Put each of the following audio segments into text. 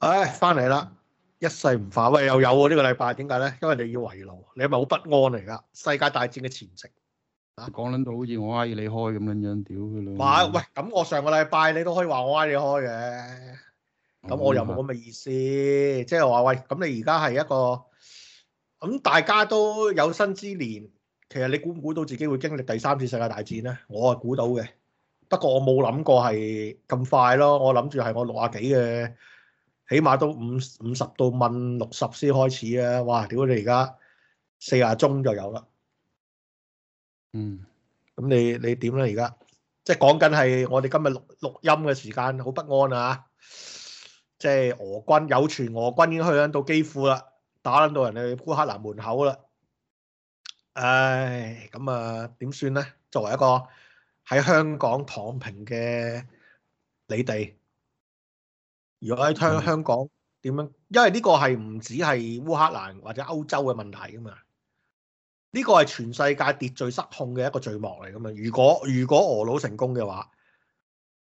唉，翻嚟啦，一世唔化喂，又有喎呢、這個禮拜，點解咧？因為你要圍爐，你係咪好不安嚟、啊、噶？世界大戰嘅前夕啊，講緊到好似我拉你開咁樣樣，屌佢咯。唔係，喂那，咁我上個禮拜你都可以話我拉你開嘅，咁、嗯、我又冇咁嘅意思，即係我話喂，咁你而家係一個咁大家都有生之年，其實你估唔估到自己會經歷第三次世界大戰咧？我係估到嘅，不過我冇諗過係咁快咯，我諗住係我六啊幾嘅。起碼都五五十到蚊六十先開始啊！哇，屌你而家四廿鐘就有啦，嗯，咁你你點咧？而家即係講緊係我哋今日錄錄音嘅時間，好不安啊！即係俄軍有傳俄軍已經去到基庫啦，打撚到人哋烏克蘭門口啦，唉，咁啊點算咧？作為一個喺香港躺平嘅你哋。如果喺香港點樣？因為呢個係唔止係烏克蘭或者歐洲嘅問題㗎嘛，呢個係全世界秩序失控嘅一個序幕嚟噶嘛。如果如果俄佬成功嘅話，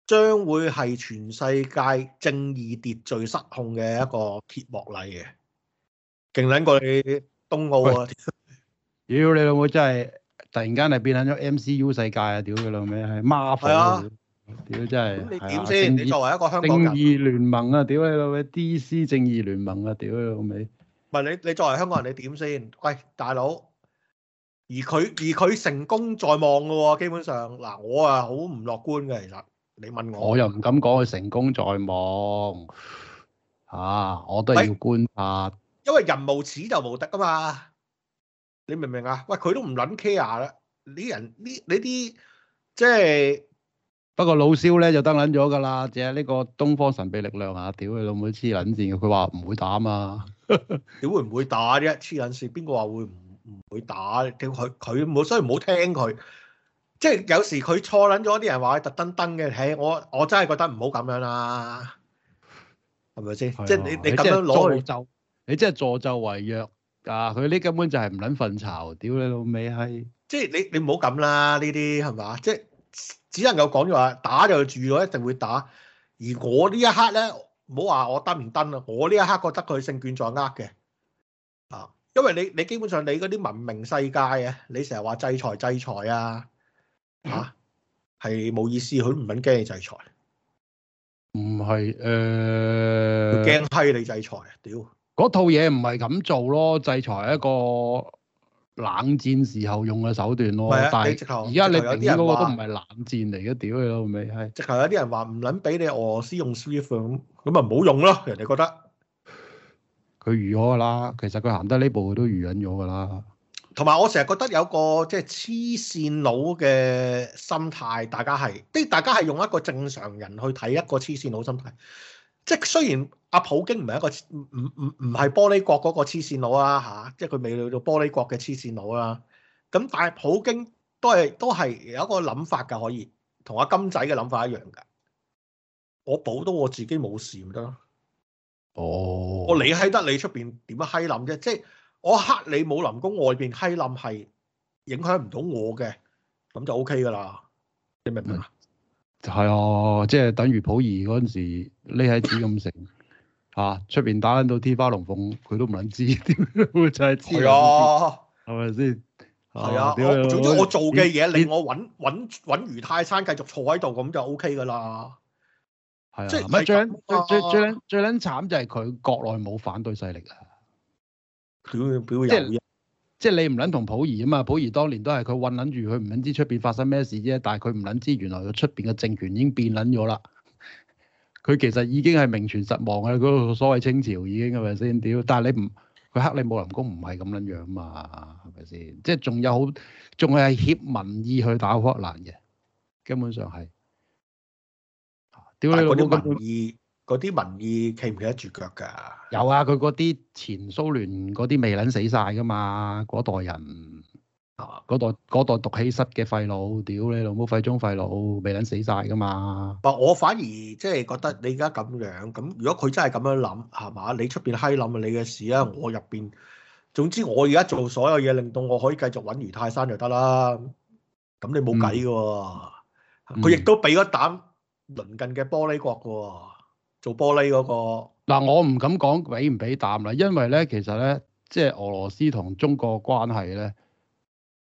將會係全世界正義秩序失控嘅一個揭幕禮嘅，勁撚過你東奧啊！屌喂 你老母真係突然間係變撚咗 MCU 世界啊！屌佢老味，係 Marvel 屌真係，咁你點先？你作為一個香港人，正義聯盟啊，屌你老味，DC 正義聯盟啊，屌你老味。唔係你，你作為香港人，你點先？喂，大佬，而佢而佢成功在望噶，基本上嗱，我啊好唔樂觀嘅，其實你問我，我又唔敢講佢成功在望，吓，我都係要觀察。因為人無恥就無敵啊嘛，你明唔明啊？喂，佢都唔諗 care 啦，呢啲人呢，呢啲即係。不過老蕭咧就登捻咗噶啦，淨係呢個東方神秘力量吓，屌你老妹黐捻綫嘅，佢話唔會打嘛，屌會唔會打啫？黐捻綫，邊個話會唔唔會打？屌佢，佢冇，所以唔好聽佢。即係有時佢錯捻咗，啲人話佢特登登嘅，唉，我我真係覺得唔好咁樣啦，係咪先？即係你你咁樣攞去，你真係助紂為虐啊！佢呢根本就係唔捻瞓巢，屌你老味係！即係你你唔好咁啦，呢啲係嘛？即係。只能夠講咗話，打就住咗，一定會打。而我呢一刻咧，唔好話我得唔得啦。我呢一刻覺得佢勝券在握嘅啊，因為你你基本上你嗰啲文明世界啊，你成日話制裁制裁啊嚇，係、啊、冇 意思，佢唔肯驚你制裁。唔係誒，驚、呃、閪你制裁屌嗰套嘢唔係咁做咯，制裁一個。冷戰時候用嘅手段咯，的但係而家你評嗰個都唔係冷戰嚟嘅，屌你老味係！的直頭有啲人話唔撚俾你俄羅斯用 Swift 咁，咁咪唔好用咯，人哋覺得佢預咗㗎啦，其實佢行得呢步佢都預緊咗㗎啦。同埋我成日覺得有個即係黐線佬嘅心態，大家係即係大家係用一個正常人去睇一個黐線佬心態。即係雖然阿普京唔係一個唔唔唔唔係玻璃國嗰個黐線佬啦嚇，即係佢未去到玻璃國嘅黐線佬啦。咁但係普京都係都係有一個諗法㗎，可以同阿金仔嘅諗法一樣㗎。我保到我自己冇事唔得咯。哦。我理你閪得你出邊點樣閪諗啫？即係我黑你冇林宮，外邊閪諗係影響唔到我嘅，咁就 O K 噶啦。你明唔明啊？嗯係啊，即係等於溥儀嗰陣時，匿喺紫禁城嚇，出邊打緊到天花龍鳳，佢都唔撚知點會就係知啊，係咪先？係啊，總之我做嘅嘢令我穩穩穩如泰山繼續坐喺度，咁就 O K 㗎啦。係啊，即係最最最最最撚最撚慘就係佢國內冇反對勢力啊！表表人。即係你唔撚同溥儀啊嘛，溥儀當年都係佢混撚住，佢唔撚知出邊發生咩事啫。但係佢唔撚知原來佢出邊嘅政權已經變撚咗啦。佢其實已經係名存實亡啊！嗰個所謂清朝已經係咪先？屌！但係你唔，佢克里姆林宮唔係咁撚樣嘛？係咪先？即係仲有好，仲係挾民意去打烏克蘭嘅，根本上係。屌你老母！嗰啲民意企唔企得住腳㗎？有啊，佢嗰啲前蘇聯嗰啲未撚死晒㗎嘛？嗰代人啊，嗰代嗰代毒氣室嘅廢佬屌你老母廢中廢佬未撚死晒㗎嘛？唔係我反而即係覺得你而家咁樣咁，如果佢真係咁樣諗係嘛，你出邊閪諗你嘅事啊？我入邊總之我而家做所有嘢，令到我可以繼續穩如泰山就得啦。咁你冇計嘅喎，佢亦都俾咗膽鄰近嘅玻璃國嘅喎。做玻璃嗰、嗰個嗱，我唔敢講俾唔俾膽啦，因為咧，其實咧，即係俄羅斯同中國嘅關係咧，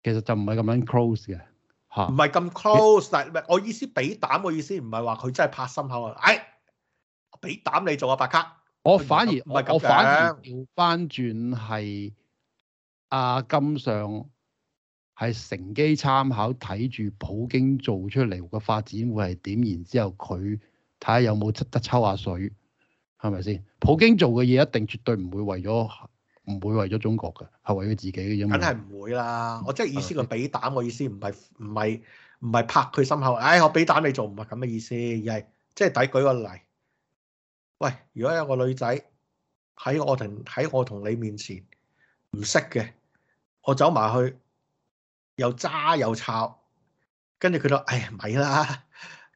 其實就唔係咁樣 close 嘅嚇，唔係咁 close，但係我意思俾膽嘅意思，唔係話佢真係拍心口啊，誒、哎，俾膽你做阿、啊、伯卡，我反而唔係咁，我反而調翻轉係阿金上係乘機參考睇住普京做出嚟個發展會係點，然後之後佢。睇下有冇得抽下水，係咪先？普京做嘅嘢一定絕對唔會為咗，唔會為咗中國嘅，係為咗自己嘅啫嘛。梗係唔會啦！我即係意思佢俾膽，我意思唔係唔係唔係拍佢心口。唉、哎，我俾膽你做，唔係咁嘅意思，而係即係抵舉個例。喂，如果有一個女仔喺我同喺我同你面前唔識嘅，我走埋去又揸又抄，跟住佢都唉咪啦～、哎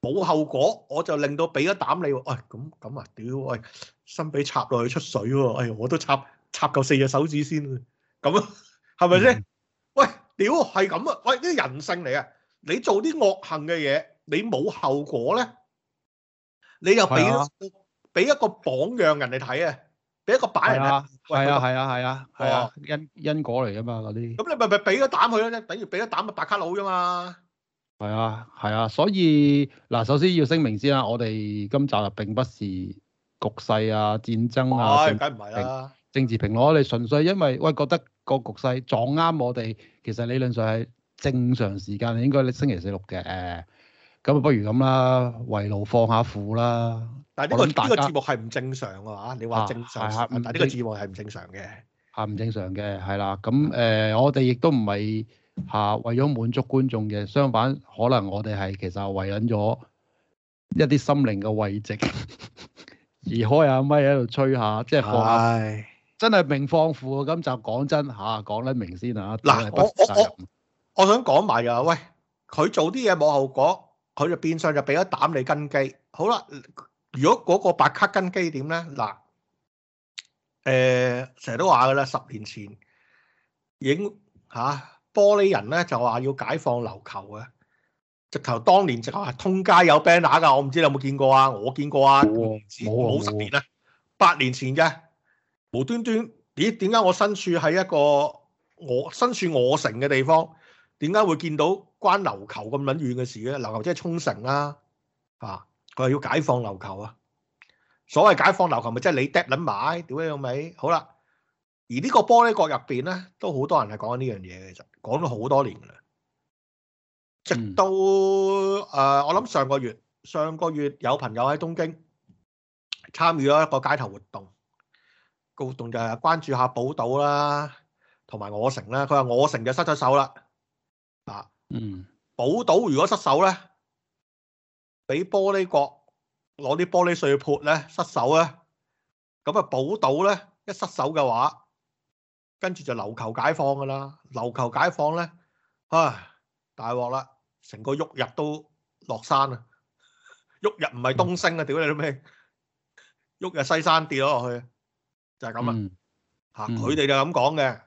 冇後果，我就令到俾咗膽你。喂，咁咁啊，屌！喂，身俾插落去出水喎。哎呀，我都插插夠四隻手指先。咁啊，係咪先？喂，屌，係咁啊！喂，呢啲人性嚟啊！你做啲惡行嘅嘢，你冇後果咧，你就俾俾一個榜樣人哋睇啊！俾一個擺人啊！係啊，係啊，係啊，係啊，因因果嚟㗎嘛嗰啲。咁你咪咪俾咗膽佢咯，即係等於俾咗膽咪白卡佬啫嘛。係啊，係啊，所以嗱，首先要聲明先啦，我哋今集並不是局勢啊、戰爭啊，梗唔係啦。政治評論，我哋純粹因為喂覺得個局勢撞啱我哋，其實理論上係正常時間，應該你星期四六嘅。咁啊，不如咁啦，圍爐放下苦啦。但係呢個呢個節目係唔正常，正常啊，吓你話正常，但係呢個節目係唔正常嘅。吓，唔正常嘅係啦，咁誒，我哋亦都唔係。.吓、啊，為咗滿足觀眾嘅，相反可能我哋係其實為緊咗一啲心靈嘅慰藉， 而開阿咪喺度吹下，即係放唉真係明放負咁就講真吓，講、啊、得明先吓、啊。嗱，我我，我想講埋又喂，佢做啲嘢冇後果，佢就變相就俾咗膽你根基。好啦，如果嗰個白卡根基點咧？嗱，誒、呃，成日都話噶啦，十年前影吓。玻璃人咧就話要解放琉球嘅，直頭當年直頭係通街有 band 打噶，我唔知你有冇見過啊？我見過啊，冇十年啦，啊、八年前啫，無端端咦？點解我身處喺一個我身處我城嘅地方，點解會見到關琉球咁撚遠嘅事咧？琉球即係沖繩啦、啊，吓佢話要解放琉球啊？所謂解放琉球咪即係你 d e 撚買？屌樣樣咪好啦？好而呢個玻璃國入邊咧，都好多人係講緊呢樣嘢嘅，其實講咗好多年嘅啦。直到誒、嗯呃，我諗上個月，上個月有朋友喺東京參與咗一個街頭活動，個活動就係關注下寶島啦，同埋我城啦。佢話我城就失咗手啦，啊，嗯，寶島如果失手咧，俾玻璃國攞啲玻璃碎潑咧，失手咧，咁啊寶島咧一失手嘅話。跟住就琉球解放噶啦，琉球解放咧，啊，大鑊啦，成個旭日都落山啊，旭日唔係東升啊，屌你老味，旭日西山跌咗落去，就係、是、咁、嗯、啊，嚇佢哋就咁講嘅，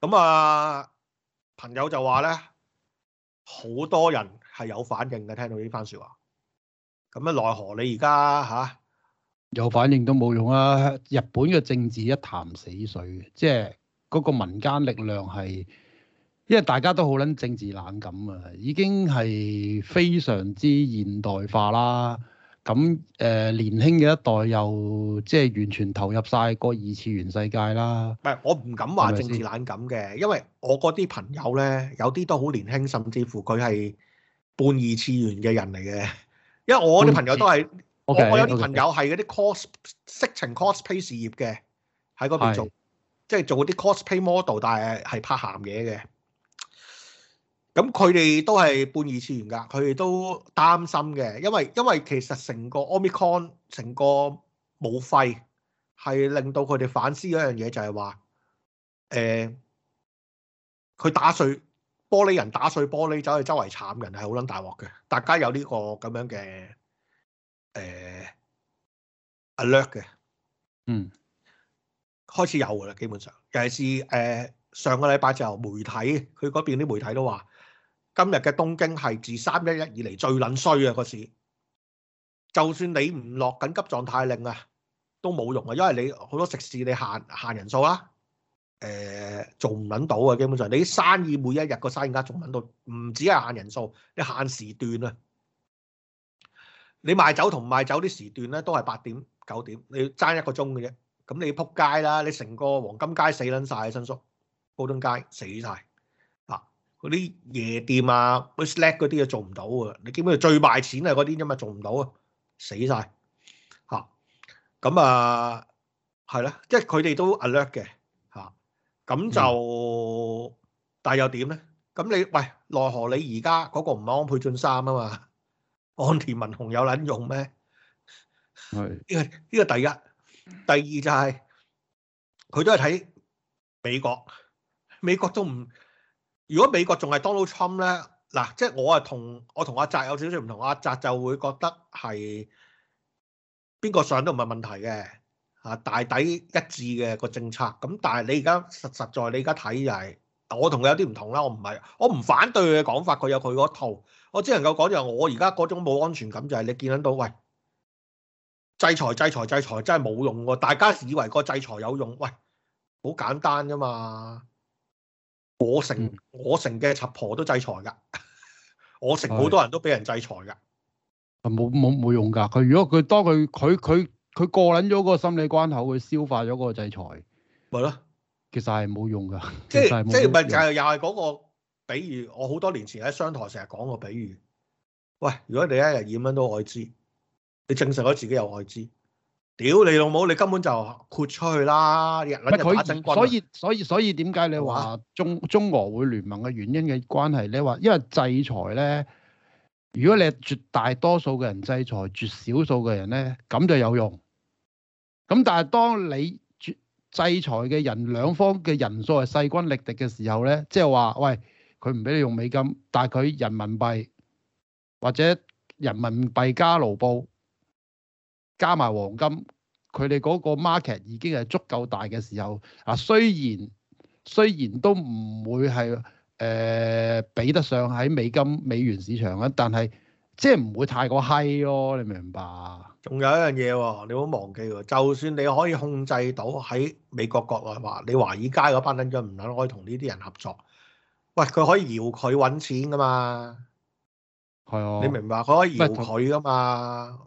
咁、嗯、啊朋友就話咧，好多人係有反應嘅，聽到呢番說話，咁咧奈何你而家嚇有反應都冇用啊，日本嘅政治一潭死水即係。嗰個民間力量係，因為大家都好撚政治冷感啊，已經係非常之現代化啦。咁誒、呃、年輕嘅一代又即係完全投入晒個二次元世界啦。唔係，我唔敢話政治冷感嘅，係咪因為我嗰啲朋友咧，有啲都好年輕，甚至乎佢係半二次元嘅人嚟嘅。因為我啲朋友都係，okay, okay. 我有啲朋友係嗰啲 cos 色情 cosplay 事業嘅，喺嗰邊做。即係做嗰啲 cosplay model，但係係拍鹹嘢嘅。咁佢哋都係半二次元㗎，佢哋都擔心嘅，因為因為其實成個 Omicron，成個冇肺，係令到佢哋反思一樣嘢就係話，誒、呃、佢打碎玻璃人打碎玻璃走去周圍慘人係好撚大鑊嘅，大家有呢個咁樣嘅誒、呃、alert 嘅，嗯。開始有噶啦，基本上，尤其是誒、呃、上個禮拜就媒體，佢嗰邊啲媒體都話，今日嘅東京係自三一一以嚟最撚衰啊個市，就算你唔落緊急狀態令啊，都冇用啊，因為你好多食肆你限限人數啦，誒做唔撚到啊，基本上你啲生意每一日個生意額仲撚到，唔止係限人數，你限時段啊，你賣酒同唔賣酒啲時段咧都係八點九點，你要爭一個鐘嘅啫。咁你撲街啦！你成個黃金街死撚曬啊，新宿、高登街死曬啊！嗰啲夜店啊、barrel 嗰啲啊做唔到嘅，你基本上最賣錢啊嗰啲啫嘛，做唔到啊，死曬嚇！咁啊，係啦，即係佢哋都 alert 嘅嚇，咁就但係又點咧？咁你喂，奈何你而家嗰個唔係安倍晉三啊嘛？岸田文雄有撚用咩？係呢個呢個第一。第二就係、是、佢都係睇美國，美國都唔如果美國仲係 Donald Trump 咧，嗱即係我啊同我同阿澤有少少唔同，阿澤就會覺得係邊個上都唔係問題嘅，嚇大抵一致嘅個政策。咁但係你而家實實在你而家睇就係我同佢有啲唔同啦，我唔係我唔反對佢嘅講法，佢有佢嗰套，我只能夠講就係我而家嗰種冇安全感就係你見得到喂。制裁、制裁、制裁真係冇用喎！大家以為個制裁有用，喂，好簡單啫嘛。我成、嗯、我成嘅插婆都制裁㗎， 我成好多人都俾人制裁㗎。冇冇冇用㗎！佢如果佢當佢佢佢佢過撚咗個心理關口，佢消化咗個制裁，咪咯的？其實係冇用㗎，的用即係即係咪就又係嗰個比喻？比如我好多年前喺商台成日講個比喻，喂，如果你一日二蚊都可以知。」你證實咗自己有外資，屌你老母！你根本就豁出去啦，人哋就打真軍啊，所以所以所以點解你話中中俄會聯盟嘅原因嘅關係？你話因為制裁咧，如果你係絕大多數嘅人制裁絕少數嘅人咧，咁就有用。咁但係當你絕制裁嘅人兩方嘅人數係勢均力敵嘅時候咧，即係話喂，佢唔俾你用美金，但係佢人民幣或者人民幣加盧布，加埋黃金，佢哋嗰個 market 已經係足夠大嘅時候，啊雖然雖然都唔會係誒、呃、比得上喺美金美元市場啊，但係即係唔會太過嗨咯，你明唔明白？仲有一樣嘢喎，你唔好忘記喎，就算你可以控制到喺美國國內話，你華爾街嗰班領咗唔肯，可以同呢啲人合作，喂佢可以搖佢揾錢噶嘛？係啊的，你明白？佢可以搖佢噶嘛？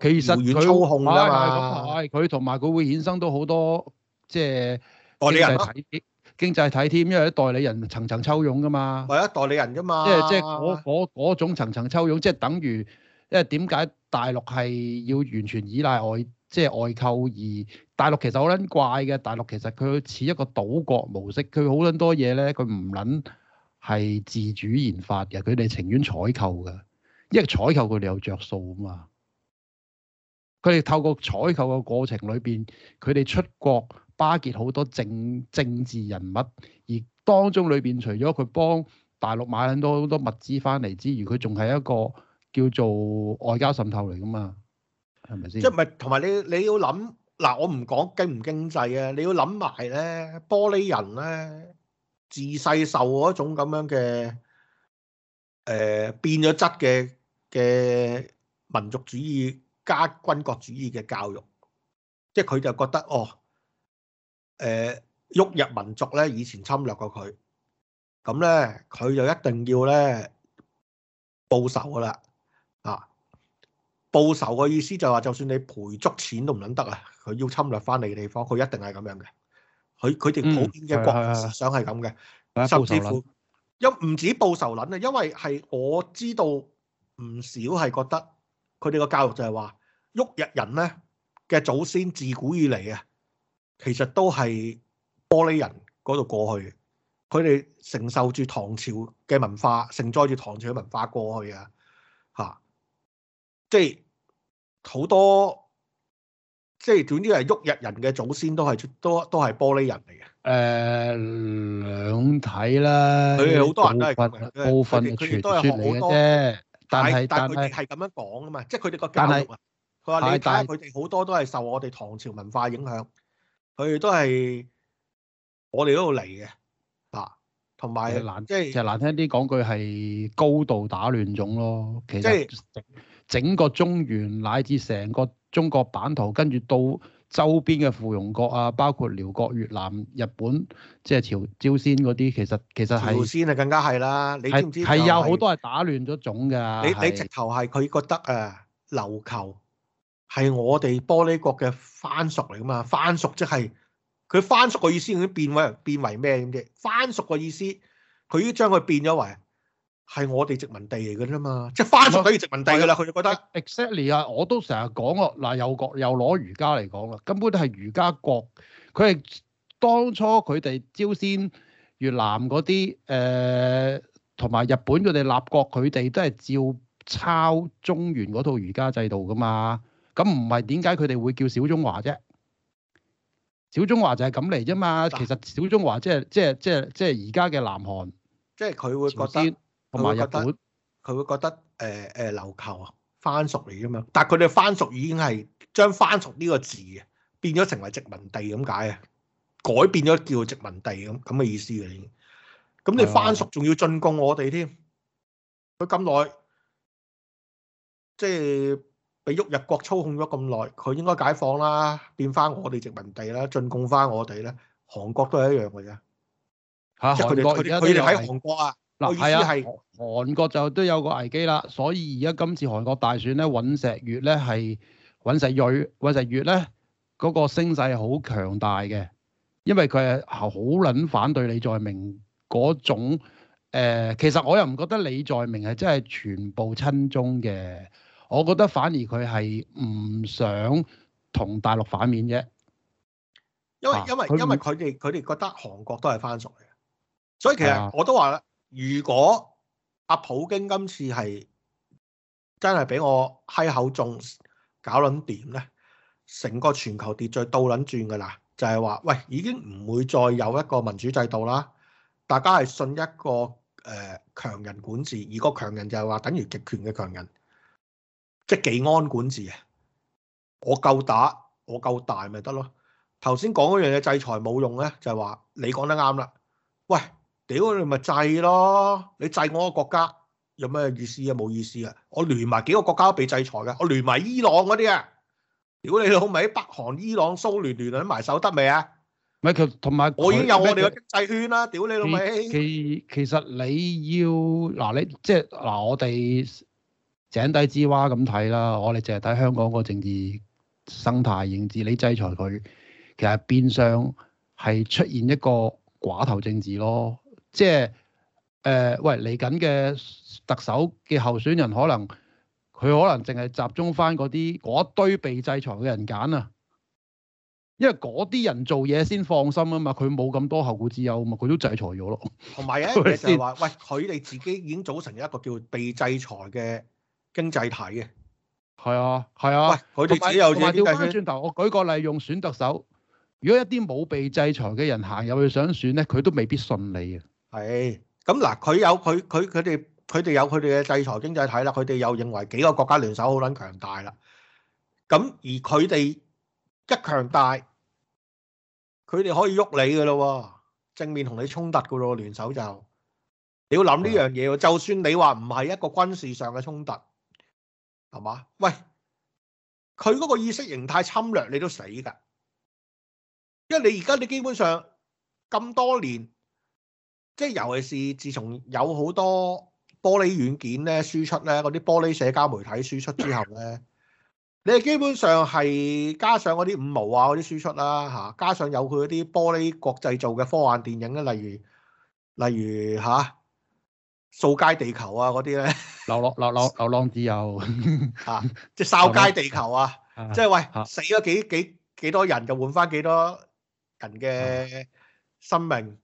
其實佢操控噶嘛，佢同埋佢會衍生到好多即係、就是、代理人經濟體添，因為啲代理人層層抽佣噶嘛，係啊、就是，代理人噶嘛，即係即係嗰嗰嗰種層層抽佣，即、就、係、是、等於因為點解大陸係要完全依賴外即係、就是、外購，而大陸其實好捻怪嘅，大陸其實佢似一個島國模式，佢好捻多嘢咧，佢唔捻係自主研發嘅，佢哋情願採購噶，因為採購佢哋有着數啊嘛。佢哋透過採購嘅過程裏邊，佢哋出國巴結好多政政治人物，而當中裏邊除咗佢幫大陸買很多好多物資翻嚟之餘，佢仲係一個叫做外交滲透嚟㗎嘛，係咪先？即係唔係同埋你你要諗嗱，我唔講經唔經濟啊，你要諗埋咧玻璃人咧自細受嗰種咁樣嘅誒、呃、變咗質嘅嘅民族主義。加軍國主義嘅教育，即係佢就覺得哦，誒、呃，旭日民族咧，以前侵略過佢，咁咧佢就一定要咧報仇噶啦，啊，報仇嘅意思就係話，就算你賠足錢都唔撚得啊，佢要侵略翻你嘅地方，佢一定係咁樣嘅，佢佢哋普遍嘅國民思想係咁嘅，甚至、嗯、乎又唔止報仇撚啊，因為係我知道唔少係覺得。佢哋個教育就係話，旭日人咧嘅祖先自古以嚟啊，其實都係玻璃人嗰度過去嘅。佢哋承受住唐朝嘅文化，承載住唐朝嘅文化過去啊，嚇！即係好多，即係短啲係旭日人嘅祖先都係都都係玻璃人嚟嘅。誒、呃、兩睇啦，佢哋好多人都係部分嘅傳說嚟嘅啫。但係，但係佢哋係咁樣講啊嘛，是即係佢哋個教育啊。佢話你睇下，佢哋好多都係受我哋唐朝文化影響，佢哋是都係我哋嗰度嚟嘅。啊，同埋，其實難即係，其實難聽啲講句係高度打亂種咯。其實整整個中原乃至成個中國版圖，跟住到，周邊嘅附庸國啊，包括寮國、越南、日本，即係朝朝鮮嗰啲，其實其實係朝鮮啊，更加係啦，你知唔知？係有好多係打亂咗種㗎。你是你直頭係佢覺得啊，琉球係我哋玻璃國嘅藩屬嚟㗎嘛，藩屬即係佢藩屬嘅意，意思，已經變為變為咩咁嘅？藩屬嘅意思，佢已經將佢變咗為。係我哋殖民地嚟嘅啫嘛，即係翻上嚟殖民地噶啦，佢就覺得。Exactly，我都成日講啊，嗱，又，又講又攞儒家嚟講啦，根本都係儒家國，佢係當初佢哋朝鮮越南嗰啲，誒同埋日本佢哋立國，佢哋都係照抄中原嗰套儒家制度噶嘛。咁唔係點解佢哋會叫小中華啫？小中華就係咁嚟啫嘛。但其實小中華即係即係即係即係而家嘅南韓。即係佢會覺得。同埋日本，佢會覺得誒誒琉球啊，藩屬嚟㗎嘛。但係佢哋藩屬已經係將藩屬呢個字變咗成為殖民地咁解啊，改變咗叫殖民地咁咁嘅意思嚟。咁你藩屬仲要進攻我哋添？佢咁耐，即係被旭日國操控咗咁耐，佢應該解放啦，變翻我哋殖民地啦，進攻翻我哋咧。韓國都係一樣嘅啫。嚇！韓國佢哋喺韓國啊。我意思係韓國就都有個危機啦，所以而家今次韓國大選咧，尹錫月咧係尹錫瑞、尹錫月咧嗰、那個聲勢好強大嘅，因為佢係好撚反對李在明嗰種、呃、其實我又唔覺得李在明係真係全部親中嘅，我覺得反而佢係唔想同大陸反面啫，因為、啊、因為不因為佢哋佢哋覺得韓國都係翻曬嘅，所以其實我都話啦。啊。如果阿普京今次係真係俾我閪口中搞撚點呢？成個全球秩序倒撚轉噶啦，就係話喂，已經唔會再有一個民主制度啦。大家係信一個誒強人管治，而個強人就係話等於極權嘅強人，即係技安管治啊？我夠打，我夠大咪得咯。頭先講嗰樣嘢制裁冇用呢，就係話你講得啱啦。喂！屌你咪制咯！你制我個國家有咩意思啊？冇意思啊！我聯埋幾個國家都被制裁㗎，我聯埋伊朗嗰啲啊！屌你老味，北韓、伊朗、蘇聯聯埋手得未啊？咪同同埋我已經有我哋嘅經濟圈啦！屌你老味，其實其實你要嗱你即係嗱我哋井底之蛙咁睇啦，我哋淨係睇香港個政治生態政治。你制裁佢，其實變相係出現一個寡頭政治咯。即係誒、呃、喂，嚟緊嘅特首嘅候選人，可能佢可能淨係集中翻嗰啲嗰堆被制裁嘅人揀啊，因為嗰啲人做嘢先放心啊嘛，佢冇咁多後顧之憂，啊嘛佢都制裁咗咯。同埋嘅嘢就係話，喂，佢哋自己已經組成一個叫被制裁嘅經濟體啊。係啊，係啊。喂，佢哋只有被制裁。轉頭，我舉個例，用選特首。如果一啲冇被制裁嘅人行入去想選咧，佢都未必順利。啊。係，咁嗱，佢有佢佢佢哋佢哋有佢哋嘅制裁經濟體啦，佢哋又認為幾個國家聯手好撚強大啦。咁而佢哋一強大，佢哋可以喐你噶咯，正面同你衝突噶咯，聯手就你要諗呢樣嘢喎。的就算你話唔係一個軍事上嘅衝突，係嘛？喂，佢嗰個意識形態侵略你都死㗎，因為你而家你基本上咁多年。即係尤其是自從有好多玻璃軟件咧輸出咧，嗰啲玻璃社交媒體輸出之後咧，你哋基本上係加上嗰啲五毛啊嗰啲輸出啦吓，加上有佢嗰啲玻璃國際做嘅科幻電影咧，例如例如吓掃街地球啊嗰啲咧，流浪流浪流浪自由吓，即係掃街地球啊， 啊即係、啊浪就是、喂、啊、死咗幾幾幾多人就換翻幾多人嘅生命。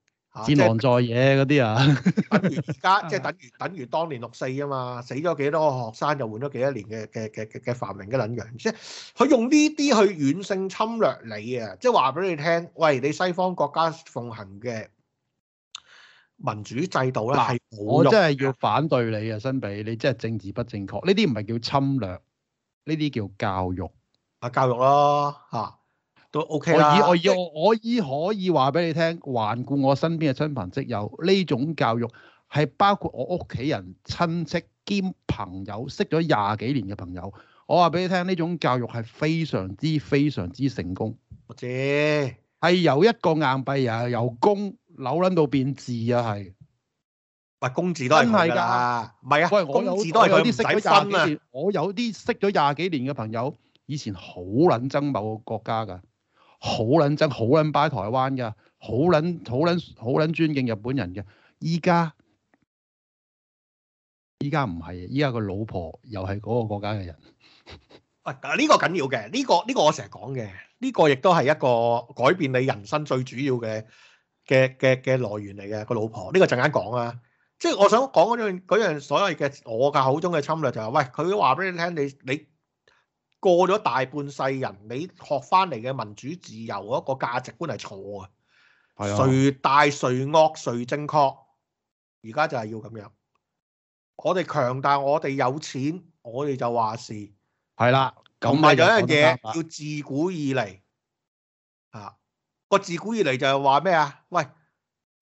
戰狼在野嗰啲啊，而家即係等於等於當年六四啊嘛，死咗幾多個學生，就換咗幾多年嘅嘅嘅嘅繁榮嘅景象，即係佢用呢啲去軟性侵略你啊！即係話俾你聽，喂，你西方國家奉行嘅民主制度咧係我，真係要反對你啊，新比你真係政治不正確，呢啲唔係叫侵略，呢啲叫教育啊，教育咯嚇。Okay 我以我已我已可以話俾你聽，環顧我身邊嘅親朋戚友，呢種教育係包括我屋企人、親戚兼朋友識咗廿幾年嘅朋友，我話俾你聽，呢種教育係非常之非常之成功。我知係由一個硬幣啊，由公扭撚到變字啊，係，乜公字都係真係㗎，唔係啊？公字喂都係啲識咗我有啲識咗廿幾年嘅朋友，以前好撚憎某個國家㗎。好撚憎，好撚拜台灣㗎，好撚好撚好撚尊敬日本人嘅。依家依家唔係，依家個老婆又係嗰個國家嘅人。喂，呢個緊要嘅，呢個呢個我成日講嘅，呢個亦都係一個改變你人生最主要嘅嘅嘅嘅來源嚟嘅個老婆。呢個陣間講啊，即係我想講嗰樣嗰樣所謂嘅我嘅口中嘅侵略，就係喂佢都話俾你聽，你你。過咗大半世人，你學翻嚟嘅民主自由嗰個價值觀係錯嘅。誰的大誰惡誰正確？而家就係要咁樣。我哋強大，我哋有錢，我哋就話事。係啦，同埋有一樣嘢，要自古以嚟啊個自古以嚟就係話咩啊？喂，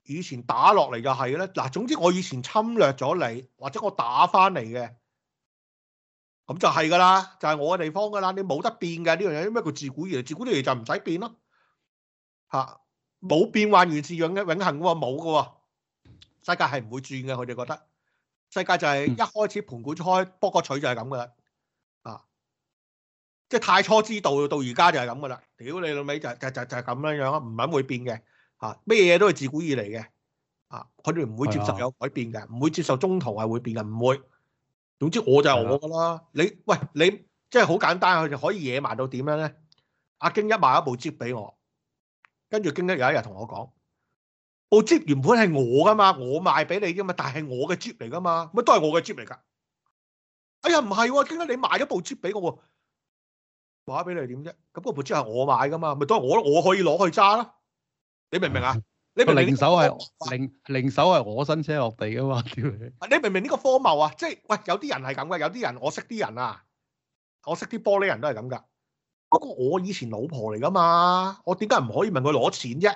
以前打落嚟就係嘅喇。嗱，總之我以前侵略咗你，或者我打翻嚟嘅。咁就係噶啦，就係、是、我嘅地方噶啦。你冇得變嘅，呢樣嘢，咩叫自古以嚟，自古以嚟就唔使變咯。嚇、啊，冇變幻原自樣嘅永恆嘅冇嘅喎，世界係唔會轉嘅。佢哋覺得世界就係一開始盤古開波個取就係咁噶啦。啊，即係太初之道到而家就係咁噶啦。屌你老味，就是、就是、就就係咁樣樣啊，唔肯會變嘅嚇，咩嘢都係自古以嚟嘅。啊，佢哋唔會接受有改變嘅，唔的會接受中途係會變嘅，唔會。總之我就係我噶啦，你喂你即係好簡單，佢就可以野蠻到點樣咧？阿、啊、經一買一部折 e 俾我，跟住經一有一日同我講：，部折原本係我噶嘛，我賣俾你噶嘛，但係我嘅折嚟噶嘛，咪都係我嘅折嚟噶。哎呀，唔係喎，經一你買咗部折 e 俾我喎，話俾你點啫？咁嗰部折 e 係我買噶嘛，咪都係我我可以攞去揸啦，你明唔明啊？呢明零手係零零手係我新車落地噶嘛？你明明呢個荒謬啊！即係喂，有啲人係咁嘅，有啲人我識啲人啊，我識啲玻璃人都係咁噶。嗰個我以前老婆嚟噶嘛，我點解唔可以問佢攞錢啫？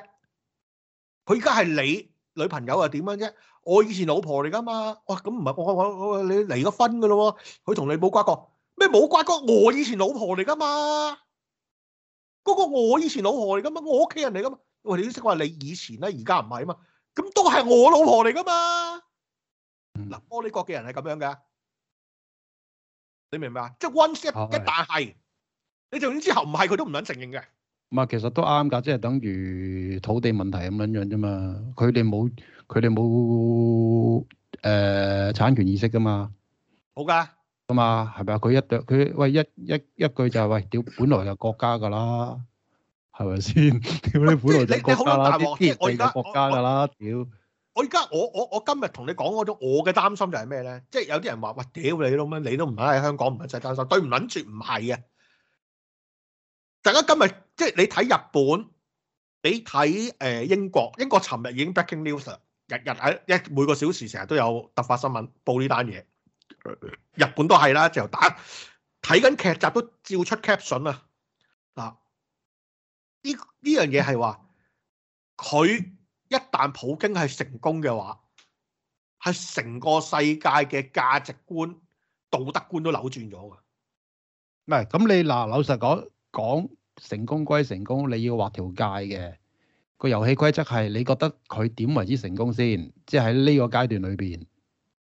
佢而家係你女朋友啊？點樣啫？我以前老婆嚟噶嘛？哇、哦！咁唔係我我我你離咗婚噶咯？佢同你冇瓜葛咩？冇瓜葛！我以前老婆嚟噶嘛？嗰個我以前老婆嚟噶嘛？我屋企人嚟噶嘛？我哋都識話你以前咧，而家唔係啊嘛，咁都係我老婆嚟噶嘛。嗱、嗯，玻利國嘅人係咁樣嘅，你明唔明一組一組一組啊？即係 one step 一旦係，你就算之後唔係，佢都唔肯承認嘅。唔係，其實都啱噶，即係等於土地問題咁樣樣啫嘛。佢哋冇，佢哋冇誒產權意識噶嘛。好噶，噶嘛係咪啊？佢一對佢喂一一一,一,一,一句就係喂屌，本來就國家噶啦。係咪先？屌 你，本來你國家啦，啲國家國家噶啦，屌！我而家我我我，我今日同你講嗰種我嘅擔心就係咩咧？即係有啲人話，喂，屌你都咩？你都唔喺香港唔使擔心，對唔撚住，唔係啊！大家今日即係你睇日本，你睇誒、呃、英國，英國尋日已經 breaking news 啦，日日喺一每個小時成日都有突發新聞報呢單嘢。日本都係啦，就打睇緊劇集都照出 caption 啊啊！呢呢樣嘢，係話，佢一旦普京係成功嘅話，係成個世界嘅價值觀、道德觀都扭轉咗噶。唔係咁，你嗱老實講講成功歸成功，你要劃條界嘅，這個遊戲規則係你覺得佢點為之成功先？即係喺呢個階段裏邊，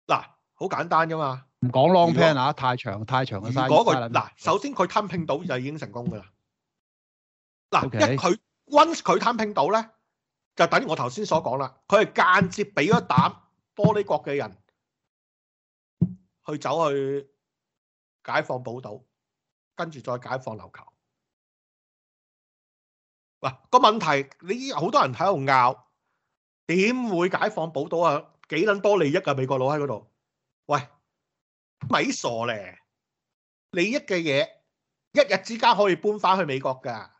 嗱，好簡單噶嘛，唔講 long pen 啊，太長太長嘅嘥。如果佢嗱，首先佢吞併到就已經成功噶啦。嗱，Okay. 一佢 o 佢貪平島咧，就等於我頭先所講啦。佢係間接俾咗膽玻璃國嘅人去走去解放寶島，跟住再解放琉球。喂，個問題你好多人喺度拗，點會解放寶島啊？幾捻多利益啊？美國佬喺嗰度，喂咪傻咧？利益嘅嘢一日之間可以搬翻去美國噶。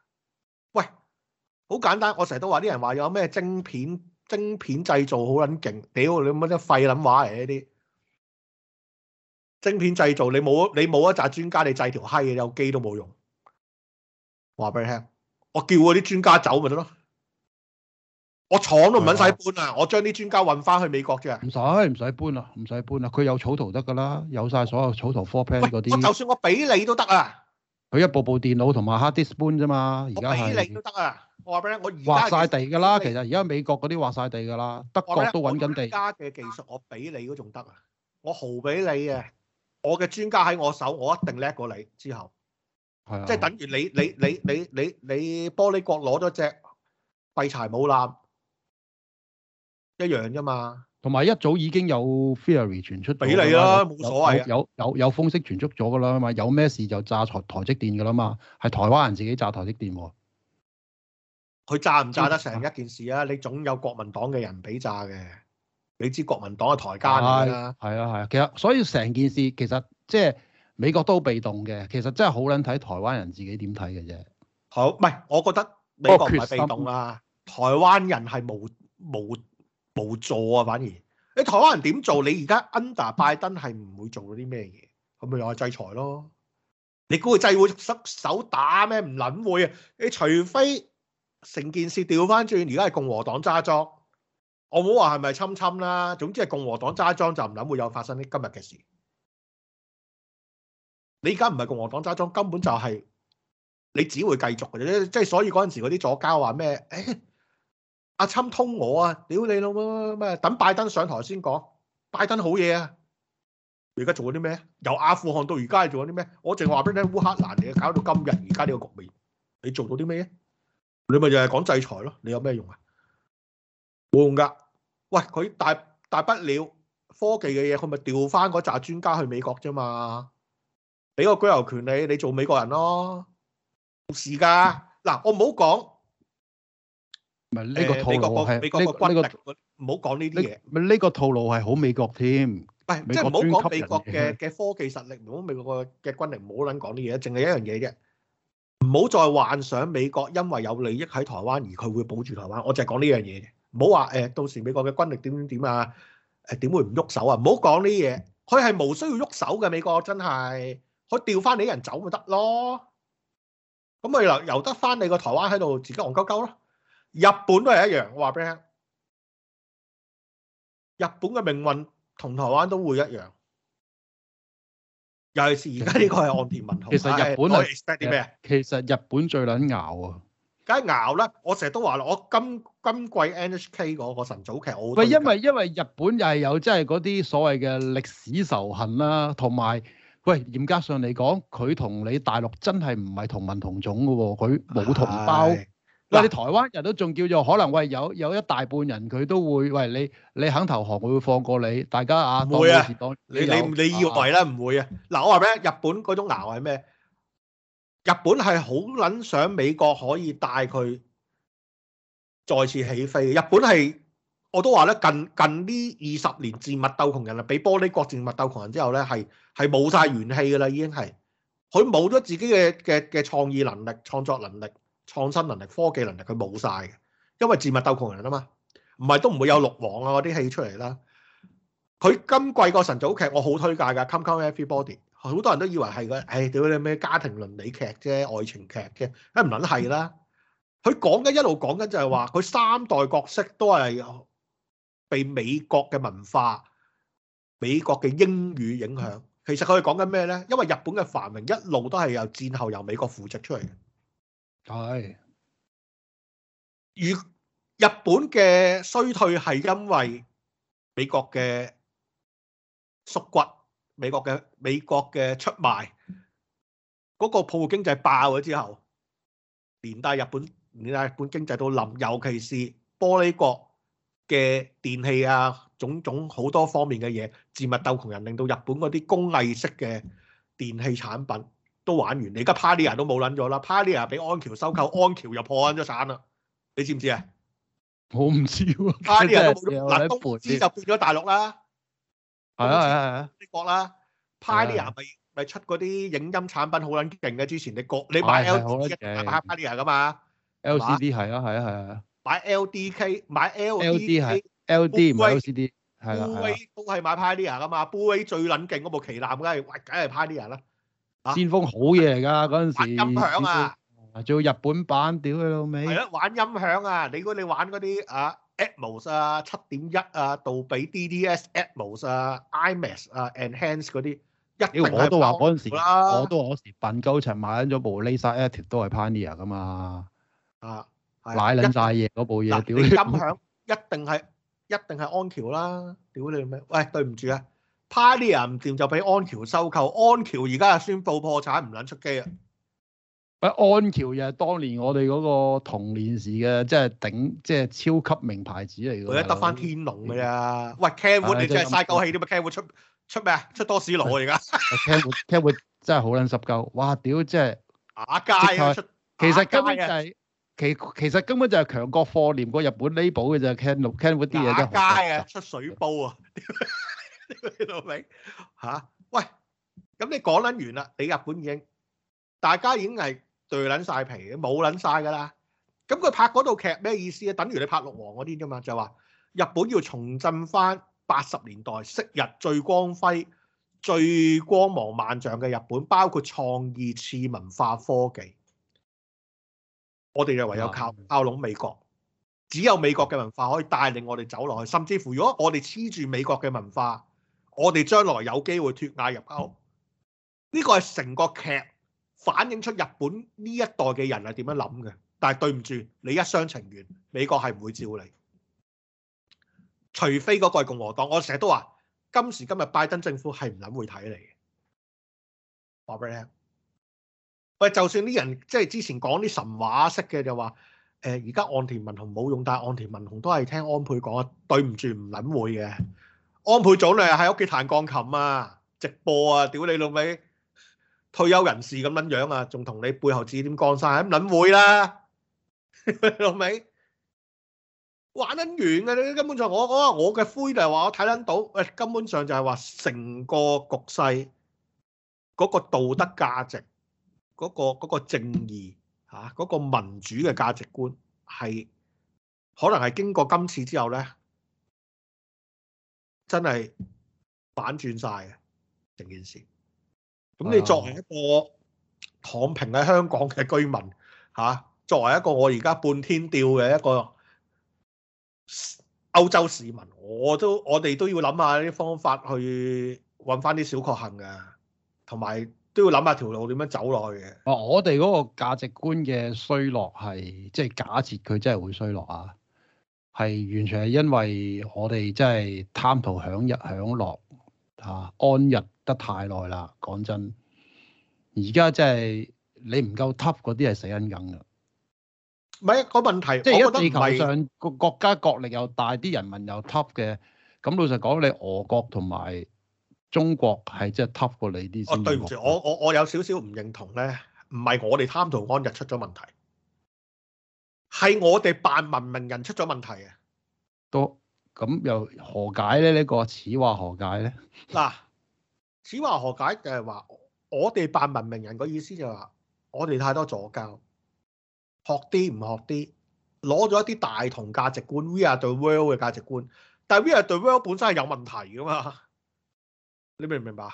好簡單，我成日都話啲人話有咩晶片，晶片製造好撚勁。屌你乜嘢廢撚話嚟呢啲？晶片製造你冇，你冇一紮專家，你製條閪嘢有機都冇用。話俾你聽，我叫嗰啲專家走咪得咯。我廠都唔撚使搬啊，的我將啲專家運翻去美國啫。唔使唔使搬啦，唔使搬啦。佢有草圖得噶啦，有晒所有草圖，four pan 嗰啲。就算我俾你都得啊。佢一部部電腦同埋 hard disk 搬啫嘛，而家係。俾你都得啊！我話俾你聽，我而家畫晒地㗎啦。其實而家美國嗰啲畫晒地㗎啦，德國都揾緊地。家嘅技術我俾你都仲得啊，我豪俾你啊，我嘅專家喺我手，我一定叻過你。之後係啊，即係的等於你你你你你你，你玻璃國攞咗隻廢柴冇立一樣啫嘛。同埋一早已經有 theory 傳出俾你啦，冇所謂有。有有有風聲傳出咗㗎啦嘛，有咩事就炸台台積電㗎啦嘛，係台灣人自己炸台積電喎。佢炸唔炸得成一件事啊？你總有國民黨嘅人俾炸嘅，你知國民黨嘅台奸啦。係啊係啊，其實所以成件事其實即係美國都好被動嘅，其實真係好撚睇台灣人自己點睇嘅啫。好唔係？我覺得美國唔係被動啊。哦、台灣人係無無無助啊，反而你台灣人點做？你而家 under 拜登係唔會做啲咩嘢？咁咪話制裁咯。你估佢制會失手打咩？唔撚會啊！你除非成件事調翻轉，而家係共和黨揸莊，我冇話係咪侵侵啦。總之係共和黨揸莊就唔諗會有發生啲今日嘅事。你而家唔係共和黨揸莊，根本就係你只會繼續嘅啫。即係所以嗰陣時嗰啲左膠話咩？誒、哎，阿、啊、侵通我啊！屌你老母咩？等拜登上台先講。拜登好嘢啊！而家做咗啲咩？由阿富汗到而家係做咗啲咩？我淨話俾你聽，烏克蘭你搞到今日而家呢個局面，你做到啲咩？你咪就係講制裁咯？你有咩用啊？冇用噶！喂，佢大大不了科技嘅嘢，佢咪調翻嗰紮專家去美國啫嘛？俾個居留權你，你做美國人咯，冇事噶。嗱，我唔好講。唔係呢個套路係美國嘅軍力，唔好講呢啲嘢。唔係呢個套路係好美國添。唔係，即係唔好講美國嘅嘅科技實力，唔好美國嘅軍力，唔好捻講啲嘢，淨係一樣嘢啫。唔好再幻想美國因為有利益喺台灣而佢會保住台灣，我就係講呢樣嘢。唔好話誒，到時美國嘅軍力點點點啊，誒點會唔喐手啊？唔好講呢啲嘢，佢係無需要喐手嘅。美國真係，佢調翻你啲人走咪得咯。咁咪由由得翻你個台灣喺度自己戇鳩鳩咯。日本都係一樣，我話俾你聽，日本嘅命運同台灣都會一樣。尤其是而家呢個係岸田文雄，其實日本啊，其實日本最撚咬啊，梗係咬啦！我成日都話啦，我今今季 NHK 嗰個神早劇，我喂，因為因為日本又係有即係嗰啲所謂嘅歷史仇恨啦，同埋喂嚴格上嚟講，佢同你大陸真係唔係同文同種嘅喎，佢冇同胞。嗱，你台灣人都仲叫做可能喂，有有一大半人佢都會喂你，你肯投降，我會放過你。大家啊，唔會啊，你你你以為咧，唔會啊。嗱，我話咩？日本嗰種熬係咩？日本係好撚想美國可以帶佢再次起飛。日本係我都話咧，近近呢二十年戰物鬥窮人啦，俾玻璃國戰物鬥窮人之後咧，係係冇晒元氣噶啦，已經係佢冇咗自己嘅嘅嘅創意能力、創作能力。創新能力、科技能力，佢冇晒嘅，因為自密鬥窮人啊嘛，唔係都唔會有陸王啊嗰啲戲出嚟啦。佢今季個神早劇，我好推介㗎《Come Come Everybody》。好多人都以為係個，唉屌你咩家庭倫理劇啫、愛情劇啫，梗唔撚係啦。佢講緊一路講緊就係話，佢三代角色都係被美國嘅文化、美國嘅英語影響。其實佢哋講緊咩呢？因為日本嘅繁榮一路都係由戰後由美國扶植出嚟嘅。係，如日本嘅衰退係因為美國嘅縮骨，美國嘅美國嘅出賣，嗰個泡沫經濟爆咗之後，連帶日本連帶日本經濟都冧，尤其是玻璃國嘅電器啊，種種好多方面嘅嘢，自物鬥窮人，令到日本嗰啲工藝式嘅電器產品。都玩完，你而家 Pioneer 都冇撚咗啦。Pioneer 俾安橋收購，安橋又破咗產啦。你知唔知啊？我唔知喎。Pioneer 嗱，東芝就變咗大陸啦。係啊係啊。美國啦，Pioneer 咪咪出嗰啲影音產品好撚勁嘅。之前你國你買 L，買黑 Pioneer 㗎嘛？LCD 係啊係啊係啊。買 LDK，買 LD 係 LD 唔 LCD 係啊。Boe 都係買 Pioneer 㗎嘛？Boe 最撚勁嗰部旗艦梗係，梗係 Pioneer 啦。啊、先鋒好嘢嚟噶，嗰陣時。音響啊，仲做日本版，屌佢老味。係咯，玩音響啊，你估你玩嗰啲啊，Atmos 啊，七點一啊，杜比 DTS Atmos 啊、uh,，Imax 啊、uh,，Enhance 嗰啲，一定係我都話嗰陣時啦，我都話嗰時笨鳩一齊買緊咗部 Laser Active 都係 Pioneer 噶嘛。啊，瀨卵晒嘢嗰部嘢，屌、啊、音響 一定係一定係安橋啦，屌你咩？喂，對唔住啊。p 派啲人唔掂就俾安橋收購，安橋而家又宣布破產，唔撚出機啊！喂，安橋又係當年我哋嗰個童年時嘅即係頂，即係超級名牌子嚟㗎。佢而家得翻天龍㗎啫！喂，Kenwood 你真係曬狗氣添，Kenwood 出出咩啊？出多士爐啊而家 Kenwood，Kenwood 真係好撚濕鳩！哇屌，真係打街出其實根本就係其其實根本就係強國貨，連個日本 Label 嘅就 Kenwood Kenwood 啲嘢都街啊！出水煲啊！你都明吓？喂，咁你講捻完啦，你日本已經大家已經係對捻晒皮，冇捻晒噶啦。咁佢拍嗰套劇咩意思啊？等於你拍六王嗰啲啫嘛，就話日本要重振翻八十年代昔日最光輝、最光芒萬丈嘅日本，包括創意、次文化、科技。我哋就唯有靠靠攏美國，只有美國嘅文化可以帶領我哋走落去，甚至乎如果我哋黐住美國嘅文化。我哋將來有機會脱亞入歐，呢個係成個劇反映出日本呢一代嘅人係點樣諗嘅。但係對唔住，你一廂情願，美國係唔會照你，除非嗰個係共和黨。我成日都話，今時今日拜登政府係唔諗會睇你。話俾你聽，喂，就算啲人即係之前講啲神話式嘅，就話誒，而家岸田文雄冇用，但係岸田文雄都係聽安倍講，對唔住，唔諗會嘅。安倍總理喺屋企彈鋼琴啊，直播啊，屌你老味，退休人士咁樣樣啊，仲同你背後指點江山，咁撚會啦，老味玩得完嘅。你根本上我我我嘅灰就係話我睇撚到。誒根本上就係話成個局勢嗰個道德價值，嗰個嗰個正義嚇，嗰個民主嘅價值觀係可能係經過今次之後咧。真係反轉晒嘅成件事。咁你作為一個躺平喺香港嘅居民吓、啊，作為一個我而家半天吊嘅一個歐洲市民，我都我哋都要諗下啲方法去揾翻啲小確幸嘅，同埋都要諗下條路點樣走落去嘅、啊。我哋嗰個價值觀嘅衰落係即係假設佢真係會衰落啊？係完全係因為我哋真係貪圖享日享樂啊，安逸得太耐啦！講真，而家真係你唔夠 top 嗰啲係死人梗㗎。唔係，個問題，即係一地球上個國家國力又大，啲人民又 top 嘅，咁老實講，你俄國同埋中國係即係 top 過你啲。哦，對唔住，我我我有少少唔認同咧，唔係我哋貪圖安逸出咗問題。係我哋扮文明人出咗問題啊！多咁又何解咧？呢、呢個此話何解咧？嗱， 此話何解就係話我哋扮文明人個意思就係話我哋太多助教，學啲唔學啲，攞咗一啲大同價值觀，we are the world 嘅價值觀，但係 we are the world 本身係有問題噶嘛？你明唔明白？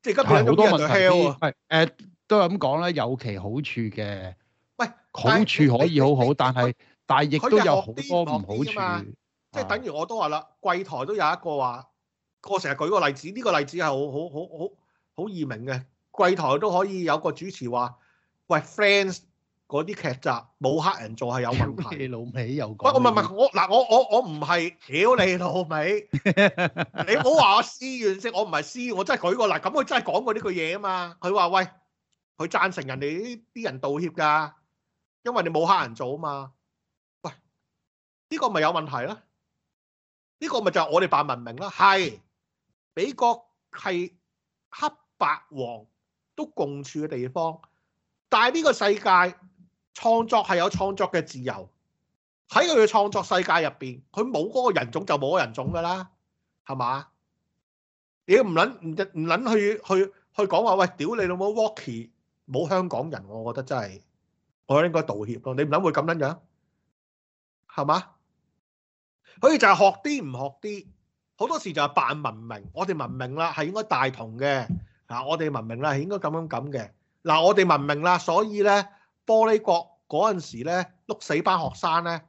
即係而家好多問題啲。係，誒、啊呃，都係咁講啦，有其好處嘅。好處可以好好，但係但係亦都有好多唔好處，即係等於我都話啦。櫃台都有一個話，我成日舉個例子，呢個例子係好好好好好易明嘅。櫃台都可以有個主持話，喂，Friends，嗰啲劇集冇黑人做係有問題。你老味又講，我唔係唔係我嗱我我我唔係屌你老味，你唔好話我私怨識，我唔係私，我真係舉個嗱，咁佢真係講過呢句嘢啊嘛，佢話喂，佢贊成人哋呢啲人道歉㗎。因為你冇黑人做啊嘛，喂，呢個咪有問題啦？呢個咪就係我哋辦文明啦，係，美國係黑白黃都共處嘅地方，但係呢個世界創作係有創作嘅自由，喺佢嘅創作世界入邊，佢冇嗰個人種就冇嗰個人種噶啦，係嘛？你唔捻唔唔捻去去去講話喂，屌你老母，Walkie 冇香港人，我覺得真係。我應該道歉咯，你唔諗會咁樣樣，係嘛？所以就係學啲唔學啲，好多時就係扮文明。我哋文明啦，係應該大同嘅嚇。我哋文明啦，係應該咁樣咁嘅。嗱，我哋文明啦，所以呢玻璃國嗰陣時呢，碌死班學生呢。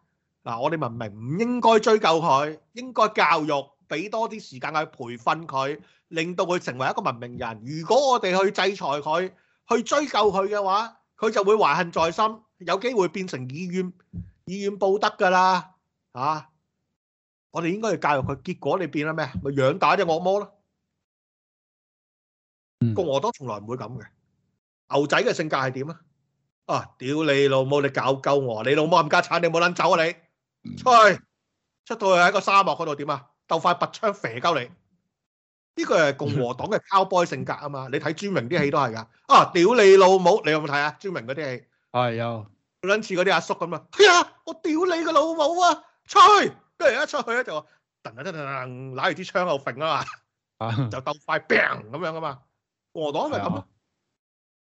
嗱，我哋文明唔應該追究佢，應該教育，俾多啲時間去培訓佢，令到佢成為一個文明人。如果我哋去制裁佢，去追究佢嘅話，佢就會懷恨在心，有機會變成以怨以怨報德噶啦，啊！我哋應該要教育佢，結果你變咗咩啊？咪養大隻惡魔咯！共和黨從來唔會咁嘅，牛仔嘅性格係點啊？啊！屌你老母，你搞鳩我！你老母冚家鏟，你冇撚走啊你？出去出到去喺個沙漠嗰度點啊？鬥快拔槍射鳩你！呢個係共和黨嘅 cowboy 性格啊嘛！你睇朱明啲戲都係㗎啊！屌你老母！你有冇睇啊？朱明嗰啲戲係有，撚似嗰啲阿叔咁啊、哎！我屌你個老母啊！出去，跟住一出去咧就揼揼揼揼揼，揦住支槍口揈啊嘛！ 就鬥快病咁樣啊嘛！共和黨咪咁咯，哎、呦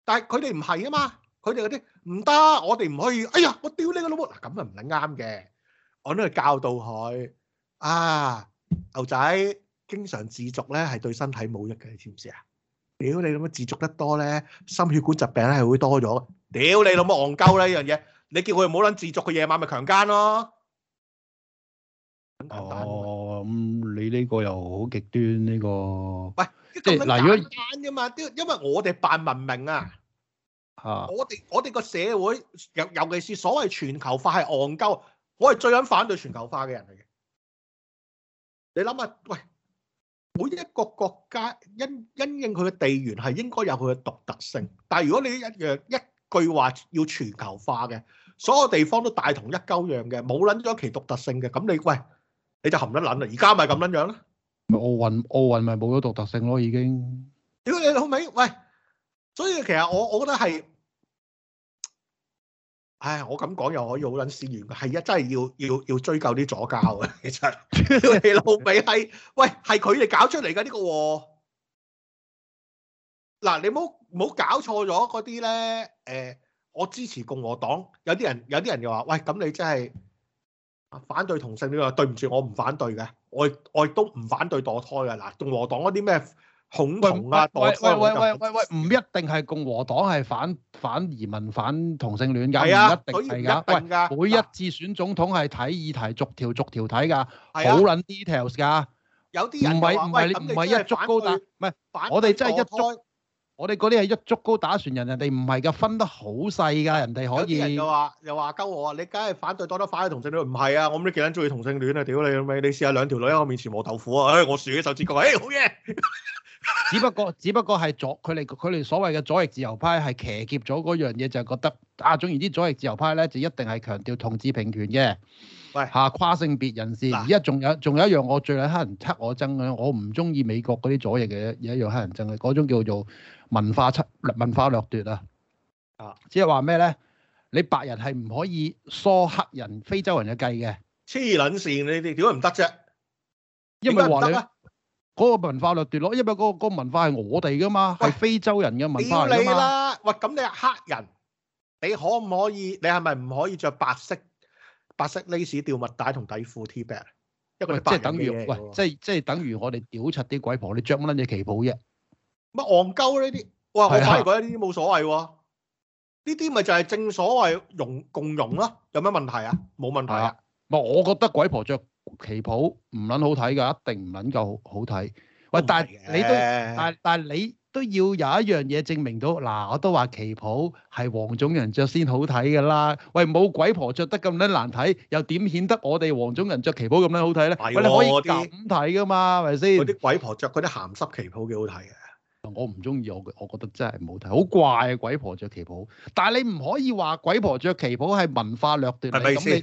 但係佢哋唔係啊嘛！佢哋嗰啲唔得，我哋唔可以。哎呀，我屌你個老母！嗱，咁啊唔撚啱嘅，我都係教導佢啊，牛仔。經常自足咧係對身體冇益嘅，你知唔知啊？屌你老母自足得多咧，心血管疾病咧係會多咗。屌你老母戇鳩咧呢樣嘢？你叫佢冇撚自足，佢夜晚咪強姦咯？哦，咁你呢個又好極端呢個？喂，即係嗱，如果單噶嘛，都因為我哋扮文明啊，嚇！我哋我哋個社會，尤尤其是所謂全球化係戇鳩，我係最撚反對全球化嘅人嚟嘅。你諗下，喂？每一個國家，因因應佢嘅地緣係應該有佢嘅獨特性，但係如果你一樣一句話要全球化嘅，所有地方都大同一鳩樣嘅，冇諗咗其獨特性嘅，咁你喂，你就含得撚啦，而家咪咁樣樣咧。咪奧運奧運咪冇咗獨特性咯，已經。屌你老味，喂！所以其實我我覺得係。唉，我咁講又可以好捻善完，係啊，真係要要要追究啲左膠嘅。其實你老味係，喂，係佢哋搞出嚟噶呢個，嗱，你唔好唔好搞錯咗嗰啲咧，誒，我支持共和黨，有啲人有啲人又話，喂，咁你真係反對同性呢個，對唔住，我唔反對嘅，我我亦都唔反對墮胎嘅，嗱，共和黨嗰啲咩？恐同啊！喂喂喂喂喂喂，唔一定係共和黨係反反移民反同性戀㗎，唔一定係㗎。喂，每一次選總統係睇議題，逐條逐條睇㗎，好撚 details 㗎。有啲人唔係唔係唔係一竹篙打，唔係。我哋真係一，我哋嗰啲係一竹篙打船人，人哋唔係㗎，分得好細㗎，人哋可以。有人就話又話鳩我啊，你梗係反對多得反對同性戀，唔係啊，我都幾撚中意同性戀啊，屌你咪，你試下兩條女喺我面前磨豆腐啊，唉，我選就接過，誒，好嘢。 只不過只不過係左，佢哋佢哋所謂嘅左翼自由派係騎劫咗嗰樣嘢，就係、是、覺得啊，總而言之，左翼自由派咧就一定係強調同志平權嘅。喂，吓、啊、跨性別人士，而家仲有仲有一樣我最係黑人黑我憎嘅，我唔中意美國嗰啲左翼嘅有一樣黑人憎嘅，嗰種叫做文化差文化掠奪啊！啊，即係話咩咧？你白人係唔可以梳黑人非洲人嘅計嘅？黐捻線，你哋點解唔得啫？因為話你。你嗰個文化掠奪落，因為嗰個嗰文化係我哋噶嘛，係非洲人嘅文化嚟嘛。屌你啦！喂，咁你係黑人，你可唔可以？你係咪唔可以著白色白色 lace 吊襪帶同底褲 T-back？一個禮拜。即係等於，喂，即係即係等於我哋屌柒啲鬼婆，你著乜撚嘢旗袍啫？乜戇鳩呢啲？哇，我反而覺得呢啲冇所謂喎。呢啲咪就係正所謂容共融咯，有咩問題啊？冇問題啊。唔係，我覺得鬼婆著旗袍唔撚好睇噶，一定唔撚夠好睇。喂，但係你都，但但係你都要有一樣嘢證明到。嗱，我都話旗袍係黃種人着先好睇噶啦。喂，冇鬼婆着得咁樣難睇，又點顯得我哋黃種人着旗袍咁樣好睇咧？的喂，你可以點睇噶嘛？係咪先？嗰啲鬼婆着嗰啲鹹濕旗袍幾好睇嘅。我唔中意，我我覺得真係唔好睇，好怪啊！鬼婆着旗袍，但係你唔可以話鬼婆着旗袍係文化掠奪嚟。咁你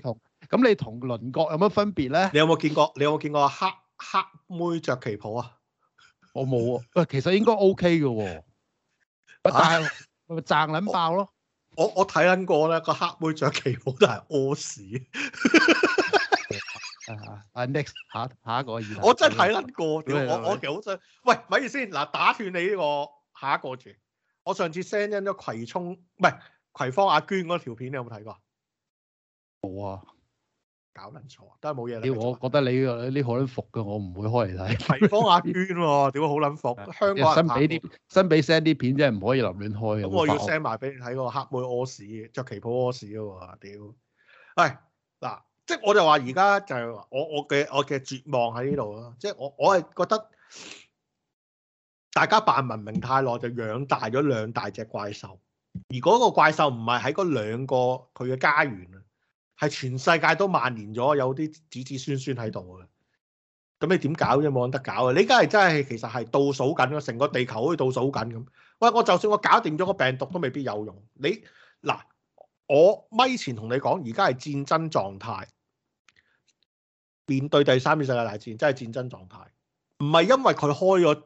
咁、嗯、你同鄰國有乜分別咧？你有冇見過？你有冇見過黑黑妹着旗袍啊？ 我冇啊，喂，其實應該 OK 嘅喎。咪賺撚爆咯！我我睇撚過咧，個黑妹着旗袍都係屙屎。 啊啊 next 下下一個議題。 我真係睇撚過係咪我。我我其實好想喂，唔好意思，嗱，打斷你呢、呢個下一個段。我上次 send 緊咗葵涌，唔係葵芳阿娟嗰條片，你有冇睇過？冇啊。搞捻錯，都係冇嘢。屌，我覺得你呢啲好捻服嘅，我唔會開嚟睇、啊。提方阿娟喎，屌好捻服。 香港人新俾啲，新俾 send 啲片啫，唔可以立亂開。咁、嗯、我要 send 埋俾你睇嗰個黑妹屙屎，着旗袍屙屎嘅喎。屌、嗯，係嗱，即係我就話而家就我我嘅我嘅絕望喺呢度咯。即係我我係覺得大家扮文明太耐，就養大咗兩大隻怪獸。而嗰個怪獸唔係喺嗰兩個佢嘅家園啊。係全世界都蔓延咗，有啲子子孫孫喺度嘅。咁你點搞啫？冇得搞啊！你而家係真係其實係倒數緊咯，成個地球好似倒數緊咁。喂，我就算我搞掂咗個病毒都未必有用。你嗱，我咪前同你講，而家係戰爭狀態，面對第三次世界大戰，真係戰爭狀態。唔係因為佢開咗，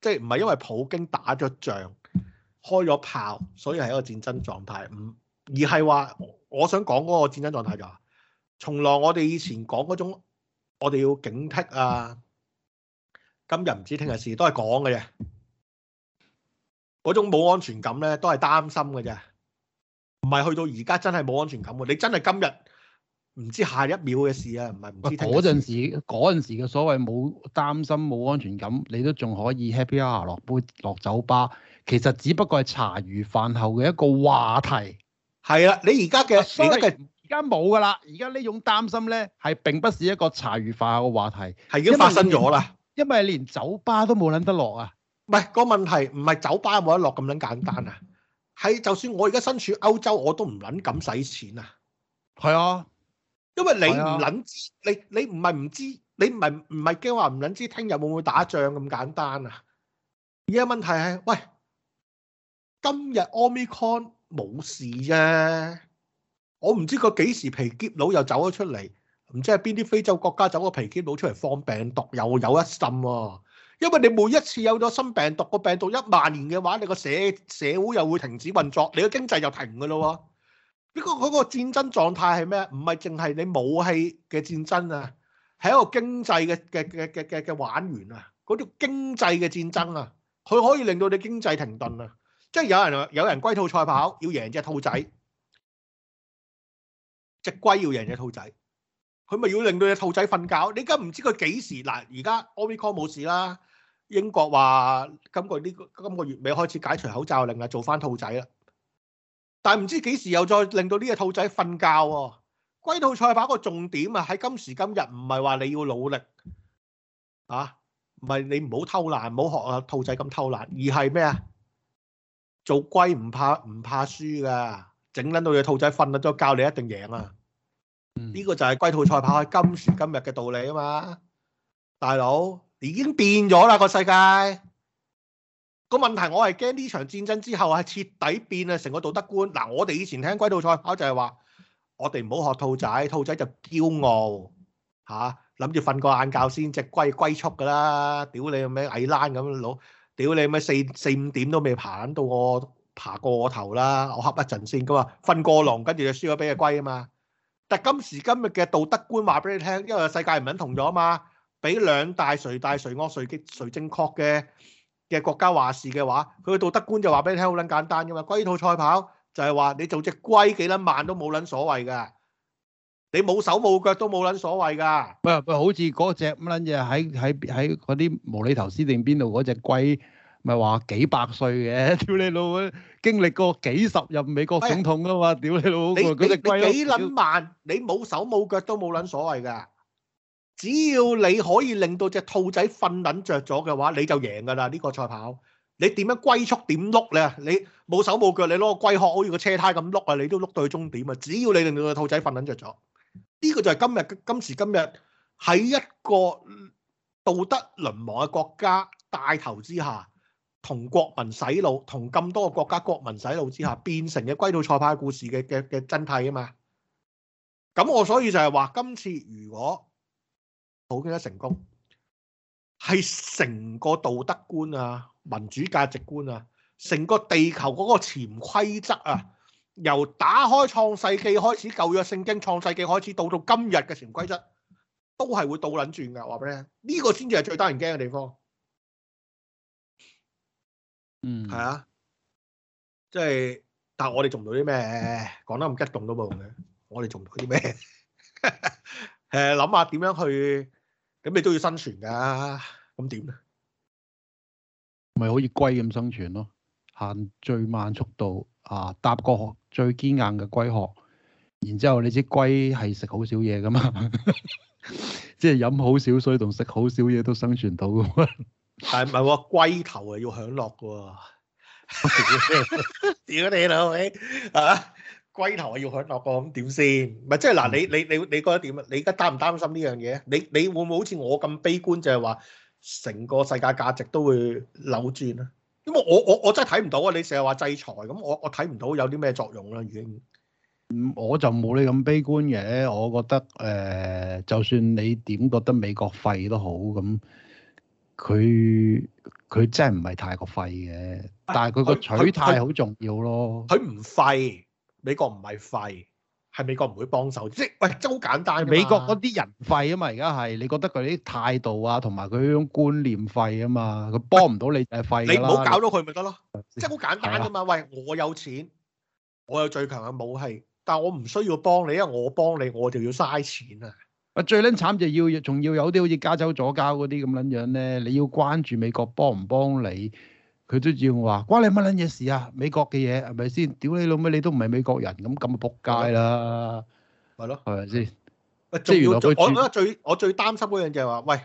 即係唔係因為普京打咗仗，開咗炮，所以係一個戰爭狀態。唔而係話。我想講嗰個戰爭狀態就係從來我哋以前講嗰種，我哋要警惕啊！今日唔知聽日事，都係講嘅啫。嗰種冇安全感咧，都係擔心嘅啫。唔係去到而家真係冇安全感嘅。你真係今日唔知下一秒嘅事啊不不事，唔係唔知聽日嗰陣時嘅所謂冇擔心冇安全感，你都仲可以 happy hour 落杯落酒吧。其實只不過係茶餘飯後嘅一個話題。係啦，你而家嘅而家嘅而家冇噶啦，而家呢種擔心咧，係並不是一個茶餘化嘅話題，係已經發生咗啦。因為連酒吧都冇捻得落啊！唔係、個問題，唔係酒吧冇得落咁捻簡單啊！係就算我而家身處歐洲，我都唔捻敢使錢啊！係啊，因為你唔捻知，啊、你你唔係唔知，你唔係唔係驚話唔捻知聽日會唔會打仗咁簡單啊？而家問題係，喂，今日 Omicron。冇事啫，啊，我唔知佢幾時皮喼佬又走咗出嚟，唔知係邊啲非洲國家走個皮喼佬出嚟放病毒又有一陣喎，啊。因為你每一次有咗新病毒，個病毒一萬年嘅話，你個社社會又會停止運作，你個經濟又停㗎咯喎。呢個嗰個戰爭狀態係咩？唔係淨係你武器嘅戰爭啊，係一個經濟嘅嘅嘅嘅嘅嘅玩完啊，嗰、那、啲、個、經濟嘅戰爭啊，佢可以令到你經濟停頓啊。即係有人話，有人龜兔賽跑，要贏隻兔仔，隻龜要贏隻兔仔，佢咪要令到隻兔仔瞓覺？你而家唔知佢幾時嗱？而家 Omicron 冇事啦，英國話今個呢個今個月尾開始解除口罩令啊，做翻兔仔啦。但係唔知幾時又再令到呢隻兔仔瞓覺喎、哦？龜兔賽跑個重點啊，喺今時今日唔係話你要努力啊，唔係你唔好偷懶，唔好學啊兔仔咁偷懶，而係咩啊？做龜唔怕唔怕輸㗎，整撚到隻兔仔瞓得咗，教你一定贏啊！呢、嗯、個就係龜兔賽跑今時今日嘅道理啊嘛，大佬已經變咗啦、這個世界。個問題我係驚呢場戰爭之後係徹底變啦，成個道德觀。嗱、啊，我哋以前聽龜兔賽跑就係話，我哋唔好學兔仔，兔仔就驕傲嚇，諗住瞓個晏覺先，隻龜龜速㗎啦，屌你咁樣矮欄咁攞。屌你咪四四五點都未爬，到我爬過我頭啦！我瞌一陣先咁啊，瞓過籠，跟住就輸咗俾隻龜啊嘛！但係今時今日嘅道德觀話俾你聽，因為世界唔肯同咗啊嘛，俾兩大誰大誰惡、啊、誰極誰正確嘅嘅國家話事嘅話，佢嘅道德觀就話俾你聽好撚簡單嘅嘛，龜兔賽跑就係話你做隻龜幾撚慢都冇撚所謂嘅。你冇手冇腳都冇捻所謂噶，唔係唔係好似嗰隻乜捻嘢喺喺喺嗰啲無厘頭師定邊度嗰隻龜，咪話幾百歲嘅，屌你老母，經歷過幾十任美國總統啊嘛，屌你老母，嗰隻龜幾捻慢，你冇手冇腳都冇捻所謂噶，只要你可以令到隻兔仔瞓捻着咗嘅話，你就贏噶啦呢個賽跑，你點樣龜速點碌咧？你冇手冇腳，你攞個龜殼好似個車胎咁碌，你都碌到去終點啊！只要你令到個兔仔瞓捻着咗。呢個就係今日今時今日喺一個道德淪亡嘅國家帶頭之下，同國民洗腦，同咁多個國家國民洗腦之下，變成嘅歸到賽派故事嘅嘅嘅真諦啊嘛！咁我所以就係話，今次如果普京得成功，係成個道德觀啊、民主價值觀啊、成個地球嗰個潛規則啊。由打開創世紀開始，舊約聖經創世紀開始，到到今日嘅潛規則，都係會倒撚轉㗎。話俾你聽，呢、這個先至係最得人驚嘅地方。嗯，係啊，即係，但係我哋做唔到啲咩？講得咁激動都冇用嘅。我哋做唔到啲咩？誒，諗下點樣去？咁你都要生存㗎、啊，咁點咧？咪好似龜咁生存咯，限最慢速度啊，搭個。最堅硬嘅龜殼，然之後你知龜係食好少嘢噶嘛？ 即係飲好少水同食好少嘢都生存到噶嘛？但係唔係喎，龜頭係要享樂嘅喎。屌 你老味，係、啊、嘛？龜頭係要享樂嘅，咁點先？唔係即係嗱，你你你你覺得點啊？你而家擔唔擔心呢樣嘢？你你會唔會好似我咁悲觀，就係話成個世界價值都會扭轉咧？咁我我我真係睇唔到啊！你成日話制裁，咁我我睇唔到有啲咩作用啦，已經。我就冇你咁悲觀嘅，我覺得誒、呃，就算你點覺得美國廢都好，咁佢佢真係唔係太過廢嘅。但係佢個取態好重要咯。佢唔、啊、廢，美國唔係廢。係美國唔會幫手，即係喂，即係好簡單。美國嗰啲人廢啊嘛，而家係你覺得佢啲態度啊，同埋佢嗰種觀念廢啊嘛，佢幫唔到你就廢啦。你唔好搞到佢咪得咯，的即係好簡單噶嘛。喂，我有錢，我有最強嘅武器，但我唔需要幫你，因為我幫你我就要嘥錢啊。啊，最撚慘就要仲要有啲好似加州左膠嗰啲咁撚樣咧，你要關注美國幫唔幫你。佢都要話關你乜撚嘢事啊？美國嘅嘢係咪先？屌你老味，你都唔係美國人咁咁咪仆街啦！係咯，係咪先？即係原來我覺得最我最擔心嗰樣就係話，喂，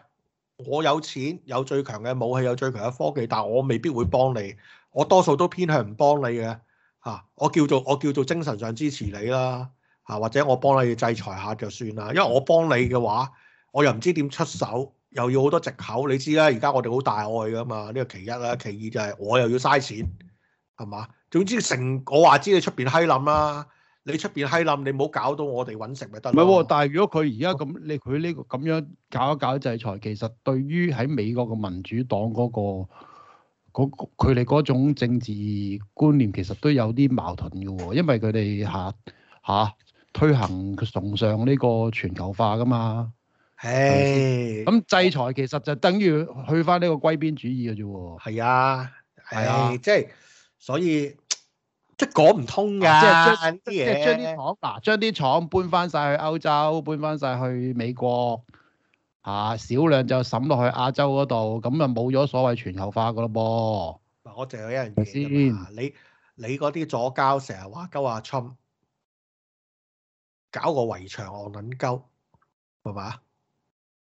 我有錢有最強嘅武器有最強嘅科技，但我未必會幫你。我多數都偏向唔幫你嘅嚇、啊。我叫做我叫做精神上支持你啦嚇、啊，或者我幫你制裁下就算啦。因為我幫你嘅話，我又唔知點出手。又要好多藉口，你知啦、啊。而家我哋好大愛噶嘛，呢個其一啦、啊。其二就係我又要嘥錢，係嘛？總之成我話知你出邊閪冧啦，你出邊閪冧，你唔好搞到我哋揾食咪得。唔係，但係如果佢而家咁，你佢呢個咁樣搞一搞制裁，其實對於喺美國嘅民主黨嗰、嗰個佢哋嗰種政治觀念，其實都有啲矛盾嘅喎、哦，因為佢哋嚇嚇推行崇尚呢個全球化噶嘛。唉，咁 Hey, 制裁其實就等於去翻呢個歸邊主義嘅啫喎。係啊，係即係，所以即係講唔通㗎。即係、啊啊、將即係將啲廠嗱、啊，將啲廠搬翻晒去歐洲，搬翻晒去美國，嚇、啊、少量就審落去亞洲嗰度，咁就冇咗所謂全球化㗎咯噃。嗱，我仲有一樣嘢先，你你嗰啲左膠成日話鳩阿侵，搞個圍牆我撚鳩，明白。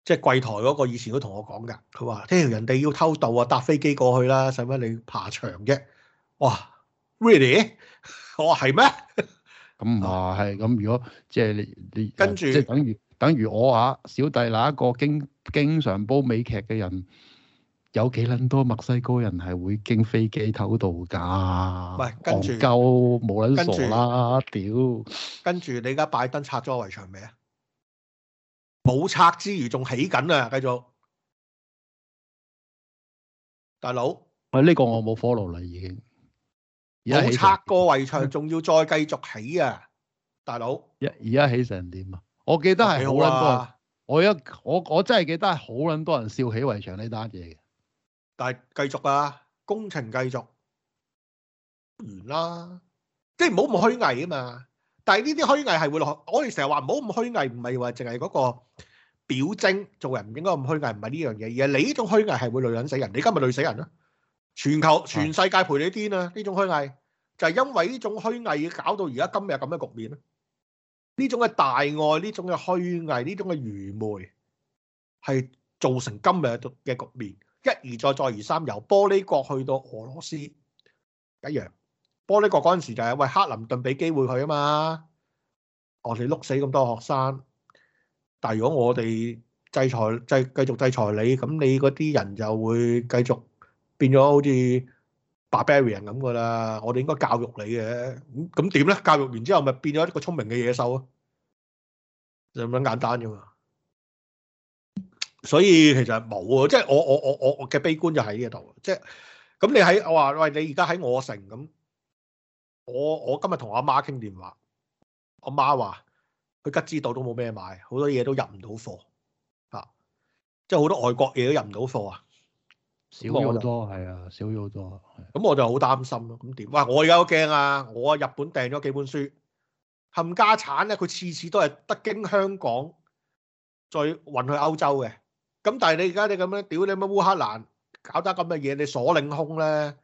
即係櫃台嗰個以前都同我講㗎，佢話：聽人哋要偷渡啊，搭飛機過去啦，使乜你爬牆啫？哇！Really？我話係咩？咁啊，係咁。如果即係你你，即係等於等於我啊，小弟那一個經經常煲美劇嘅人，有幾撚多墨西哥人係會經飛機偷渡㗎？喂，跟住憨鳩冇撚傻啦，屌、嗯！跟住你而家拜登拆咗圍牆未啊？冇拆之餘仲起緊啊！繼續，大佬，誒呢個我冇 follow 啦，已經有拆過圍牆，仲要再繼續起啊！大佬，一而家起成點啊？我記得係好捻多人，我一我我真係記得係好捻多人笑起圍牆呢單嘢嘅。但係繼續啊，工程繼續完啦，啊，即係唔好咁虛偽啊嘛。但係呢啲虛偽係會落，我哋成日話唔好咁虛偽，唔係話淨係嗰個表徵做人唔應該咁虛偽，唔係呢樣嘢。而係你呢種虛偽係會累緊死人，你今日累死人啦、啊！全球全世界陪你癲啊！呢種虛偽就係、是、因為呢種虛偽搞到而家今日咁嘅局面啊！呢種嘅大愛、呢種嘅虛偽、呢種嘅愚昧係造成今日嘅局面，一而再，再而三，由玻利國去到俄羅斯一樣。玻璃國嗰陣時就係，喂，克林頓俾機會佢啊嘛，我哋碌死咁多學生，但係如果我哋制裁、制繼續制裁你，咁你嗰啲人就會繼續變咗好似 Barbarian 咁噶啦，我哋應該教育你嘅，咁點咧？教育完之後咪變咗一個聰明嘅野獸咯，就咁簡單啫嘛。所以其實冇啊，即係我我我我我嘅悲觀就喺呢度，即係咁你喺我話喂你而家喺我城咁。我我今日同我阿媽傾電話，阿媽話佢吉之島都冇咩買，好多嘢都入唔到貨啊，即係好多外國嘢都入唔到貨啊，少咗好多係啊，少咗好多。咁我就好擔心咯。咁點？哇！我而家好驚啊！我喺日本訂咗幾本書，冚家產咧，佢次次都係得經香港再運去歐洲嘅。咁但係你而家你咁樣，屌你乜烏克蘭搞得咁嘅嘢，你鎖領空咧？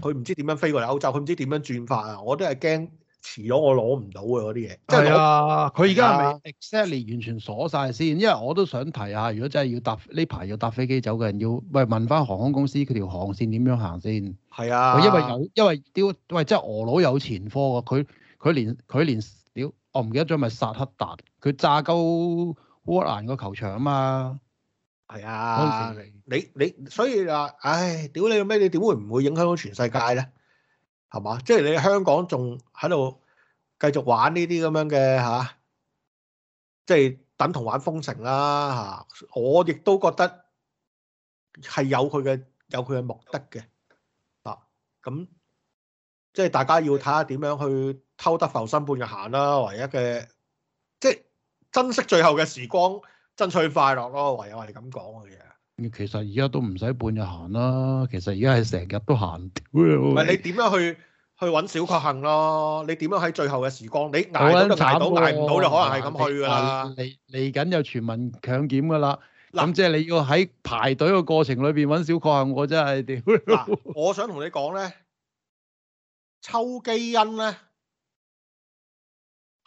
佢唔知點樣飛過嚟歐洲，佢唔知點樣轉法啊！我都係驚遲咗，我攞唔到㗎嗰啲嘢。係啊，佢而家係咪 exactly 完全鎖晒先？因為我都想提下，如果真係要搭呢排要搭飛機走嘅人，要喂問翻航空公司佢條航線點樣行先。係啊因，因為有因為屌喂，即係俄佬有前科㗎，佢佢連佢連屌我唔記得咗咪薩克達，佢炸鳩烏蘭個球場啊嘛～係啊，嗯、你你所以話，唉，屌你個咩？你點會唔會影響到全世界咧？係嘛？即係你香港仲喺度繼續玩呢啲咁樣嘅嚇、啊，即係等同玩封城啦嚇。我亦都覺得係有佢嘅有佢嘅目的嘅啊。咁、嗯、即係大家要睇下點樣去偷得浮生半日閒啦。唯一嘅即係珍惜最後嘅時光。爭取快樂咯，唯有你話你咁講嘅嘢。其實而家都唔使半日行啦，其實而家係成日都行。唔係你點樣去去揾小確幸咯、啊？你點樣喺最後嘅時光？你捱到就捱到，捱唔到就可能係咁去㗎啦。嚟嚟緊有全民強檢㗎啦。咁即係你要喺排隊嘅過程裏邊揾小確幸，我真係屌。嗱，我想同你講咧，抽基因咧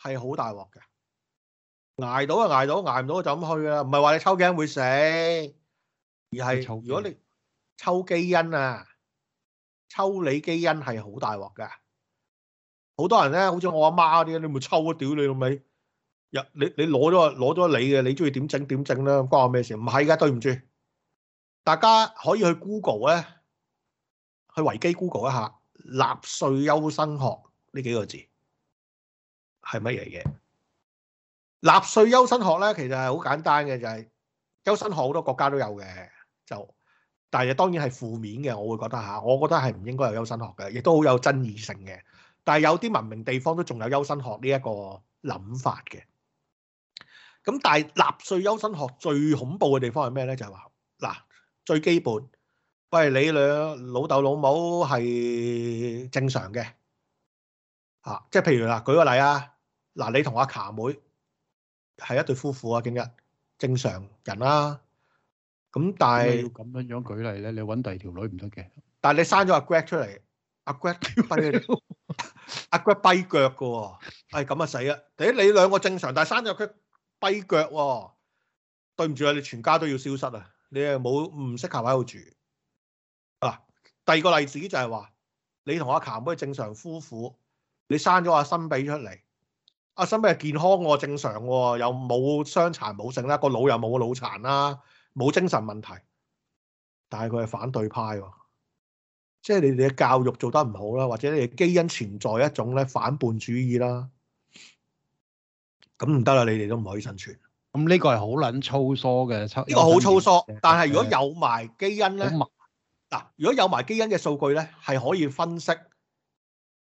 係好大鑊嘅。挨到就挨到，挨唔到就咁去啦。唔係話你抽基因會死，而係如果你抽基因啊，抽你基因係好大鑊嘅。好多人咧，好似我阿媽嗰啲，你咪抽啊！屌你老味，入你你攞咗攞咗你嘅，你中意點整點整啦，關我咩事？唔係噶，對唔住，大家可以去 Google 咧，去維基 Google 一下，納粹優生學呢幾個字係乜嘢嘅？納粹優生學咧，其實係好簡單嘅，就係、是、優生學好多國家都有嘅，就但係當然係負面嘅，我會覺得嚇，我覺得係唔應該有優生學嘅，亦都好有爭議性嘅。但係有啲文明地方都仲有優生學呢一個諗法嘅。咁但係納粹優生學最恐怖嘅地方係咩咧？就係話嗱，最基本，喂，你兩老豆老母係正常嘅，嚇、啊，即係譬如嗱，舉個例啊，嗱你同阿卡妹。係一對夫婦啊，正一正常人啦、啊。咁但係要咁樣樣舉例咧，你揾第二條女唔得嘅。但係你生咗阿 Greg 出嚟，阿 Greg 跛腳，阿 Greg 跛腳㗎喎，係咁啊死啊！誒，你兩個正常，但係生咗佢跛腳喎，對唔住啊，你全家都要消失啊！你係冇唔識球喺度住嗱、啊。第二個例子就係話，你同阿球妹正常夫婦，你生咗阿新比出嚟。阿森咪係健康喎，正常喎，又冇傷殘冇剩啦，個腦又冇腦殘啦，冇精神問題。但係佢係反對派喎，即係你哋嘅教育做得唔好啦，或者你哋基因存在一種咧反叛主義啦，咁唔得啦，你哋都唔可以生存。咁呢個係好撚粗疏嘅，呢個好粗疏。呃、但係如果有埋基因咧，嗱、呃，如果有埋基因嘅數據咧，係可以分析。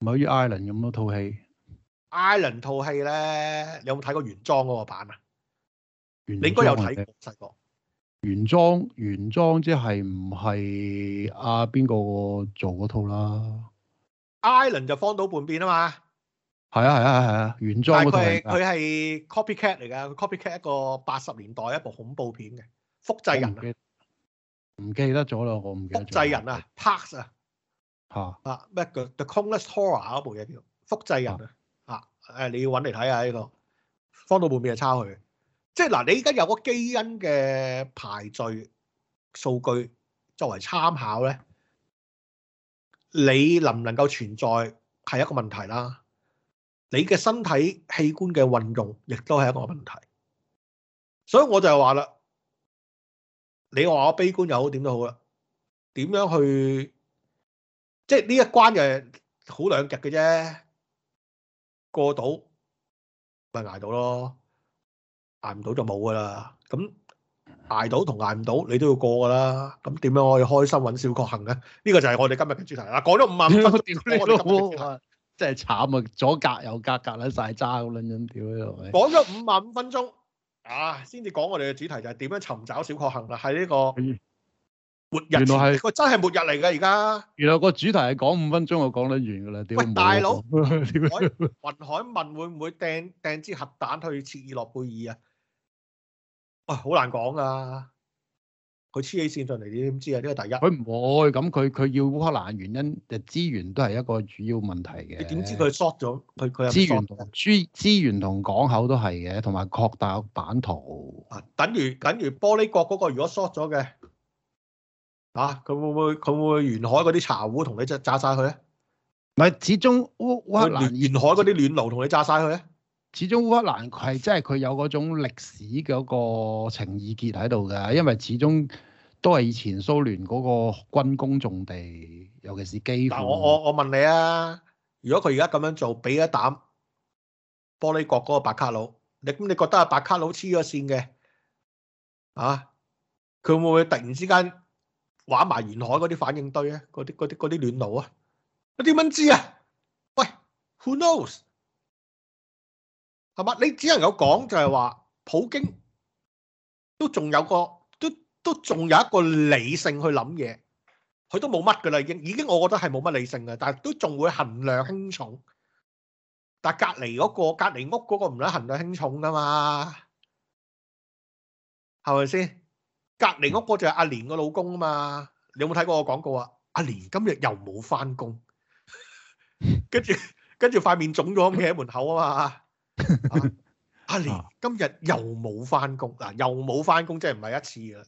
唔係依 Island 咁嗰套戲，Island 套戲咧，你有冇睇過原裝嗰個版啊？原你應該有睇過細個。原裝原裝即係唔係阿邊個做嗰套啦？Island 就謊島叛變啊嘛。係啊係啊係啊，原裝。但係佢係 copycat 嚟噶，copycat 一個八十年代一部恐怖片嘅複制人啊，唔記得咗啦，我唔記得。複制人啊 p a c 啊。吓啊咩劇、啊、？The Clonus Horror 部嘢叫複製人啊！誒、啊，你要搵嚟睇下呢個方到半邊係抄佢，即係嗱、啊，你而家有個基因嘅排序數據作為參考咧，你能唔能夠存在係一個問題啦？你嘅身體器官嘅運用亦都係一個問題，所以我就話啦，你話我悲觀又好，點都好啦，點樣去？即係呢一關就係好兩極嘅啫，過到咪捱到咯，捱唔到就冇噶啦。咁捱到同捱唔到，你都要過噶啦。咁點樣可以開心揾小確幸咧？呢個就係我哋今日嘅主題啦。講咗五萬五分鐘，真係慘啊！左隔右隔，隔得晒渣咁樣樣，屌你講咗五萬五分鐘啊，先至講我哋嘅主題就係點樣尋找小確幸啦。係呢個。 嗯原來係佢真係末日嚟㗎，而家。原來個主題係講五分鐘我講得完噶啦。喂，大佬，云海問會唔會掟掟支核彈去切爾諾貝爾啊？哇，好難講㗎！佢黐起線上嚟，你點知啊？呢個第一。佢唔會，咁佢佢要烏克蘭原因就資源都係一個主要問題嘅。你點知佢 short 咗？佢佢有資源資資源同港口都係嘅，同埋擴大版圖。啊，等於等於玻璃國嗰個如果 short 咗嘅。啊！佢會唔會佢會唔會沿海嗰啲茶壺同你即炸晒佢咧？唔係，始終烏烏克蘭沿海嗰啲暖爐同你炸晒佢咧。始終烏克蘭係真係佢有嗰種歷史嗰個情意結喺度嘅，因為始終都係以前蘇聯嗰個軍工重地，尤其是機庫。我我我問你啊，如果佢而家咁樣做，俾一啖玻璃國嗰個白卡佬，你咁你覺得阿白卡佬黐咗線嘅啊？佢會唔會突然之間？玩埋沿海嗰啲反應堆啊，嗰啲嗰啲嗰啲暖爐啊，你點樣知啊？喂，who knows？係嘛？你只能有講就係話，普京都仲有個，都都仲有一個理性去諗嘢，佢都冇乜㗎喇，已經已經我覺得係冇乜理性嘅，但係都仲會衡量輕重。但係隔離嗰個隔離屋嗰個唔能衡量輕重㗎嘛？係咪先？隔籬屋個就係阿蓮個老公啊嘛，你有冇睇過個廣告啊？阿蓮今日又冇翻工，跟住跟住塊面腫咗咁，企喺門口啊嘛。阿蓮今日又冇翻工，嗱又冇翻工，即係唔係一次噶啦？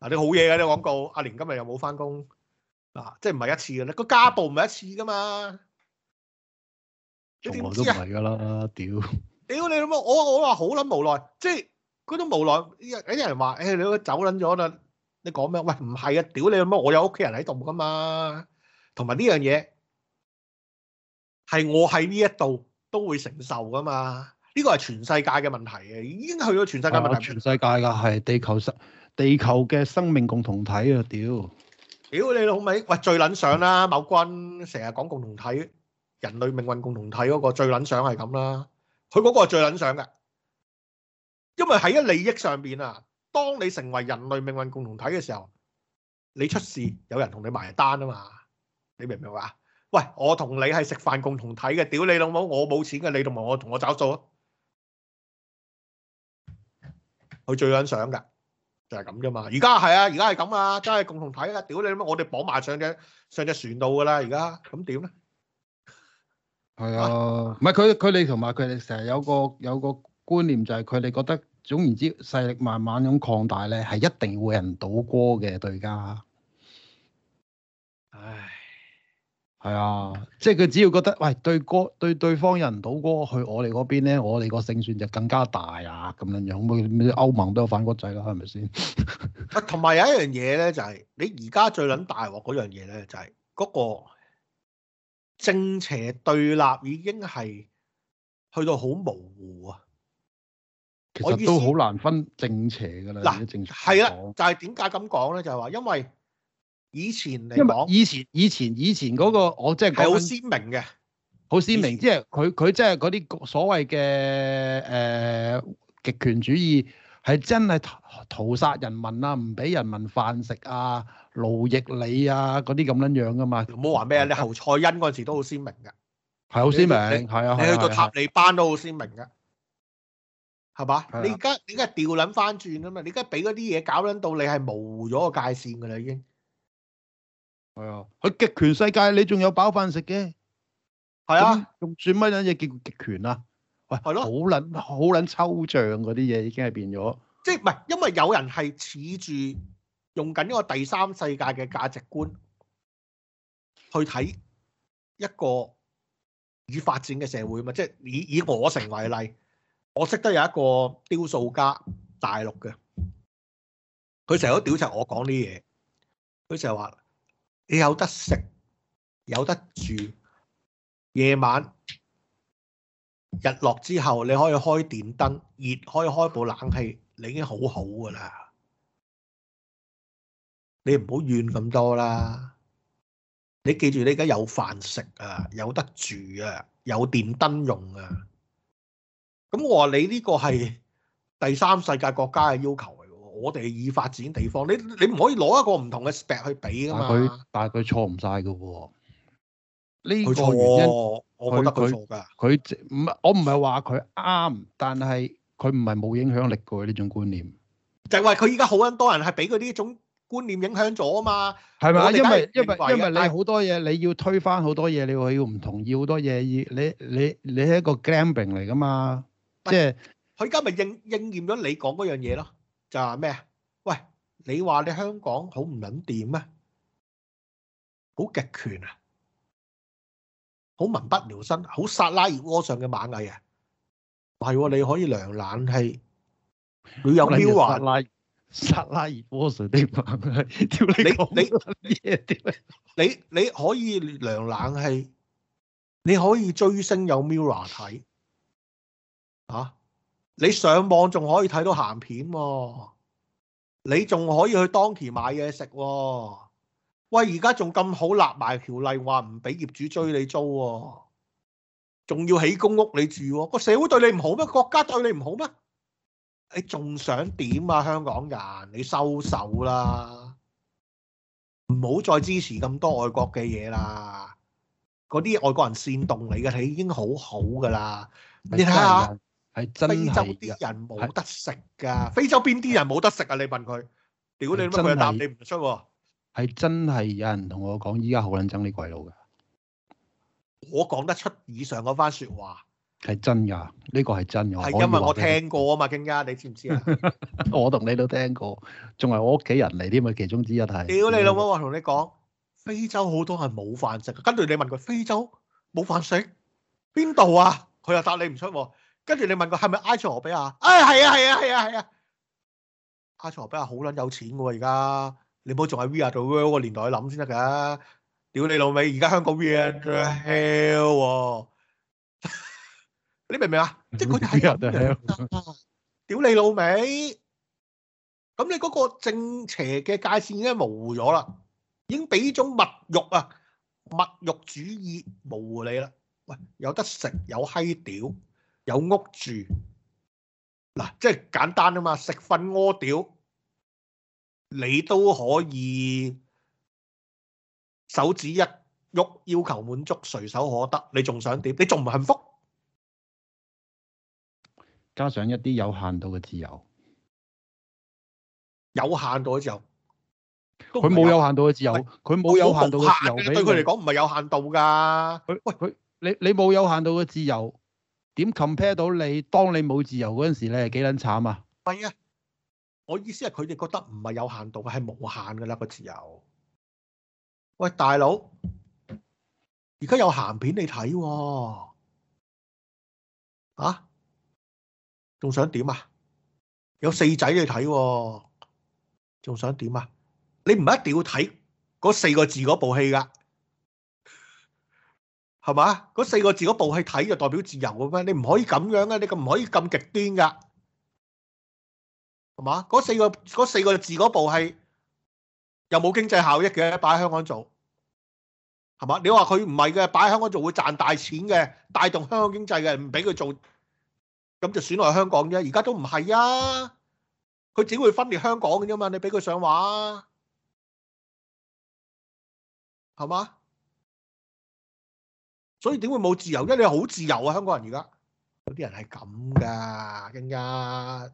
嗱，你好嘢嘅啲廣告，阿蓮今日又冇翻工，嗱，即係唔係一次嘅咧？個家暴唔係一次噶嘛？你點知啊？一啲都唔係噶啦，屌，屌你老母我我話好撚無奈，即係。佢都無奈，有啲人話，誒，你都走撚咗啦，你講咩？喂，唔係啊，屌你老母！我有屋企人喺度噶嘛，同埋呢樣嘢係我喺呢一度都會承受噶嘛。呢個係全世界嘅問題啊，已經去咗全世界問題。全世界噶係地球生地球嘅生命共同體啊！屌屌你老味，喂最撚想啦，某君成日講共同體、人類命運共同體嗰個最撚想係咁啦，佢嗰個係最撚想㗎。因為喺一利益上邊啊，當你成為人類命運共同體嘅時候，你出事有人同你埋單啊嘛，你明唔明啊？喂，我同你係食飯共同體嘅，屌你老母，我冇錢嘅，你同埋我同我找數啊！佢最欣賞嘅就係咁啫嘛，而家係啊，而家係咁啊，真係共同體啊！屌你老母，我哋綁埋上隻上隻船度噶啦，而家咁點咧？係啊，唔係佢佢哋同埋佢哋成日有個有個。觀念就係佢哋覺得總言之勢力慢慢咁擴大咧，係一定會有人倒戈嘅對家。唉，係啊，即係佢只要覺得喂對哥對對，對方有人倒戈去我哋嗰邊咧，我哋個勝算就更加大啊咁樣樣。乜乜歐盟都有反骨仔啦，係咪先？同 埋有，有一樣嘢咧，就係、是、你而家最撚大鑊嗰樣嘢咧，就係、是、嗰個正邪對立已經係去到好模糊啊！其實都好難分正邪噶啦，嗱喘，係啦，就係點解咁講咧？就係話因為以前嚟講，以前以前以前嗰個我即係係好鮮明嘅，好鮮明，即係佢佢即係嗰啲所謂嘅誒極權主義，係真係屠殺人民啊，唔俾人民飯食啊，勞役你啊，嗰啲咁樣樣噶嘛。冇好話咩啊，你侯賽因嗰陣時都好鮮明嘅，係好鮮明，係你啊，你去到塔利班都好鮮明嘅。係嘛的？你而家你而家掉捻翻轉啊嘛！你而家俾嗰啲嘢搞捻到你係冇咗個界線噶啦，已經係啊！喺極的權世界，你仲有飽飯食嘅，係啊的？咁算乜撚嘢叫極權啊？喂，係咯的，好捻好捻抽象嗰啲嘢，已經係變咗。即係唔係？因為有人係恃住用緊呢個第三世界嘅價值觀去睇一個已發展嘅社會啊嘛！即係，以以我城為例。我識得有一個雕塑家，大陸嘅，佢成日都屌柒我講啲嘢，佢成日話：你有得食，有得住，夜晚日落之後你可以開電燈，熱可以開部冷氣，你已經好好㗎啦，你唔好怨咁多啦。你記住，你而家有飯食啊，有得住啊，有電燈用啊。咁、嗯、我話你呢個係第三世界國家嘅要求嚟，我哋以發展地方，你你唔可以攞一個唔同嘅 spec 去比噶嘛。佢，但係佢錯唔晒噶喎。呢、這個原因，錯我覺得佢錯噶。佢唔我唔係話佢啱，但係佢唔係冇影響力噶呢種觀念。就係話佢依家好多人係俾佢呢種觀念影響咗啊嘛。係咪？因為因為因為，因為你好但多嘢你要推翻好多嘢，你要唔同意好多嘢，你你你係一個 gambling 嚟噶嘛。即係佢而家咪應應驗咗你講嗰樣嘢咯，就係咩啊？喂，你話你香港好唔撚掂咩？好極權啊！好民不聊生，好薩拉熱窩上嘅螞蟻啊！係，你可以涼冷氣，佢有 Mirror 薩拉熱窩上嘅螞蟻。你你你你你可以涼冷氣，你可以追星有 Mirror 睇。.吓、啊！你上網仲可以睇到鹹片、喎，你仲可以去當期買嘢食、喎。喂，而家仲咁好立埋條例，話唔俾業主追你租、喎，仲要起公屋你住、喎。個社會對你唔好咩？國家對你唔好咩？你仲想點啊？香港人，你收手啦，唔好再支持咁多外國嘅嘢啦。嗰啲外國人煽動你嘅，你已經好好噶啦。你睇下。係真非洲啲人冇得食噶，非洲邊啲人冇得食啊？你問佢，屌你老母佢答你唔出。係真係有人同我講，依家好捻憎呢鬼佬噶。我講得出以上嗰番說話，係真噶，呢個係真噶。係因為我聽過啊嘛，更加你知唔知啊？我同你都聽過，仲係我屋企人嚟添啊，其中之一係。屌你老母！我同你講，非洲好多係冇飯食。跟住你問佢非洲冇飯食邊度啊？佢又答你唔出。跟住你問佢係咪埃塞俄比亞？啊，係啊，係啊，係啊，係啊！埃塞俄比亞好撚有錢㗎喎，而家你唔好仲喺 We Are The World 個年代諗先得㗎。屌你老味，而家香港 We Are The Hell 喎，你明唔明啊？即係佢哋係屌你老味，咁你嗰個正邪嘅界線已經模糊咗啦，已經俾種物欲啊物欲主義模糊你啦。喂，有得食有閪屌。有屋住嗱，即係簡單啊嘛，食飯屙屌，你都可以手指一喐，要求滿足，隨手可得，你仲想點？你仲唔幸福？加上一啲有限度嘅自由，有限度嘅自由，佢冇有限度嘅自由，佢冇喂有限度嘅自由俾佢。對佢嚟講唔係有限度㗎。喂佢，你你冇有限度嘅自由。點 compare 到你？當你冇自由嗰陣時你係，幾撚慘啊？係啊，我意思係佢哋覺得唔係有限度，係無限噶啦個自由。喂，大佬，而家有鹹片你睇喎，啊，啊？仲想點啊？有四仔你睇喎，啊，仲想點啊？你唔係一定要睇嗰四個字嗰部戲㗎。係嘛？嗰四個字嗰部戲睇就代表自由嘅咩？你唔可以咁樣嘅，你咁唔可以咁極端噶。係嘛？嗰四個四個字嗰部戲又冇經濟效益嘅，擺喺香港做係嘛？你話佢唔係嘅，擺喺香港做會賺大錢嘅，帶動香港經濟嘅，唔俾佢做咁就損害香港啫。而家都唔係啊，佢只會分裂香港嘅啫嘛。你俾佢上畫係嘛？所以點會冇自由？因為你好自由啊，香港人而家有啲人係咁噶，更加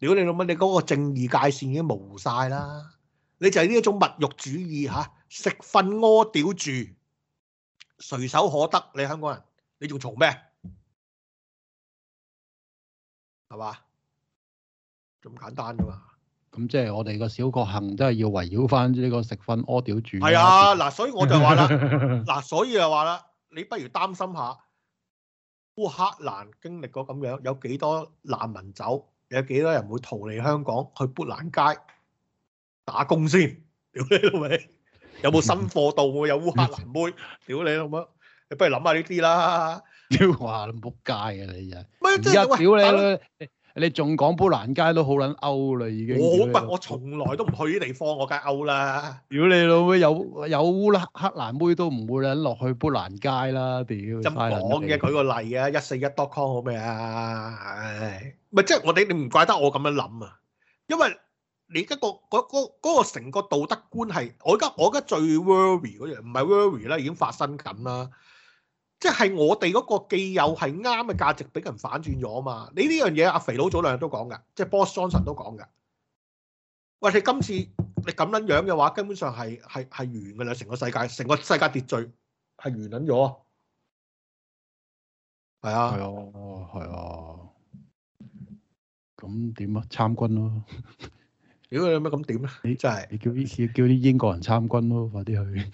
屌你老母！你、那、嗰個正義界線已經模糊晒啦，你就係呢一種物欲主義吓、啊，食瞓屙屌住，隨手可得。你香港人，你仲嘈咩？係嘛？咁簡單㗎嘛、啊、～咁即係我哋個小國行，真係要圍繞翻呢個食飯屙屌住。係啊，嗱，所以我就話啦，嗱，所以就話啦，你不如擔心下烏克蘭經歷過咁樣，有幾多難民走，有幾多人會逃離香港去砵蘭街打工先？屌你老味，有冇新貨到？有烏克蘭妹？屌你老母，你不如諗下呢啲啦。屌話你仆街啊！你真係，而家屌你。你仲講砵蘭街都好撚 out 啦，已經。我唔係，我從來都唔去啲地方，我梗係 out 啦。如果你老妹有有烏克蘭妹，都唔會撚落去砵蘭街啦。屌！咁講嘅，舉個例啊，一四一 dot com 好咩啊？唔係，即係我哋你你唔怪得我咁樣諗啊，因為你而家個嗰嗰嗰個成個道德觀係我而家我而家最 worry 嗰樣，唔係 worry 啦，已經發生緊啦。即係我哋嗰個既有係啱嘅價值俾人反轉咗啊嘛！你呢樣嘢阿肥佬早兩日都講嘅，即係 Boss Johnson 都講嘅。喂，你今次你咁撚樣嘅話，根本上係係係完㗎啦！成個世界，成個世界秩序係完撚咗，啊啊啊啊啊啊哎。係啊，係啊，係啊。咁點啊？參軍咯。如果你有咩咁點啊？你真係你叫呢次叫啲英國人參軍咯，快啲去。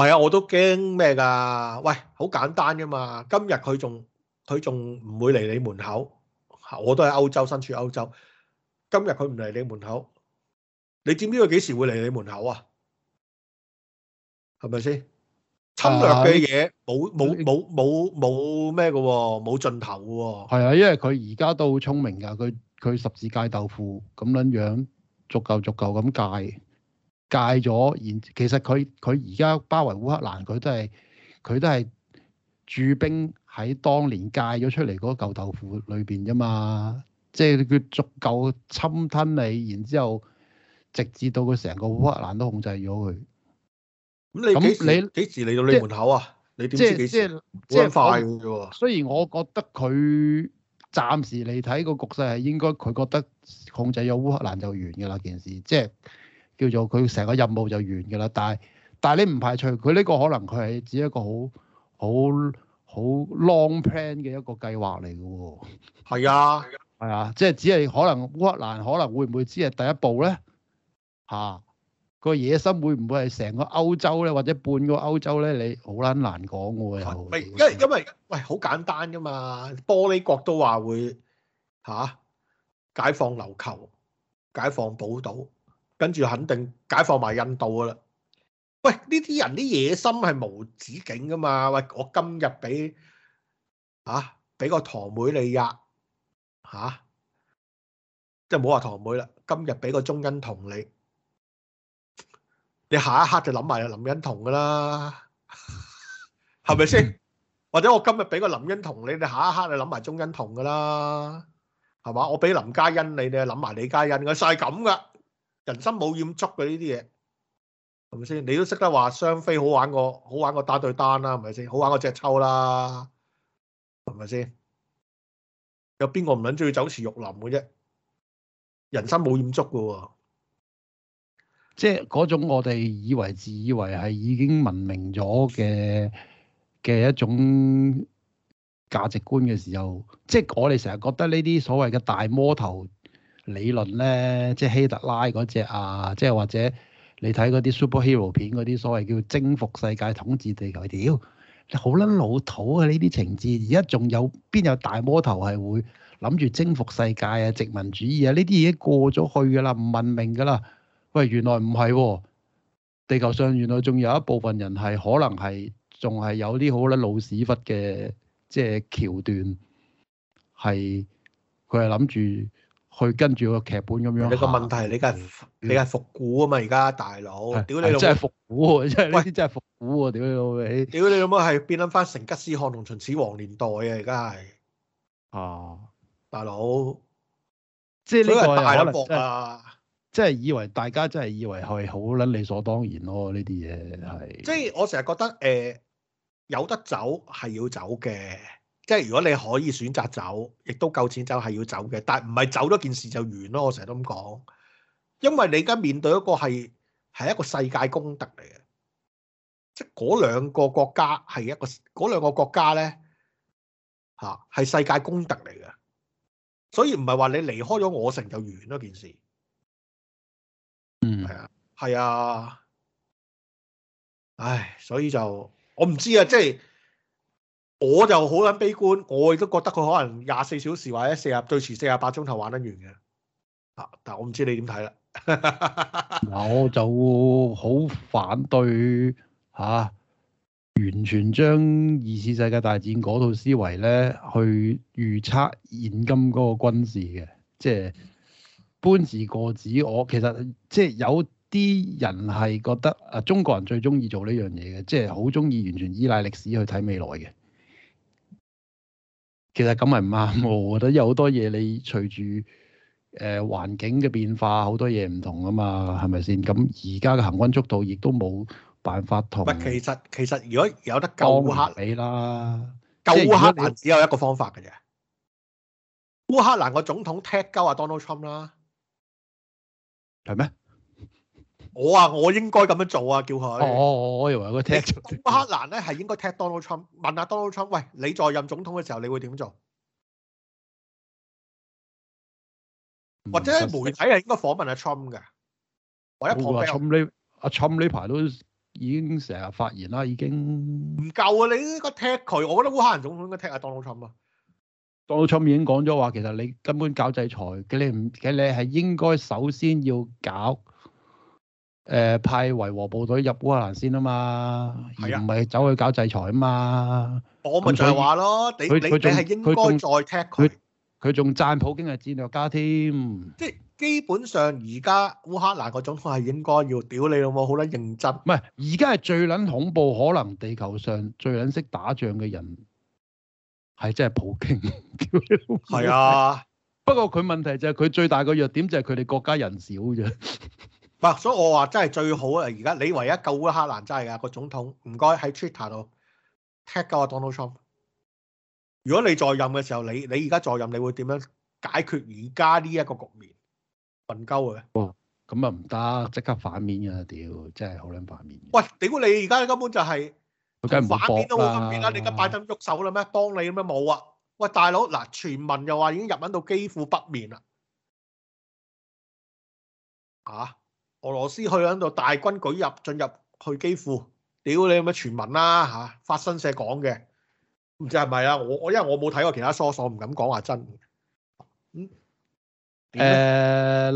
係啊，我都驚咩噶？喂，好簡單噶嘛。今日佢仲佢仲唔會嚟你門口？我都喺歐洲，身處歐洲。今日佢唔嚟你門口，你知唔知佢幾時會嚟你門口啊？係咪先？侵略嘅嘢冇冇冇冇冇咩噶？冇盡頭噶。係啊，因為佢而家都好聰明噶。佢佢十字界豆腐咁樣樣，逐嚿逐嚿咁界。戒咗，然其實佢佢而家包圍烏克蘭，佢都係佢都係駐兵喺當年戒咗出嚟嗰嚿豆腐裏邊啫嘛。即係佢足夠侵吞你，然之後直至到佢成個烏克蘭都控制咗佢。咁你幾你幾時嚟到你門口啊？即你點知幾時？即係是快嘅啫、啊、雖然我覺得佢暫時嚟睇個局勢係應該，佢覺得控制咗烏克蘭就完嘅啦。件事即係。即叫做佢成個任務就完嘅啦，但係但係你唔排除佢呢個可能佢係只一個好好好 long plan 嘅一個計劃嚟嘅喎。係啊，係啊，即係只係可能烏克蘭可能會唔會只係第一步咧？嚇、啊、個野心會唔會係成個歐洲咧，或者半個歐洲咧？你好撚難講嘅喎。唔因是因為，是因為喂好簡單嘅嘛，玻璃國都話會嚇、啊、解放琉球，解放寶島。跟住肯定解放埋印度噶啦！喂，呢啲人啲野心係無止境噶嘛？喂，我今日俾啊俾個堂妹你壓吓、啊，即係唔好話堂妹啦。今日俾個鍾欣桐你，你下一刻就諗埋阿林欣彤噶啦，係咪先？ 或者我今日俾個林欣彤你，你下一刻就諗埋鍾欣桐噶啦，係嘛？我俾林嘉欣你，你諗埋李嘉欣，個晒係咁噶。人生冇厭足嘅呢啲嘢，係咪先？你都識得話雙飛好玩過，好玩過打對單啦，係咪先？好玩過隻抽啦，係咪先？有邊個唔諗住要酒池肉林嘅啫？人生冇厭足嘅喎，即係嗰種我哋以為自以為係已經文明咗嘅嘅一種價值觀嘅時候，即係我哋成日覺得呢啲所謂嘅大魔頭。理論咧，即係希特拉嗰隻啊，即係或者你睇嗰啲 superhero 片嗰啲所謂叫征服世界、統治地球屌，哎、你好撚老土啊！呢啲情節而家仲有邊有大魔頭係會諗住征服世界啊、殖民主義啊？呢啲嘢過咗去㗎啦，唔文明㗎啦。喂，原來唔係喎，地球上原來仲有一部分人係可能係仲係有啲好撚老屎忽嘅，即係橋段係佢係諗住。佢跟住個劇本咁樣。你個問題你，是你梗係你係復古啊嘛？而家大佬，屌你老！真係復古、啊，真係呢真係復古屌你老味，屌你老母係變翻翻成吉思汗同秦始皇年代啊！而家係，哦，大佬，即係你個大一博啊！哥即係、啊、以為大家，真係以為係好撚理所當然咯、啊，呢啲嘢係。即係我成日覺得誒、呃，有得走係要走嘅。即係如果你可以選擇走，亦都夠錢走係要走嘅，但係唔係走咗件事就完咯。我成日都咁講，因為你而家面對一個係係一個世界公敵嚟嘅，即係嗰兩個國家係一個嗰兩個國家咧嚇係世界公敵嚟嘅，所以唔係話你離開咗我城就完咯件事。嗯，係啊，係啊，唉，所以就我唔知啊，即係。我就好捻悲觀，我亦都覺得佢可能廿四小時或者四廿最遲四十八鐘頭玩得完嘅，但我唔知你點睇啦。我就好反對吓，啊，完全將二次世界大戰嗰套思維咧去預測現今嗰個軍事嘅，即係搬字過紙。我其實即係有啲人係覺得啊，中國人最中意做呢樣嘢嘅，即係好中意完全依賴歷史去睇未來嘅。其實咁係唔啱，我覺得有好多嘢，你隨住誒、呃、環境嘅變化，好多嘢唔同啊嘛，係咪先？咁而家嘅行軍速度亦都冇辦法同。其實其實如果有得救烏克啦！嗯、救烏克蘭只有一個方法嘅啫。烏克蘭個總統踢鳩阿 Donald Trump 啦，係咩？我啊，我應該咁樣做啊，叫佢、哦。哦我以為佢踢。烏克蘭咧係應該踢 Donald Trump，問下 Donald Trump，喂，你在任總統嘅時候你會點做？嗯、或者媒體係應該訪問阿 Trump 嘅。或者 Trump 呢？阿 Trump 呢排都已經成日發言啦，已經唔夠啊！你應該踢佢，我覺得烏克蘭總統應該踢阿 Donald Trump 啊。Donald Trump 已經講咗話，其實你根本搞制裁嘅，你唔嘅，你係應該首先要搞。誒、呃、派維和部隊入烏克蘭先啊嘛，而唔係走去搞制裁啊嘛。我咪就係話咯，你你你係應該再踢佢。佢仲讚普京係戰略家添。即係基本上而家烏克蘭個總統係應該要屌你老母，好撚認真。唔係而家係最撚恐怖，可能地球上最撚識打仗嘅人係真係普京。屌，係啊， 不過佢問題就係，佢最大個弱點就係佢哋國家人少啫。 唔、啊、所以我話真係最好啊！而家你唯一救烏克蘭真係㗎個總統，唔該喺 Twitter 度踢鳩阿 Donald Trump。如果你在任嘅時候，你你而家在，在任，你會點樣解決而家呢一個局面瞓鳩嘅？哦，咁啊唔得，即刻反面嘅，屌真係好撚反面。喂，屌，估你而家根本就係佢梗係反面啦？你而家拜登喐手啦咩？幫你咩冇啊？喂，大佬嗱，全民又話已經入緊到幾乎北面啦，啊？俄羅斯去喺度大軍舉入進入去基輔，屌你有咩傳聞啦吓？法、啊、新社講嘅，唔知係咪啊？我我因為我冇睇過其他 source，我唔敢講話真。嗯。誒，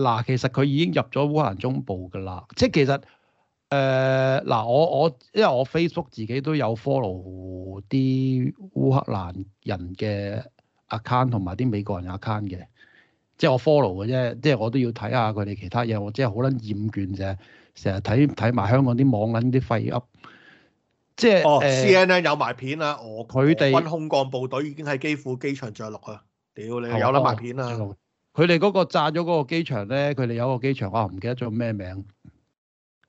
嗱、呃，其實佢已經入咗烏克蘭中部噶啦，即係其實誒，嗱、呃呃，我我因為我 Facebook 自己都有 follow 啲烏克蘭人嘅 account 同埋啲美國人嘅 account 嘅。即係我 follow 嘅啫，即係我都要睇下佢哋其他嘢。我即係好撚厭倦，成成日睇睇埋香港啲網撚啲廢噏。即係哦，C N N 有埋片啦。哦，佢哋、呃、空降部隊已經喺機庫機場着陸啊！屌你有，有撚埋片啊！佢哋嗰個炸咗嗰個機場咧，佢哋有個機場啊，唔記得咗咩名？誒、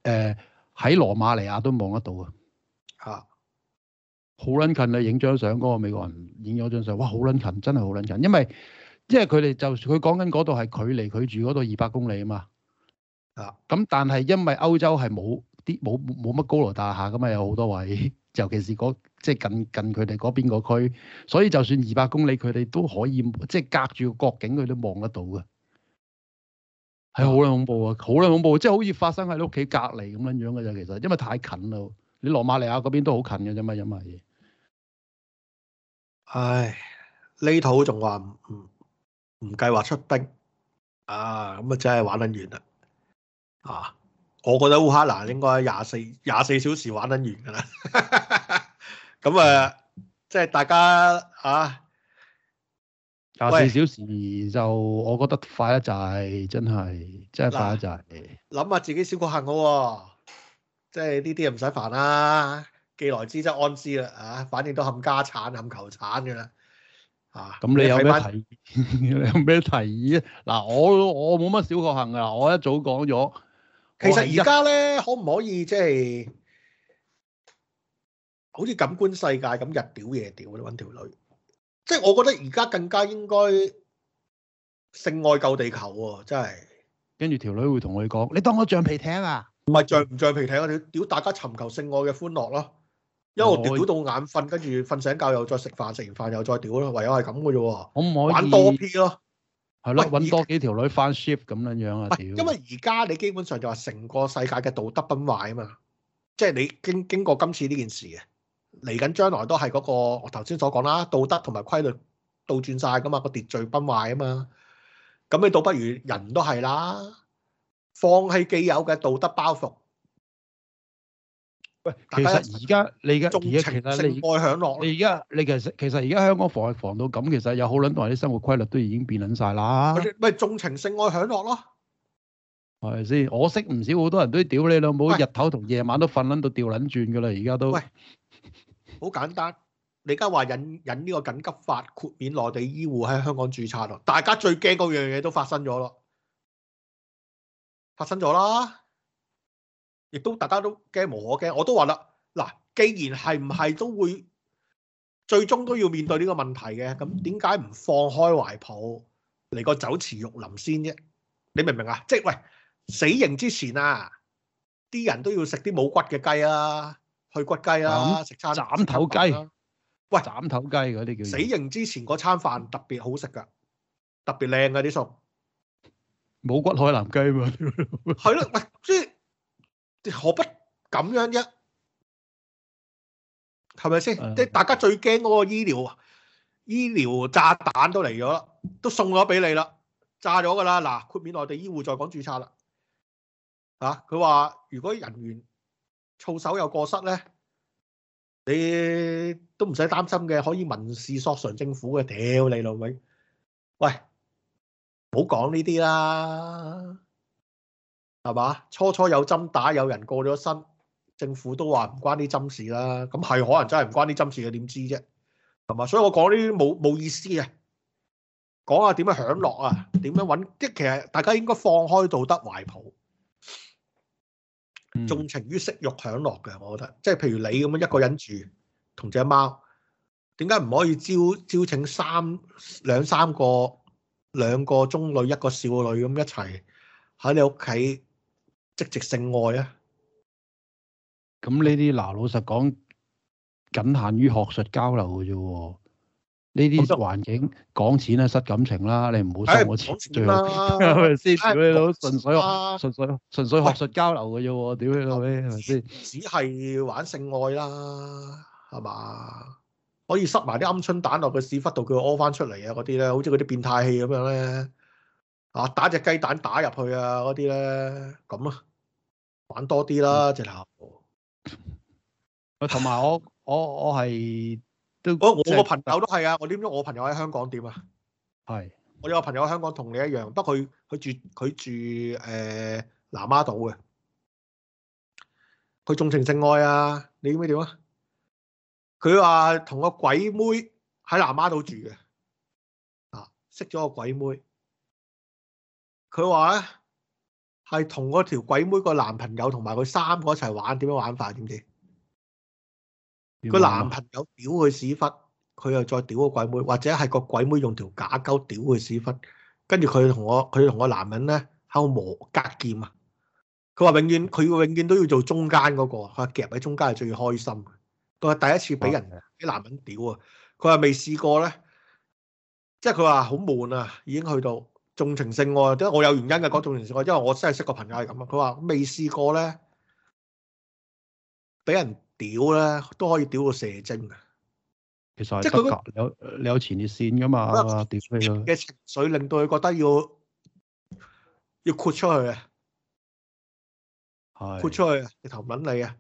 呃、喺羅馬尼亞都望得到啊！嚇，好撚近啊！影張相嗰個美國人影咗張相，哇！好撚近，真係好撚近，因為。因為佢哋就佢講緊嗰度係距離佢住嗰度二百公里啊嘛，啊咁，但係因為歐洲係冇啲冇冇乜高樓大廈咁嘛，有好多位，尤其是嗰即係近近佢哋嗰邊個區，所以就算二百公里，佢哋都可以即係隔住國境，佢都望得到嘅。係好啦恐怖啊，好啦恐怖，即係好似發生喺屋企隔籬咁樣樣噶咋，其實因為太近啦，你羅馬尼亞嗰邊都好近噶啫嘛，因為，唉，呢套仲話唔。唔計劃出兵啊，咁啊真係玩得完啦啊！我覺得烏克蘭應該廿四廿四小時玩得完噶啦，咁 啊即係大家啊廿四小時就我覺得快得滯，真係真係快得滯。諗下、啊、自己小確幸嘅、啊，即係呢啲唔使煩啦，既來之則安之啦啊，反正都冚家產冚球產噶啦。啊！咁你有咩提？有咩提議啊？嗱、 啊，我我冇乜小確幸噶，我一早講咗。其實而家咧，可唔可以即係好似感官世界咁日屌夜屌咧揾條女？即係我覺得而家更加應該性愛救地球喎，啊！真係。跟住條女會同我哋講：你當我橡皮艇啊？唔係橡唔橡皮艇，啊，我哋屌大家尋求性愛嘅歡樂咯，啊。因為我屌到眼瞓，跟住瞓醒覺又再食飯，食完飯又再屌咯，唯有係咁嘅啫。可唔可以玩多啲咯？係咯，揾多幾條女翻 shift 咁樣樣啊，因為而家你基本上就話成個世界嘅道德崩壞啊嘛，即係你經經過今次呢件事啊，嚟緊將來都係嗰個我頭先所講啦，道德同埋規律倒轉晒噶嘛，個秩序崩壞啊嘛，咁你倒不如人都係啦，放棄既有嘅道德包袱。喂，其實而家你而家，其實你你而家你其實其實而家香港防疫防到咁，其實有好捻多人啲生活規律都已經變捻晒啦。咪縱情性愛享樂咯，係咪先？我識唔少好多人都屌你老母，日頭同夜晚都瞓捻到掉捻轉噶啦。而家都，好簡單，你而家話引引呢個緊急法豁免內地醫護喺香港注冊咯，大家最驚嗰樣嘢都發生咗咯，發生咗啦。亦都大家都驚無可驚，我都話啦，嗱，既然係唔係都會最終都要面對呢個問題嘅，咁點解唔放開懷抱嚟個酒池肉林先啫？你明唔明啊？即係喂，死刑之前啊，啲人都要食啲冇骨嘅雞啊，去骨雞啊，食餐、啊嗯、斬頭雞。喂，斬頭雞嗰啲叫死刑之前嗰餐飯特別好食噶，特別靚啊啲餸，冇骨海南雞啊咯， 喂。喂何不咁樣啫？係咪先？即係大家最驚嗰個醫療啊，醫療炸彈都嚟咗啦，都送咗俾你啦，炸咗㗎啦！嗱，豁免內地醫護再講註冊啦。嚇、啊，佢話如果人員操守又過失咧，你都唔使擔心嘅，可以民事索償政府嘅。屌你老味！喂，唔好講呢啲啦～係嘛？初初有針打，有人過咗身，政府都話唔關啲針事啦。咁係可能真係唔關啲針事嘅，點知啫？係嘛？所以我講呢啲冇冇意思嘅，講下點樣享樂啊？點樣揾？即其實大家應該放開道德懷抱，重情於色欲享樂嘅，我覺得。即係譬如你咁樣一個人住，同隻貓，點解唔可以招招請三，兩三個、兩個中女、一個少女咁一齊喺你屋企？積極性愛啊！咁呢啲嗱，老實講，僅限於學術交流嘅啫。呢啲環境講錢啦、啊，失感情啦，你唔好收我錢最好係咪先？你純粹純唉粹純粹，粹學術交流嘅啫、啊。屌你老味係咪先？嗯、是是只係玩性愛啦，係嘛？可以塞埋啲鵪鶉蛋落個屎忽度，佢屙翻出嚟啊！嗰啲咧，好似嗰啲變態戲咁樣咧。啊！打隻雞蛋打入去啊！嗰啲咧咁啊，玩多啲啦，嗯、直頭。同埋我 我我係我我個朋友都係啊！ 我點知我朋友喺香港點啊？係我有個朋友喺香港，同你一樣，不過佢佢住佢住誒、呃、南丫島嘅，佢重情性愛啊！你點咩點啊？佢話同個鬼妹喺南丫島住嘅，啊識咗個鬼妹。佢話咧，係同個條鬼妹個男朋友同埋佢三個一齊玩，點樣玩法？點知個男朋友屌佢屎忽，佢又再屌個鬼妹，或者係個鬼妹用條假鳩屌佢屎忽，跟住佢同我佢同個男人咧喺度磨較剪啊！佢話永遠佢永遠都要做中間嗰個，佢話夾喺中間係最開心。佢話第一次俾人俾男人屌啊，佢話未試過咧，即係佢話好悶啊，已經去到。重情性喎，即係我有原因嘅，講重情性，因為我真係識個朋友係咁啊！佢話未試過咧，俾人屌咧都可以屌個射精啊！其實即係有你有前列腺㗎嘛？嘅他情緒令到佢覺得要要豁出去啊！係豁是出去啊！直頭捻你啊！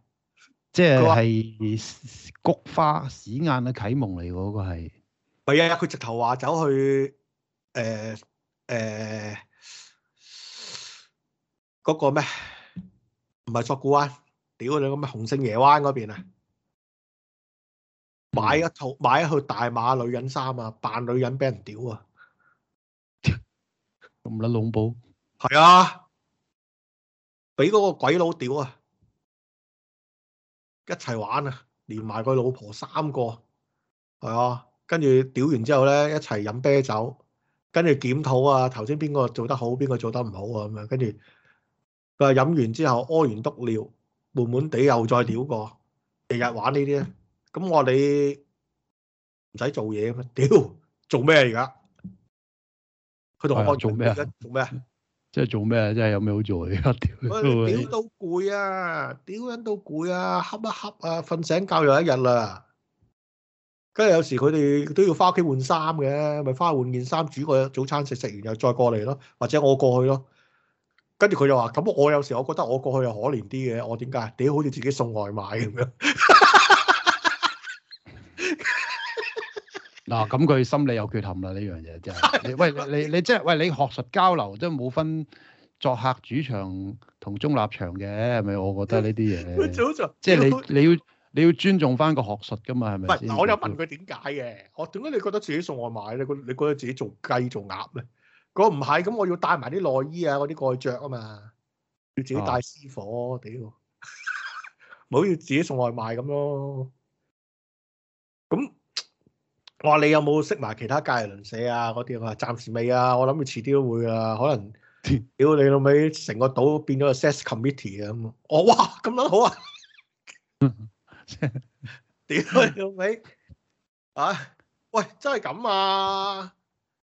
即係是 說菊花屎眼嘅啟蒙嚟喎，嗰、那個係係啊！佢直頭話走去誒。去去去去去去去誒，嗰、呃，嗰個咩？唔係索罟灣，屌你咁啊！洪聖爺灣嗰邊啊，買一套買一套大碼女人衫啊，扮女人俾人屌啊！咁捻恐怖，係啊，俾嗰個鬼佬屌啊，一齊玩啊，連埋個老婆三個，係啊，跟住屌完之後咧，一齊飲啤酒。跟住檢討啊，頭先邊個做得好，邊個做得唔好啊咁樣。跟住佢話飲完之後屙完篤尿，悶悶地又再屌過，日日玩呢啲啊。咁我話你唔使做嘢咩？屌，做咩而家？佢同我講做咩啊？做咩啊？即係做咩啊？即係有咩好做而家屌？屌到攰啊！屌緊到攰啊！瞌一瞌啊，瞓醒覺又一日啦～跟住有時佢哋都要翻屋企換衫嘅，咪翻去換件衫煮個早餐食，食完又再過嚟咯，或者我過去咯。跟住佢就話：咁我有時我覺得我過去又可憐啲嘅，我點解屌好似自己送外賣咁樣？嗱，咁佢心理有缺陷啦呢樣嘢，真係。喂，你你即係喂，你學術交流都冇分作客主場同中立場嘅，係咪？我覺得呢啲嘢。即係你你要。你要尊重翻個學術噶嘛，係咪？唔係，我有問佢點解嘅？我點解你覺得自己送外賣咧？你你覺得自己做雞做鴨咧？佢話唔係，咁我要帶埋啲內衣啊，嗰啲過去著啊嘛，要自己帶私貨，屌，唔好要自己送外賣咁咯。咁我話你有冇識埋其他隔籬鄰舍啊？嗰啲我話暫時未啊，我諗佢遲啲都會啊，可能屌你老味，成個島變咗個 sex committee 啊咁啊！我哇，咁樣好啊。屌你老味啊！喂，真係咁啊？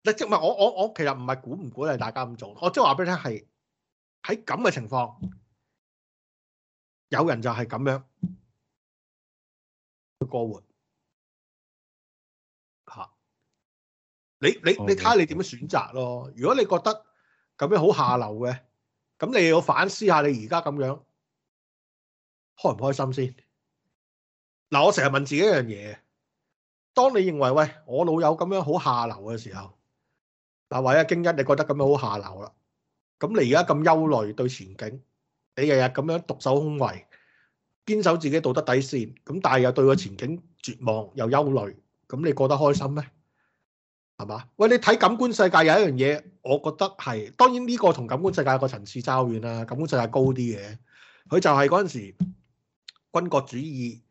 你即唔係我我我，我我其實唔係鼓唔鼓勵大家咁做。我即係話俾你聽，係喺咁嘅情況，有人就係咁樣過活吓。你你你睇下你點樣選擇咯。如果你覺得咁樣好下流嘅，咁你要反思下你而家咁樣開唔開心先。嗱，我成日問自己一樣嘢，當你認為喂，我老友咁樣好下流嘅時候，嗱或者經一你覺得咁樣好下流啦，咁你而家咁憂慮對前景，你日日咁樣獨守空圍，堅守自己道德底線，咁但係又對個前景絕望又憂慮，咁你過得開心咩？係嘛？喂，你睇感官世界有一樣嘢，我覺得係，當然呢個同感官世界有個層次差好遠啦，感官世界高啲嘅，佢就係嗰陣時軍國主義。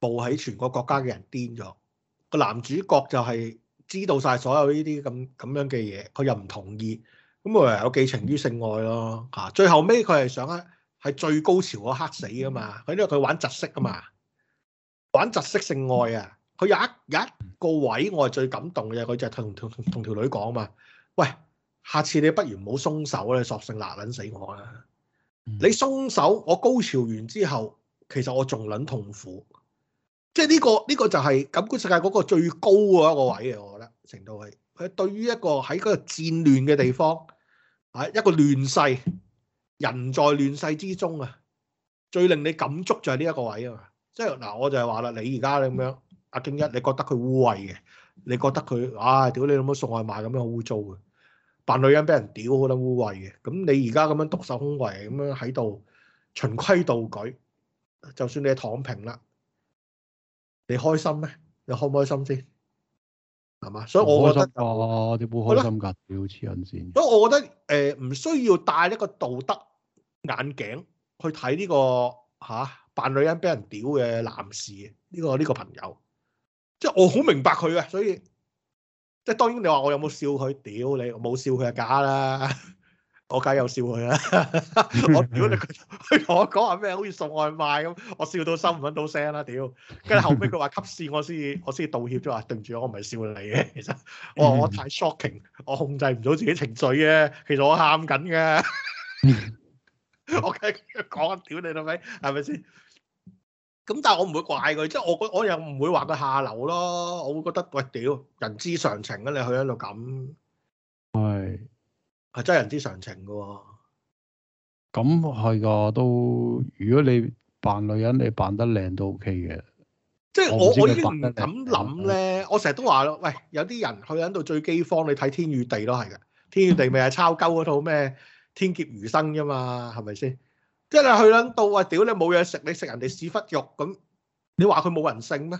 暴喺全國國家嘅人癲咗，個男主角就係知道晒所有呢啲咁咁樣嘅嘢，佢又唔同意，咁唯有寄情於性愛咯吓、啊，最後尾，佢係想係最高潮嗰刻死噶嘛，佢因為佢玩窒息啊嘛，玩窒息性愛啊，佢有一，有一個位我係最感動嘅，佢就係同同同，同條女講啊嘛，喂，下次你不如唔好鬆手啦，索性嗱捻死我啦，你鬆手我高潮完之後，其實我仲捻痛苦。即係呢個呢個就係感官世界嗰個最高嘅一個位啊！我覺得程度係，佢對於一個喺嗰個戰亂嘅地方啊，一個亂世，人在亂世之中啊，最令你感觸就係呢一個位啊！即係嗱，我就係話啦，你而家咁樣，阿經一，你覺得佢污穢嘅，你覺得佢啊，屌你老母送外賣咁樣好污糟嘅，扮女人俾人屌好撚污穢嘅，咁你而家咁樣獨守空閨咁樣喺度循規蹈矩，就算你係躺平啦。你開心咩？你開唔開心先，係嘛？所以我覺得，你冇開心噶，屌黐卵線。所以我覺得，誒、呃，唔需要戴一個道德眼鏡去睇呢、這個吓、啊、扮女人俾人屌嘅男士，呢、這個呢、這個朋友，即係我好明白佢嘅，所以即係當然你話我有冇笑佢屌你，冇笑佢就假啦。我梗係有笑佢啦，我屌你佢同我講話咩？好似送外賣咁，我笑到心唔搵到聲啦，屌！跟住後尾佢話及事，我先我先道歉啫，話對唔住，我唔係笑你嘅，其實我話我太 shocking，我控制唔到自己情緒嘅，其實我喊緊嘅。我梗係講屌你啦，咪係咪先？咁但係我唔會怪佢，即係我我我又唔會話佢下流咯，我會覺得喂屌，人之常情啊，你去喺度咁係。係真人之常情嘅，哦，咁係噶都。如果你扮女人，你扮得靚都 O K 嘅。即係我我，我已經唔敢諗咧。我成日都話，喂，有啲人去到最饑荒，你睇天與地都係嘅。天與地咪係抄鳩嗰套咩天劫餘生啫嘛？係咪先？即係你去諗到，哇，哎！屌你冇嘢食，你食人哋屎忽肉咁，你話佢冇人性咩？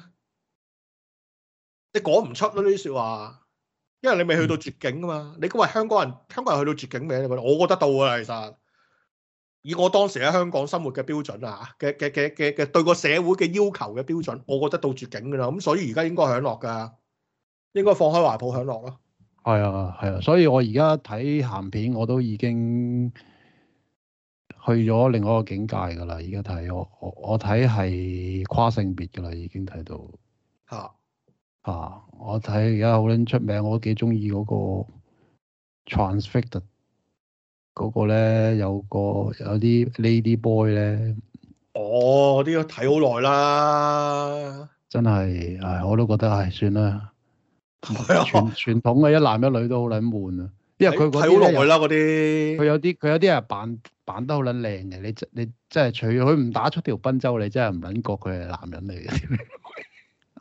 你講唔出咯呢啲說話。因為你未去到絕境啊嘛，你講話香港人香港人去到絕境未啊？我覺得我覺得到啦，其實以我當時喺香港生活嘅標準啊，嘅嘅嘅嘅嘅對個社會嘅要求嘅標準，我覺得到絕境噶啦，咁所以而家應該享樂噶，應該放開懷抱享樂咯。係啊係啊，所以我而家睇鹹片我都已經去咗另外一個境界噶啦，而家睇我我我睇係跨性別噶啦，已經睇到吓。啊啊！我睇而家好捻出名，我都幾中意嗰個 transgender 嗰個咧，有個有啲 lady boy 咧。哦，嗰啲都睇好耐啦，真係，唉、哎，我都覺得唉、哎，算啦。係啊， 傳傳統嘅一男一女都好捻悶啊， 因為佢睇好耐啦嗰啲。佢有啲，佢有啲係扮扮得好捻靚嘅，你你即係除咗佢唔打出條賓州，你真係唔捻覺佢係男人嚟嘅。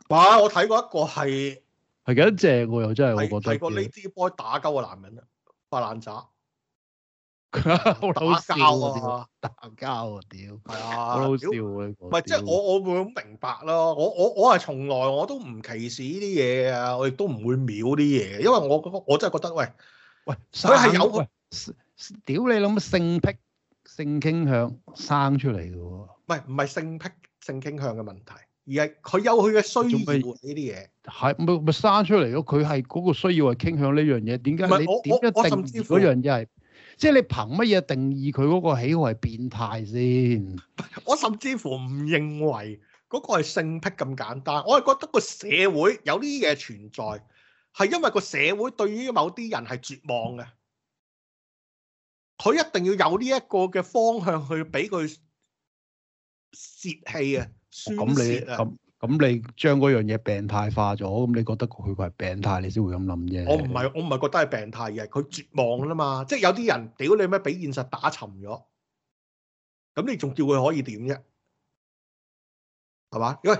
哇！我睇過一個係係幾多正喎，又真係，我覺得係個 lazy boy 打交個男人啊，發爛渣，打交啊，打交啊，屌！係啊，我好笑啊，唔係即係我我會咁明白咯。我我我係從來我都唔歧視呢啲嘢啊，我亦都唔會秒啲嘢，因為我我真係覺得喂喂，佢係有屌你諗性癖性傾向生出嚟嘅喎，唔係唔係性癖性傾向嘅問題。而係佢有佢嘅需要呢啲嘢，係咪咪生出嚟咯？佢係嗰個需要係傾向呢樣嘢。點解？唔係我我我甚至乎嗰樣嘢係，即係你憑乜嘢定義佢嗰個喜好係變態先？我甚至乎唔認為嗰個係性癖咁簡單。我係覺得個社會有呢啲嘢存在，係因為個社會對於某啲人係絕望嘅，佢一定要有呢一個嘅方向去俾佢洩氣啊！咁、哦、你咁咁你將嗰樣嘢病態化咗，咁你覺得佢係病態，你先會咁諗啫。我唔係我唔係覺得係病態嘅，佢絕望啦嘛。嗯、即係有啲人屌你咩，俾現實打沉咗，咁你仲叫佢可以點啫？係嘛？因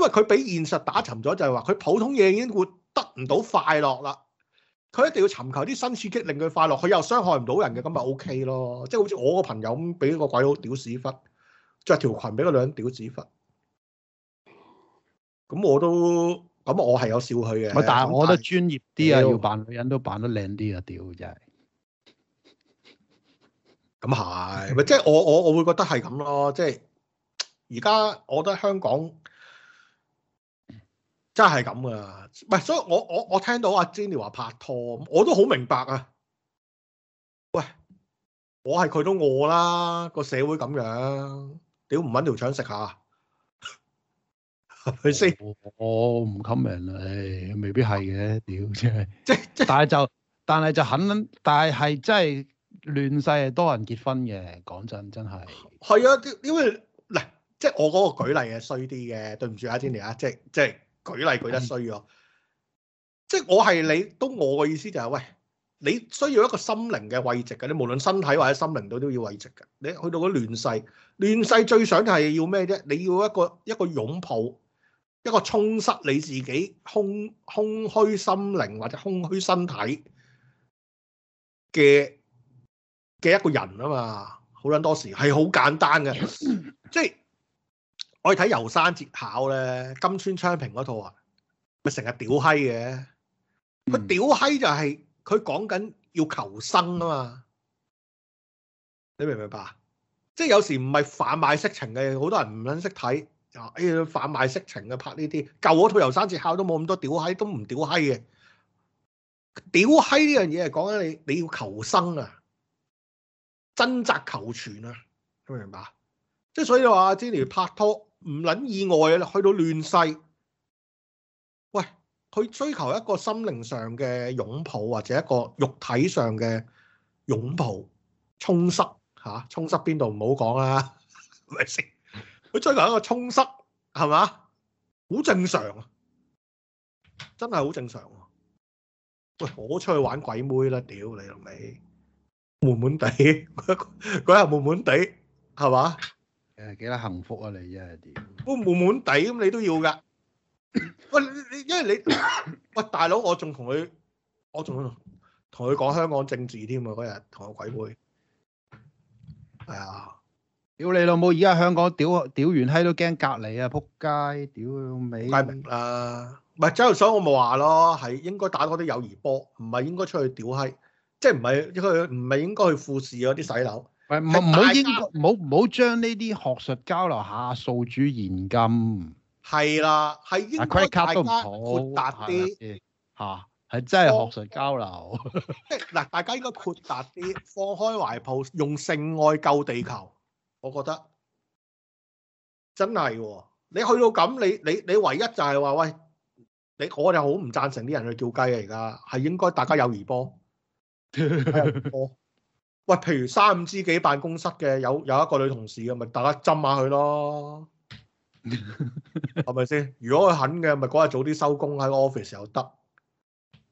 為佢俾、嗯、現實打沉咗，就係話佢普通嘢已經會得唔到快樂啦。佢一定要尋求啲新刺激令佢快樂，佢又傷害唔到人嘅，咁咪 O K 咯。嗯、即係好似我個朋友咁，俾個鬼佬屌屎忽，着條裙俾個女人屌屎忽。咁我都咁我係有笑佢嘅。但係我覺得專業啲啊！哦、要扮女人都扮得靚啲啊！屌真係，咁係咪即係我我我會覺得係咁咯？即係而家我覺得香港真係咁噶，唔係所以我，我我我聽到阿 Jenny 話拍拖，我都好明白啊！喂，我係佢都餓啦，個社會咁樣，屌唔搵條腸食下。佢先，我唔 comment 啦。誒，未必係嘅，屌真係，即即但係就但係就肯，但係係真係亂世係多人結婚嘅，講真真係。係啊，因為嗱，即係我嗰個舉例係衰啲嘅，對唔住阿天尼啊，即係即係舉例舉得衰咗，嗯、即係我係你都我嘅意思就係、是、喂，你需要一個心靈嘅慰藉嘅，你無論身體或者心靈都都要慰藉嘅，你去到個亂世，亂世最想係要咩啫？你要一個要一個擁抱。一個充塞你自己空空虛心靈或者空虛身體嘅嘅一個人啊嘛，好捻多時係好簡單嘅，即係我哋睇楢山節考咧，今村昌平嗰套啊，咪成日屌閪嘅，佢屌閪就係、是、佢講緊要求生啊嘛，你明唔明白？即係有時唔係販賣色情嘅，好多人唔捻識睇。啊！誒，販賣色情嘅拍呢啲，舊嗰套《遊山節孝》都冇咁多屌閪，都唔屌閪嘅。屌閪呢樣嘢係講緊你，你要求生啊，掙扎求存啊，明唔明白？即係所以話阿 Jillian 拍拖唔撚意外啊，去到亂世，喂，佢追求一個心靈上嘅擁抱，或者一個肉體上嘅擁抱，充塞吓，充塞邊度唔好講啊， 佢追求一個充塞，係嘛？好正常啊，真係好正常啊！喂，我出去玩鬼妹啦，屌你老味，悶悶地，嗰 日悶悶地，係嘛？誒幾多幸福啊你啊啲？我悶悶地咁，你都要噶？喂，你，你因為你 喂大佬，我仲同佢，我仲同佢講香港政治添啊！嗰日同我鬼妹，係、哎、啊。屌你老母！而家香港屌屌完閪都驚隔離啊，扑街！屌尾啦，唔係周生我咪話咯，係應該打嗰啲友誼波，唔係應該出去屌閪，即係唔係出去唔係應該去富士嗰啲洗樓。唔好應該唔好唔好將呢啲學術交流下數主現金。係啦，係應該大家豁達啲吓，係真係學術交流。即係嗱，大家應該豁達啲，放開懷抱，用性愛救地球。我覺得真係喎、哦，你去到咁，你你你唯一就係話喂，你，我就好唔贊成啲人去叫雞嚟㗎，而家係應該大家友誼波。喂，譬如三五知己辦公室嘅有有一個女同事嘅，咪大家斟下佢咯，係咪先？如果佢肯嘅，咪嗰日早啲收工喺個 office 又得。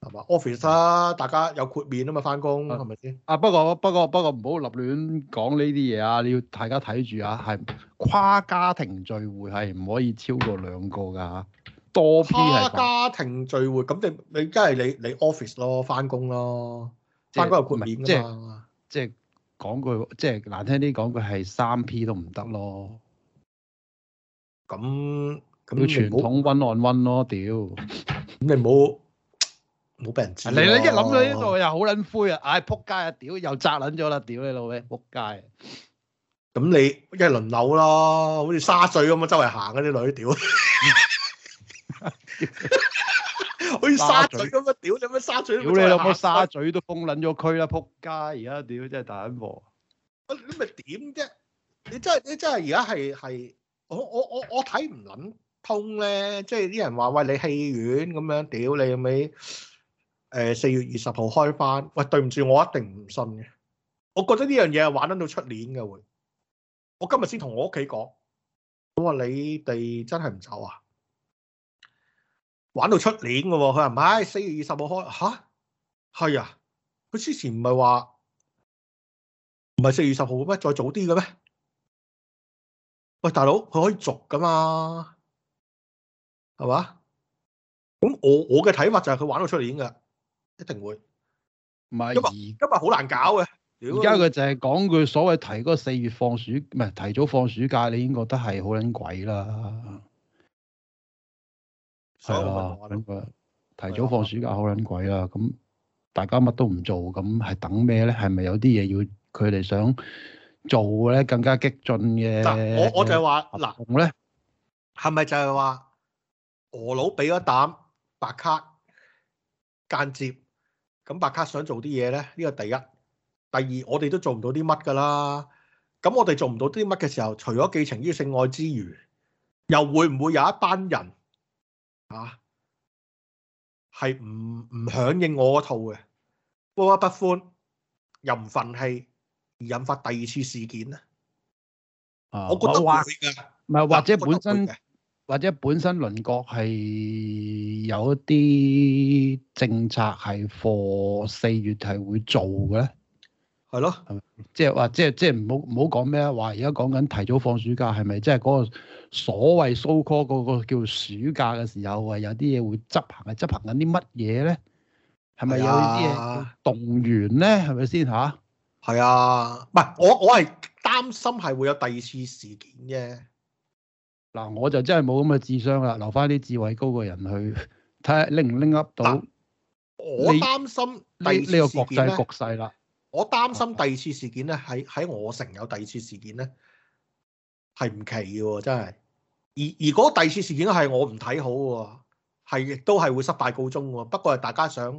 係嘛？office 啊，大家有豁免啊嘛，翻工係咪先？是是是啊，不過不過，不過不過唔好立亂講呢啲嘢啊！你要大家睇住啊，係跨家庭聚會係唔可以超過兩個噶多 P 係。跨家庭聚會咁、啊、你你梗係你你 office 咯，翻工咯，翻工有豁免噶、啊、嘛、就是？即係講句，即、就、係、是、難聽啲講句係三 P 都唔得咯。咁咁要傳統溫按溫咯，屌咁你唔好不。 冇俾人知。你你一諗到呢度又好撚灰啊！唉，撲街啊！屌，又窒撚咗啦！屌你老味，撲街！咁你一輪流咯，好似沙咀咁樣，周圍行嗰啲女屌，好似沙咀咁樣！屌你老味，沙咀都封撚咗區啦！撲街！而家屌真係大鑊喎。你咪點啫？你真係你真係而家係係我我我我睇唔撚通咧，即係啲人話喂你戲院咁樣屌你咪。誒，四月二十號開返，喂，對唔住，我一定唔信嘅。我覺得呢樣嘢係玩得到出年嘅會。我今日先同我屋企講，我話你哋真係唔走啊？玩到出年嘅喎、哦，佢話唔係四月二十號開吓，係啊，佢、啊、之前唔係話唔係四月十號咩？再早啲嘅咩？喂，大佬，佢可以續噶嘛？係嘛？咁我我嘅睇法就係佢玩到出年噶。一定會，唔係今日好難搞嘅。而家佢就係講句所謂提嗰個四月放暑，唔係提早放暑假，你已經覺得係好撚鬼啦。係啊，提早放暑假好撚鬼啦。咁大家乜都唔做，咁係等咩咧？係咪有啲嘢要佢哋想做咧？更加激進嘅。我我就係話嗱，咧係咪就係話俄佬俾咗膽白卡間接？咁白卡想做啲嘢咧，呢個第一。第二，我哋都做唔到啲乜㗎啦。咁我哋做唔到啲乜嘅時候，除咗寄情於性愛之餘，又會唔會有一班人啊，係唔唔響應我一套嘅，不不不歡，又唔憤氣而引發第二次事件咧？啊，我覺得唔係，啊、或者本身。或者本身鄰國係有一啲政策係貨四月係會做嘅咧，係咯是的，即係話即係即係唔好唔好講咩啊！話而家講緊提早放暑假係咪即係嗰個所謂 so call 嗰個叫暑假嘅時候啊？有啲嘢會執行係執行緊啲乜嘢咧？係咪有啲嘢動員咧？係咪先吓，係啊，唔係我我係擔心係會有第二次事件嘅。嗱，我就真係冇咁嘅智商啦，留翻啲智慧高嘅人去睇下拎唔拎 up 到。我擔心呢呢個國際局勢啦。我擔心第二次事件咧，喺喺我城有第二次事件咧，係唔奇嘅真係。而如果第二次事件係我唔睇好嘅，係亦都係會失敗告終嘅。不過大家想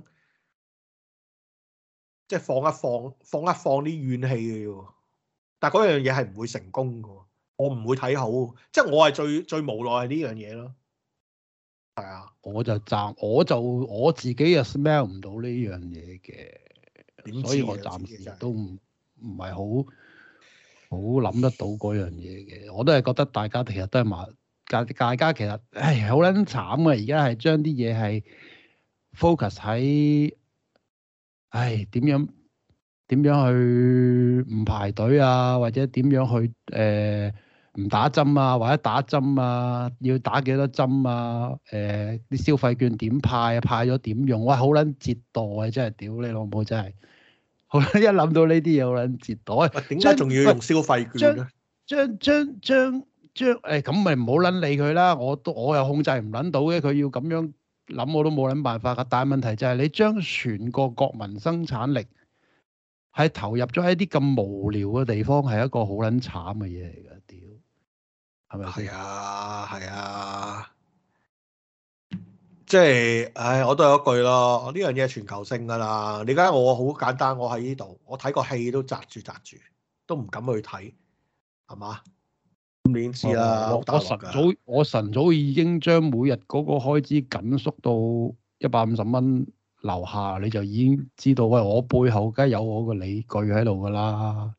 即係、就是、放一放放一放啲怨氣嘅，但係嗰樣嘢係唔會成功嘅。我唔會睇好，即係我係最最無奈呢樣嘢咯。係啊，我就暫我就我自己又 smell 唔到呢樣嘢嘅，知所以我暫時、就是、都唔唔係好好諗得到嗰樣嘢嘅。我都係覺得大家其實都係麻，大大家其實唉，好撚慘呀。而家係將啲嘢係 focus 喺唉點樣點樣去唔排隊啊，或者點樣去誒、呃唔打針啊，或者打針啊，要打幾多針啊？誒、呃，啲消費券點派啊？派咗點用？哇，好撚折墮啊！真係，屌你老母真係，好撚一諗到呢啲嘢好撚折墮。點解仲要用消費券咧？將將將將誒，咁咪唔好撚理佢啦！我都我又控制唔撚到嘅，佢要咁樣諗我都冇撚辦法嘅。但係問題就係你將全國國民生產力係投入咗喺啲咁無聊嘅地方，係、嗯、一個好撚慘嘅嘢嚟嘅。係咪係啊？係啊！即係，唉，我都有一句咯。呢樣嘢係全球性噶啦。你而家我好簡單，我喺呢度，我睇個戲都扎住扎住，都唔敢去睇，係嘛？咁年知啦、啊，落得早，我神早已經將每日嗰個開支緊縮到一百五十蚊樓下，你就已經知道喂，我背後梗係有我個理據喺度噶啦。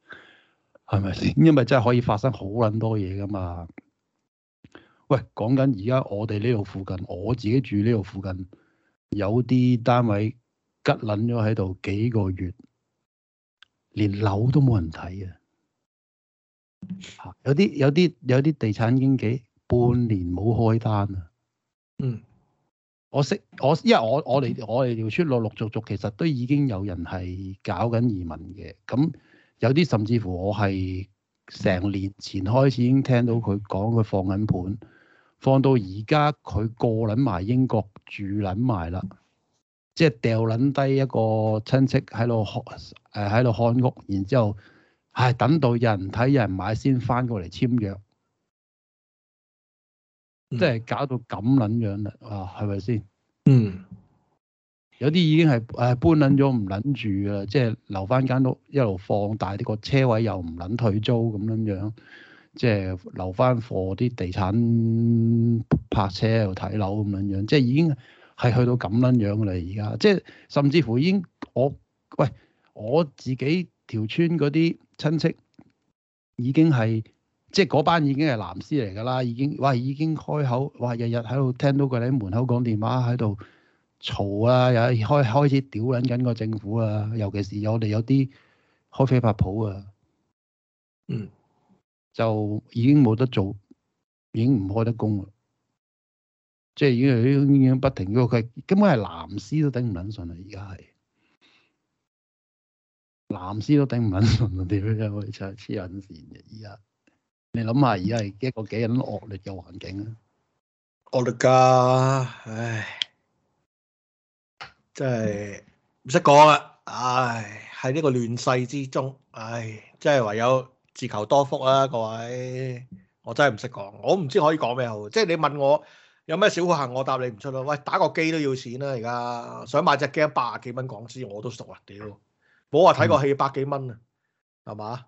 係咪先？因為真係可以發生好撚多嘢㗎嘛？喂，講緊而家我哋呢度附近，我自己住呢度附近，有啲單位吉撚咗喺度幾個月，連樓都冇人睇啊！嚇，有啲有啲有啲地產經紀半年冇開單啊！嗯，我識我，因為我我哋我哋條村陸陸續續其實都已經有人係搞緊移民嘅咁。有啲甚至乎我係成年前開始已經聽到佢講佢放緊盤，放到而家佢過撚埋英國住撚埋啦，即係掉撚低一個親戚喺度看，誒喺度看屋，然之後，唉，等到有人睇有人買先翻過嚟簽約，即係搞到咁撚樣啦，啊係咪先？嗯。啊是有啲已經係誒搬撚咗唔撚住㗎啦，即係留翻間屋，一路放大啲個車位又唔撚退租咁樣樣，即係留翻貨啲地產泊車喺度睇樓咁樣樣，即係已經係去到咁撚樣嘅啦。而家即係甚至乎已經我，喂，我自己條村嗰啲親戚已經係，即係嗰班已經係藍絲嚟㗎啦，已經喂，已經開口哇，日日喺度聽到佢喺門口講電話喺度。嘈啊！又開開始屌捻緊個政府啊！尤其是我哋有啲開飛髮舖啊，嗯，就已經冇得做，已經唔開得工啦。即係已經不停，因佢根本係藍絲都頂唔捻順啦。而家係藍絲都頂唔捻順，點樣可以扯黐捻線啫？而家你諗下，而家係一個幾人惡劣嘅環境啊！惡劣噶、啊，唉～即係唔識講啦，唉，喺呢個亂世之中，唉，即係唯有自求多福啦，啊，各位，我真係唔識講，我唔知可以講咩好。即係你問我有咩小確幸，我答你唔出咯。喂，打個機都要錢啦，啊，而家想買隻機百幾蚊港紙我都熟啊，屌，冇話睇個戲百幾蚊啊，係嘛，嗯？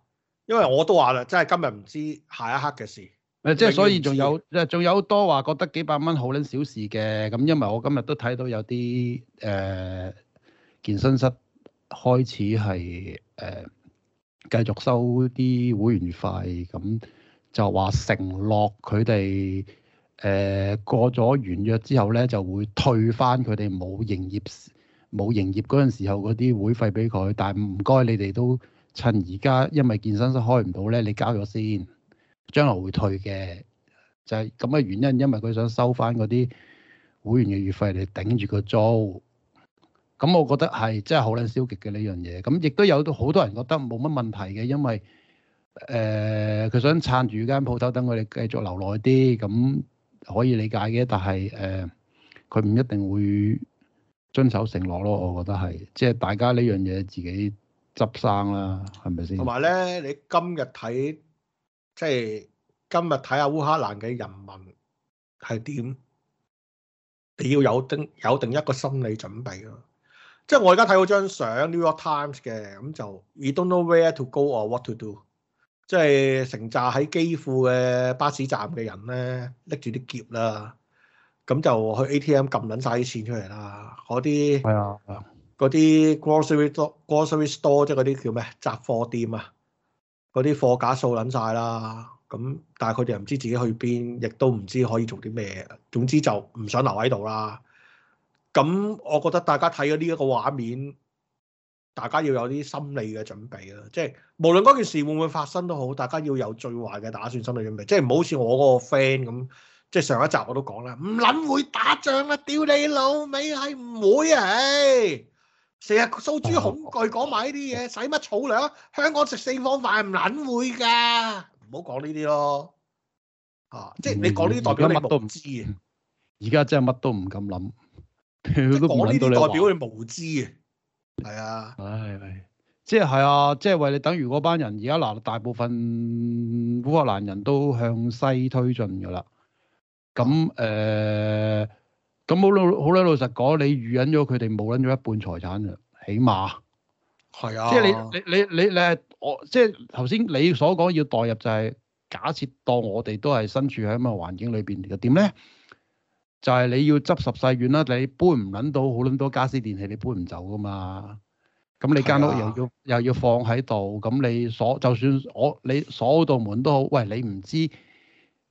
因為我都話啦，真係今日唔知下一刻嘅事。誒，即係所以仲有，誒仲有多話覺得幾百蚊好撚小事嘅，咁因為我今日都睇到有啲誒、呃、健身室開始係誒繼續收啲會員費，咁就話承諾佢哋誒過咗完約之後咧，就會退翻佢哋冇營業冇營業嗰陣時候嗰啲會費俾佢，但係唔該你哋都趁而家因為健身室開唔到咧，你交咗先。將來會退嘅，就係咁嘅原因，因為佢想收翻嗰啲會員嘅月費嚟頂住個租，咁我覺得係真係好撚消極嘅呢樣嘢。咁亦都有好多人覺得冇乜問題嘅，因為誒佢、呃、想撐住間鋪頭，等佢哋繼續留耐啲，咁可以理解嘅。但係誒佢唔一定會遵守承諾咯，我覺得係即係大家呢樣嘢自己執生啦，係咪先？同埋咧，你今日睇。即係今日睇下烏克蘭嘅人民係點，你要有定有定一個心理準備咯。即係我而家睇到張相 New York Times 嘅，咁就 You don't know where to go or what to do。即係成扎喺基輔嘅巴士站嘅人咧，拎住啲喼啦，咁就去 ATM 撳捻晒啲錢出嚟啦。嗰啲係啊，嗰啲的 gro grocery store、grocery store 即係嗰啲叫咩雜貨店啊。嗰啲貨架掃撚晒啦，咁但係佢哋又唔知自己去邊，亦都唔知可以做啲咩，總之就唔想留喺度啦。咁我覺得大家睇咗呢一個畫面，大家要有啲心理嘅準備啦。即係無論嗰件事會唔會發生都好，大家要有最壞嘅打算心理準備。即係唔好似我嗰個 friend 咁，即係上一集我都講啦，唔撚會打仗啊，屌你老尾，係唔會啊！成日數豬恐懼講埋呢啲嘢，使乜草糧？香港食四方飯唔撚會㗎，唔好講呢啲咯。啊，嗯，即係你講呢啲代表你乜都唔知。而家真係乜都唔敢諗，佢都講呢啲代表你無知嘅。係啊，唉，即係係啊，即係為你等於嗰班人。而家嗱，大部分烏克蘭人都向西推進㗎啦。咁誒？呃嗯咁好老好捻老實講，你預引咗佢哋冇捻咗一半財產嘅，起碼係啊。即係你你你你你係我，即係頭先你所講要代入就係、是、假設當我哋都係身處喺咁嘅環境裏邊嘅點咧？就係、是、你要執拾細軟啦，你搬唔捻到好捻多家私電器，你搬唔走噶嘛。咁你間屋又要、啊、又要放喺度，咁你鎖就算我你鎖到門都好，喂，你唔知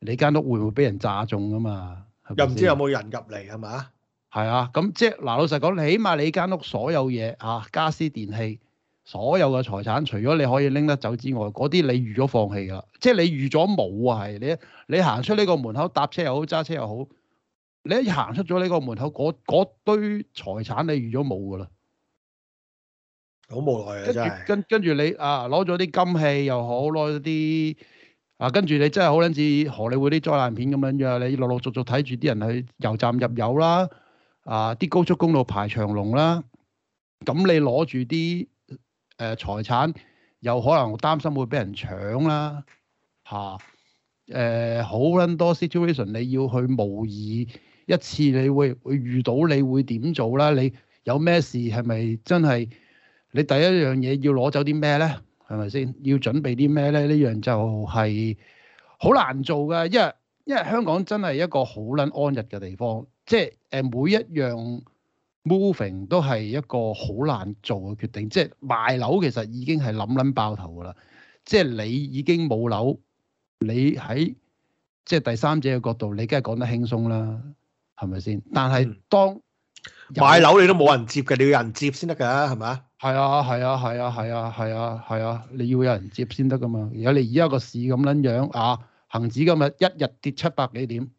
你間屋會唔會俾人炸中噶嘛？又唔知有冇人入嚟係嘛？係啊，咁即係嗱，老實講，你起碼你間屋所有嘢嚇、啊、家私電器，所有嘅財產，除咗你可以拎得走之外，嗰啲你預咗放棄㗎啦。即係你預咗冇啊，係你你行出呢個門口搭車又好，揸車又好，你一行出咗呢個門口，嗰堆財產你預咗冇㗎啦。好無奈啊！著真係跟跟住你啊，攞咗啲金器又好，攞咗啲～嗱、啊，跟住你真係好撚似荷里活啲災難片咁樣樣，你陸陸續續睇住啲人去油站入油啦，啊，啲高速公路排長龍啦，咁、啊、你攞住啲誒財產，有可能擔心會俾人搶啦，嚇、啊，誒好撚多 situation，你要去模擬一次，你會會遇到你會點做啦？你有咩事係咪真係你第一樣嘢要攞走啲咩咧？係咪先？要準備啲咩咧？呢樣就係好難做嘅，因為因為香港真係一個好撚安逸嘅地方，即係誒每一樣 moving 都係一個好難做嘅決定。即係賣樓其實已經係諗撚爆頭㗎啦，即係你已經冇樓，你喺即係第三者嘅角度，你梗係講得輕鬆啦，係咪先？但係當買樓你都冇人接嘅，你要有人接先得噶，係咪？係啊係啊係啊係啊係啊係啊，啊，你要有人接先得噶嘛？如果你而家個市咁捻樣啊，恆指今日一日跌七百幾點？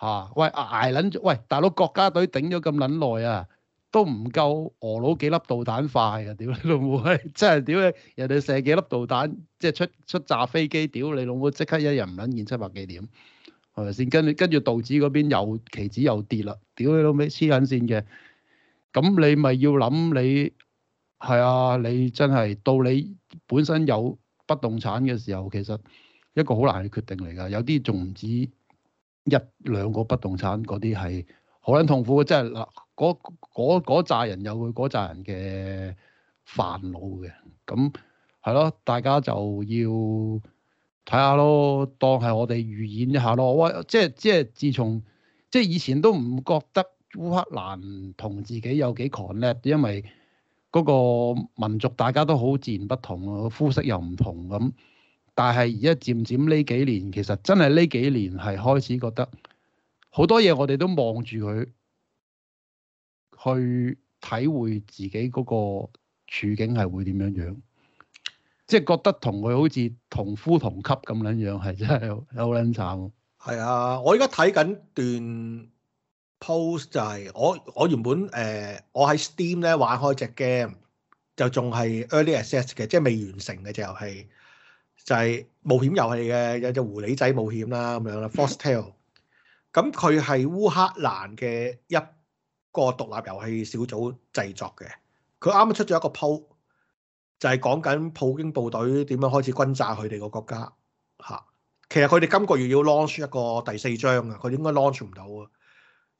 吓喂挨捻，喂、啊、喂大佬國家隊頂咗咁捻耐啊，都唔夠俄佬幾粒導彈快啊！屌你老母，真係屌你，人哋射幾粒導彈即係出出炸飛機，屌你老母即刻一日唔捻見七百幾點？先？跟住跟住道指嗰邊又期指又跌啦，屌你老尾黐緊線嘅。咁你咪要諗你係啊，你真係到你本身有不動產嘅時候，其實一個好難嘅決定嚟㗎。有啲仲唔止一兩個不動產，嗰啲係好撚痛苦嘅。即係嗱，嗰嗰扎人有佢嗰扎人嘅煩惱嘅。咁係咯，大家就要。睇下咯，當係我哋預演一下咯。哇！即係即係，自從即係以前都唔覺得烏克蘭同自己有幾 connect，因為嗰個民族大家都好自然不同啊，膚色又唔同咁。但係而家漸漸呢幾年，其實真係呢幾年係開始覺得好多嘢，我哋都望住佢去體會自己嗰個處境係會點樣樣。即係覺得同佢好似同夫同級咁撚樣，係真係有好撚慘。係啊，我而家睇緊段 post 就係、是、我我原本誒、呃、我喺 Steam 咧玩開隻 game 就仲係 early access 嘅，即係未完成嘅隻遊戲就係冒險遊戲嘅，有隻狐狸仔冒險啦咁樣啦、嗯、False Tale。咁佢係烏克蘭嘅一個獨立遊戲小組製作嘅，佢啱啱出咗一個 post。就係講緊普京部隊點樣開始轟炸佢哋個國家嚇、啊，其實佢哋今個月要 launch 一個第四章啊，佢點解 launch 唔到啊？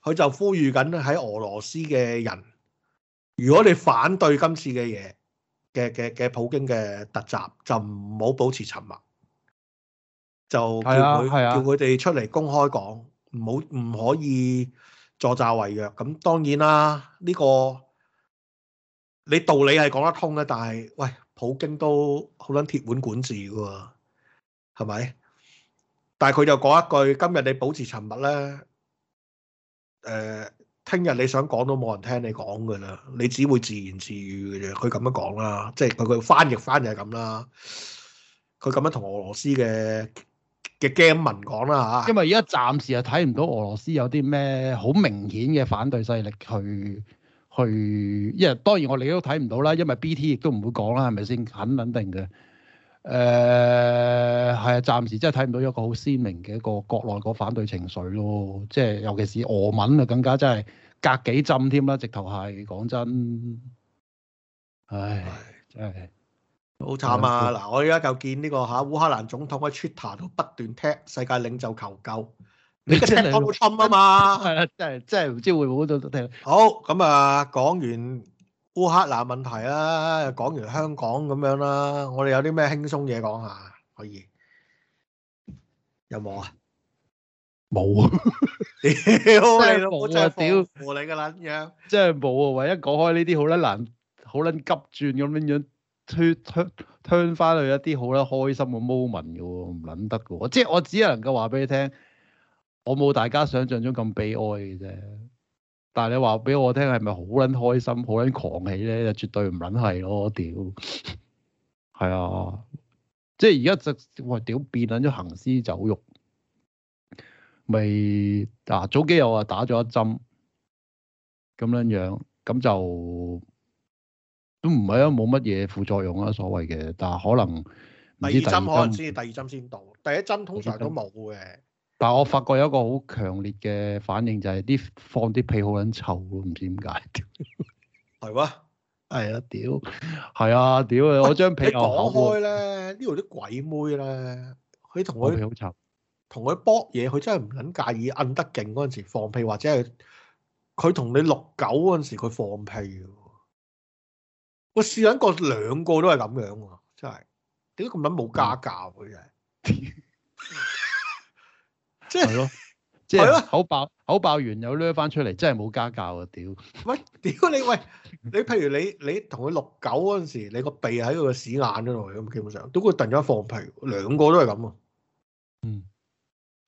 佢就呼籲緊喺俄羅斯嘅人，如果你反對今次嘅嘢嘅嘅嘅普京嘅突襲，就唔好保持沉默，就叫佢哋、啊啊、出嚟公開講，冇唔可以助紂為虐。咁當然啦，呢、這個。你道理係講得通嘅，但係喂，普京都好撚鐵腕管治喎，係咪？但係佢就講一句：今日你保持沉默咧，誒、呃，聽日你想講都冇人聽你講嘅啦，你只會自言自語嘅啫。佢咁樣講啦，即係佢佢翻譯翻就係咁啦。佢咁樣同俄羅斯嘅嘅官民講啦嚇。啊、因為而家暫時係睇唔到俄羅斯有啲咩好明顯嘅反對勢力去。去，因為當然我哋都睇唔到啦，因為 BT 亦都唔會講啦，係咪先？肯定嘅，誒係啊，暫時真係睇唔到一個好鮮明嘅一個國內個反對情緒咯，即係尤其是俄文啊，更加真係隔幾針添啦，直頭係講真，唉，真係好慘啊！嗱、哎，我而家就見呢、這個嚇烏克蘭總統喺 Twitter 度不斷踢世界領袖求救。你個 checkpoint 冇侵啊嘛，係啊，真係真係唔知會唔會到到停，好咁啊，講完烏克蘭問題啦，又講完香港咁樣啦，我哋有啲咩輕鬆嘢講下？可以有冇啊？冇，屌你老母啊！屌你個撚樣，即係冇啊！唯一講開呢啲好撚難、好撚急轉咁樣樣，turn turn turn 翻去一啲好撚開心嘅 moment 嘅喎，唔撚得嘅喎。即係我只係能夠話俾你聽。我冇大家想象中咁悲哀嘅啫，但係你話俾我聽係咪好撚開心、好撚狂喜咧？就絕對唔撚係咯，屌，係啊，即係而家就哇屌變撚咗行屍走肉，未？啊，早幾日我啊打咗一針咁樣樣，咁就都唔係啊，冇乜嘢副作用啊，所謂嘅，但係可能第二針可能先至第二針先到，第一針通常都冇嘅。但係我發覺有一個好強烈嘅反應就，就係啲放啲屁好撚臭，唔知點解。係喎、哎，係 啊，屌，係啊喂，屌啊把！我張皮又厚。你講開咧，呢度啲鬼妹咧，佢同佢同佢搏嘢，佢真係唔撚介意，摁得勁嗰陣時放屁，或者係佢同你六九嗰陣時佢放屁。我試緊過兩個都係咁樣喎、啊，真係，點解咁撚冇家教，佢真即係咯，即係咯， 就是、口爆 口爆完又掠翻出嚟，真係冇家教啊！屌，喂，屌你喂你，譬如你你同佢六九嗰陣時，你個鼻喺佢個屎眼度咁，基本上都會突然間放屁，兩個都係咁啊，嗯，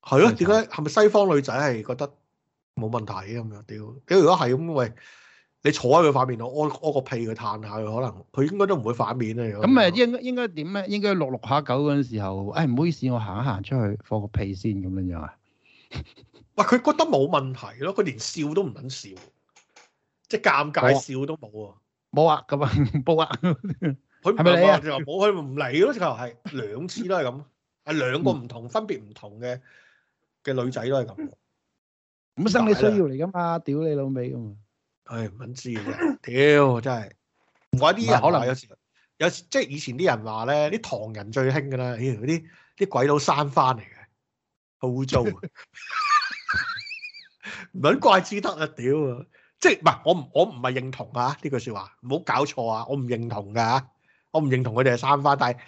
係 咯樂，點解係咪西方女仔係覺得冇問題咁、啊、樣？屌， 如果係咁，喂。你坐喺佢塊面度屙，屙個屁佢嘆下，佢可能佢應該都唔會反面啊，咁啊，應該應該點咧？應該六六下九嗰陣時候，誒、哎、唔好意思，我行一行出去放個屁先，咁樣樣啊！ 哇，佢覺得冇問題咯，佢連笑都唔肯笑，即係尷尬笑都冇、哦、啊！冇啊咁啊，冇啊！佢係咪咧？就冇佢唔嚟咯，直頭係兩次都係咁，係兩個唔同分別唔同嘅嘅、嗯、女仔都係咁。咁生理需要嚟噶嘛？屌你老味。啊！唉，唔肯知嘅，屌真係，唔怪啲人可能有時，有時即係以前啲人話咧，啲唐人最興㗎喇，咦嗰啲啲鬼佬生番嚟嘅，好污糟啊！唔肯怪之得啊，屌，即係唔係我唔我唔係認同啊呢句說話，唔好搞錯啊，我唔認同㗎，我唔認同佢哋係生番，但係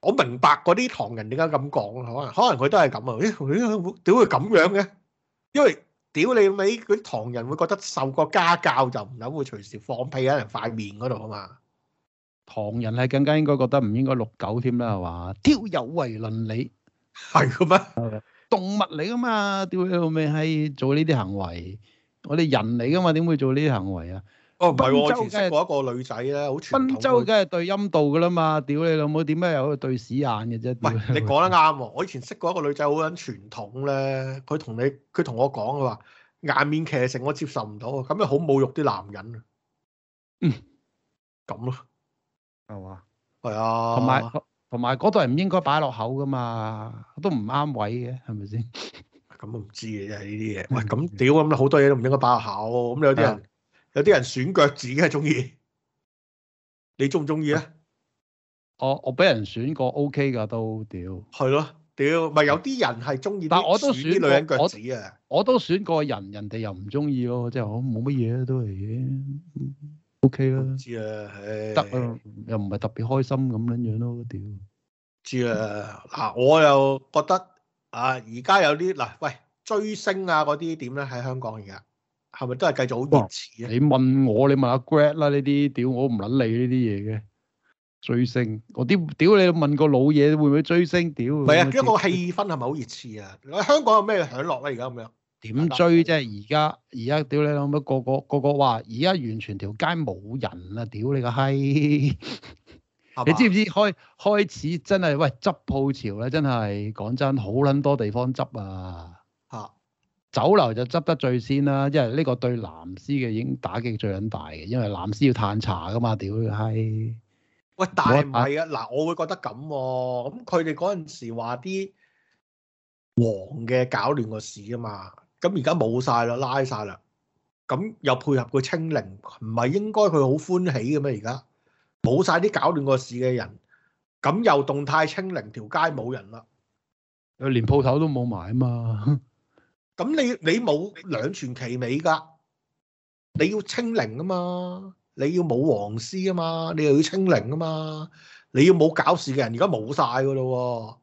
我明白嗰啲唐人點解咁講，可能可能佢都係咁啊，佢點會咁樣嘅？因為。屌你尾，嗰啲唐人會覺得受過家教就唔諗會隨時放屁喺人塊面嗰度啊嘛！唐人係更加應該覺得唔應該六九添啦，係嘛？屌有為倫理係嘅咩？動物嚟噶嘛？屌你老味做呢啲行為，我哋人嚟噶嘛？點會做呢啲行為啊？哦，唔係我之前識過一個女仔咧，好傳統。溫州梗係對陰道噶啦嘛，屌你老母點解有對屎眼嘅啫？喂，你講得啱喎，我以前識過一個女仔好撚傳統咧，佢同你佢同我講嘅話，顏面騎乘我接受唔到，咁咪好侮辱啲男人啊。嗯，咁咯，係嘛？係啊。同埋同埋嗰度唔應該擺落口噶嘛，都唔啱位嘅，係咪先？咁都唔知嘅啫呢啲嘢。喂，咁屌咁，好多嘢都唔應該擺落口，咁有啲人。有啲人選腳趾嘅中意，你中唔中意咧？我我俾人選過 OK 噶都屌。係咯，屌咪有啲人係中意。但係我都選啲女人腳趾啊！我都選過人，人哋又唔中意咯，即係我冇乜嘢都係嘅，OK 啦。知啊，得啊，又唔係特別開心咁樣樣咯，屌。知啊，嗱，我又覺得啊，而家有啲嗱、啊，喂，追星啊嗰啲點咧？喺香港而家。係咪都係繼續好熱刺啊、哦？你問我，你問阿 Greg 啦，呢啲屌我唔撚理呢啲嘢嘅追星，我啲屌你問個老嘢會唔會追星？屌，係啊，因為個氣氛係咪好熱刺啊？香港有咩享樂啊？而家咁樣點追啫？而家而家屌你諗乜個個個個話，而家完全條街冇人啊！屌你個閪，你，哎、 吧你知唔知開開始真係喂執鋪潮咧？真係講真，好撚多地方執啊！酒樓就執得最先啦、啊，因為呢個對藍絲嘅已經打擊最緊大嘅，因為藍絲要嘆茶㗎嘛，屌、哎、閪！喂，但係唔係啊？嗱，我會覺得咁、啊，咁佢哋嗰陣時話啲黃嘅搞亂個市啊嘛，咁而家冇晒啦，拉晒啦，咁又配合佢清零，唔係應該佢好歡喜嘅咩？而家冇晒啲搞亂個市嘅人，咁又動態清零，條街冇人啦，連鋪頭都冇埋啊嘛～ 咁你你冇兩全其美噶，你要清零啊嘛，你要冇黃絲啊嘛，你又要清零啊嘛，你要冇搞事嘅人，而家冇曬噶咯，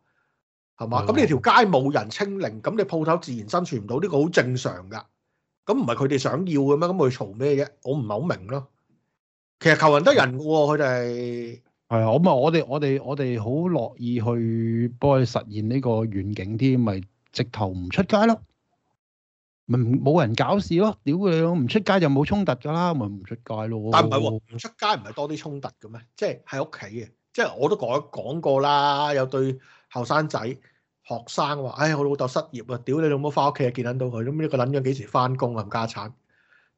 係嘛？咁的你條街冇人清零，咁你鋪頭自然生存唔到，呢、這個好正常噶。咁唔係佢哋想要嘅咩？咁佢嘈咩嘅？我唔係好明咯。其實求人得人嘅喎、哦，佢哋係啊。咁啊，我哋我哋我哋好樂意去幫佢實現呢個願景添，咪直頭唔出街咯。咪冇人搞事咯，屌佢咯，唔出街就冇衝突噶啦，咪唔出街咯。但唔係唔出街唔係多啲衝突嘅咩？即係喺屋企嘅，即係我都講講過啦。有對後生仔學生話：，哎，我老豆失業有有啊，屌你老母，翻屋企啊，見唔到佢。咁呢個卵咗幾時翻工啊？家加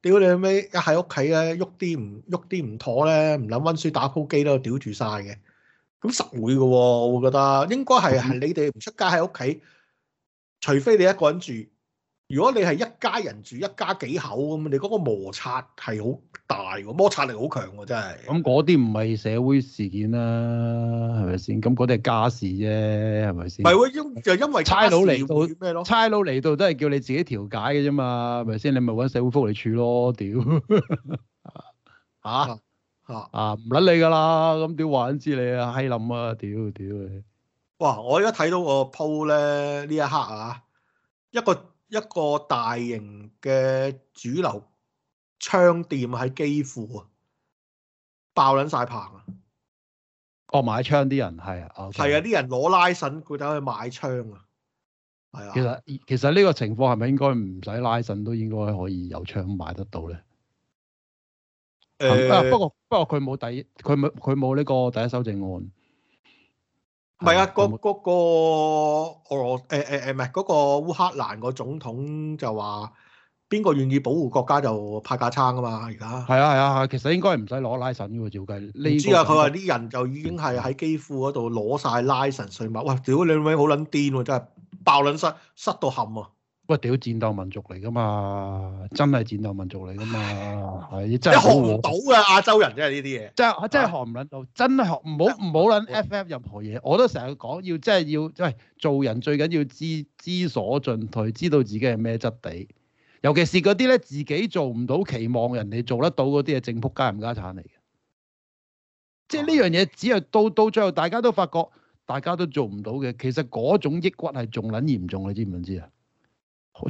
屌你老味一喺屋企咧，喐啲唔喐啲唔妥咧，唔諗温書打鋪機都屌住晒嘅。咁實會嘅、哦，我覺得應該係係你哋唔出街喺屋企，除非你一個人住。如果你係一家人住一家幾口咁，你嗰個摩擦係好大，摩擦力好強喎，真係。咁嗰啲唔係社會事件啦，係咪先？咁嗰啲係家事啫，係咪先？唔係就因為差佬嚟到咩咯？差佬嚟到都係叫你自己調解嘅啫嘛，係咪先？你咪搵社會福利處咯，屌吓吓啊唔捻你噶啦，咁屌還之你啊，閪林啊，屌屌哇！我而家睇到個 post 咧，呢一刻啊，一個。一個大型嘅主流槍店係幾乎啊爆撚晒棚啊！哦買槍啲人係啊，係啊啲人攞拉繩佢哋去買槍啊，係啊。其實其實呢個情況係咪應該唔使拉繩都應該可以有槍買得到咧？誒、欸啊、不過不過佢冇第一佢冇佢冇呢個第一修正案。唔係啊，嗰、嗰、嗰個俄誒誒唔係嗰個烏克蘭個總統就話邊個願意保護國家就派架槍啊嘛，而家係啊係啊，其實應該唔使攞拉神噶喎，照計。你知啊，佢話啲人就已經係喺基輔嗰度攞晒拉神稅碼，哇！屌你兩位好撚癲喎，真係爆撚塞塞到冚啊！喂，屌！戰鬥民族嚟噶嘛，真係戰鬥民族嚟噶嘛，係真係學唔到㗎，亞洲人真係呢啲嘢，真係真係學唔撚到，唉真係學唔好唔好撚 FF 任何嘢。我都成日講要真係要即係做人最緊要知知所進退，知道自己係咩質地。尤其是嗰啲咧自己做唔到，期望人哋做得到嗰啲，係正撲街冚家產嚟嘅。即係呢樣嘢，只係到到最後，大家都發覺大家都做唔到嘅，其實嗰種抑鬱係仲撚嚴重。你知唔知啊？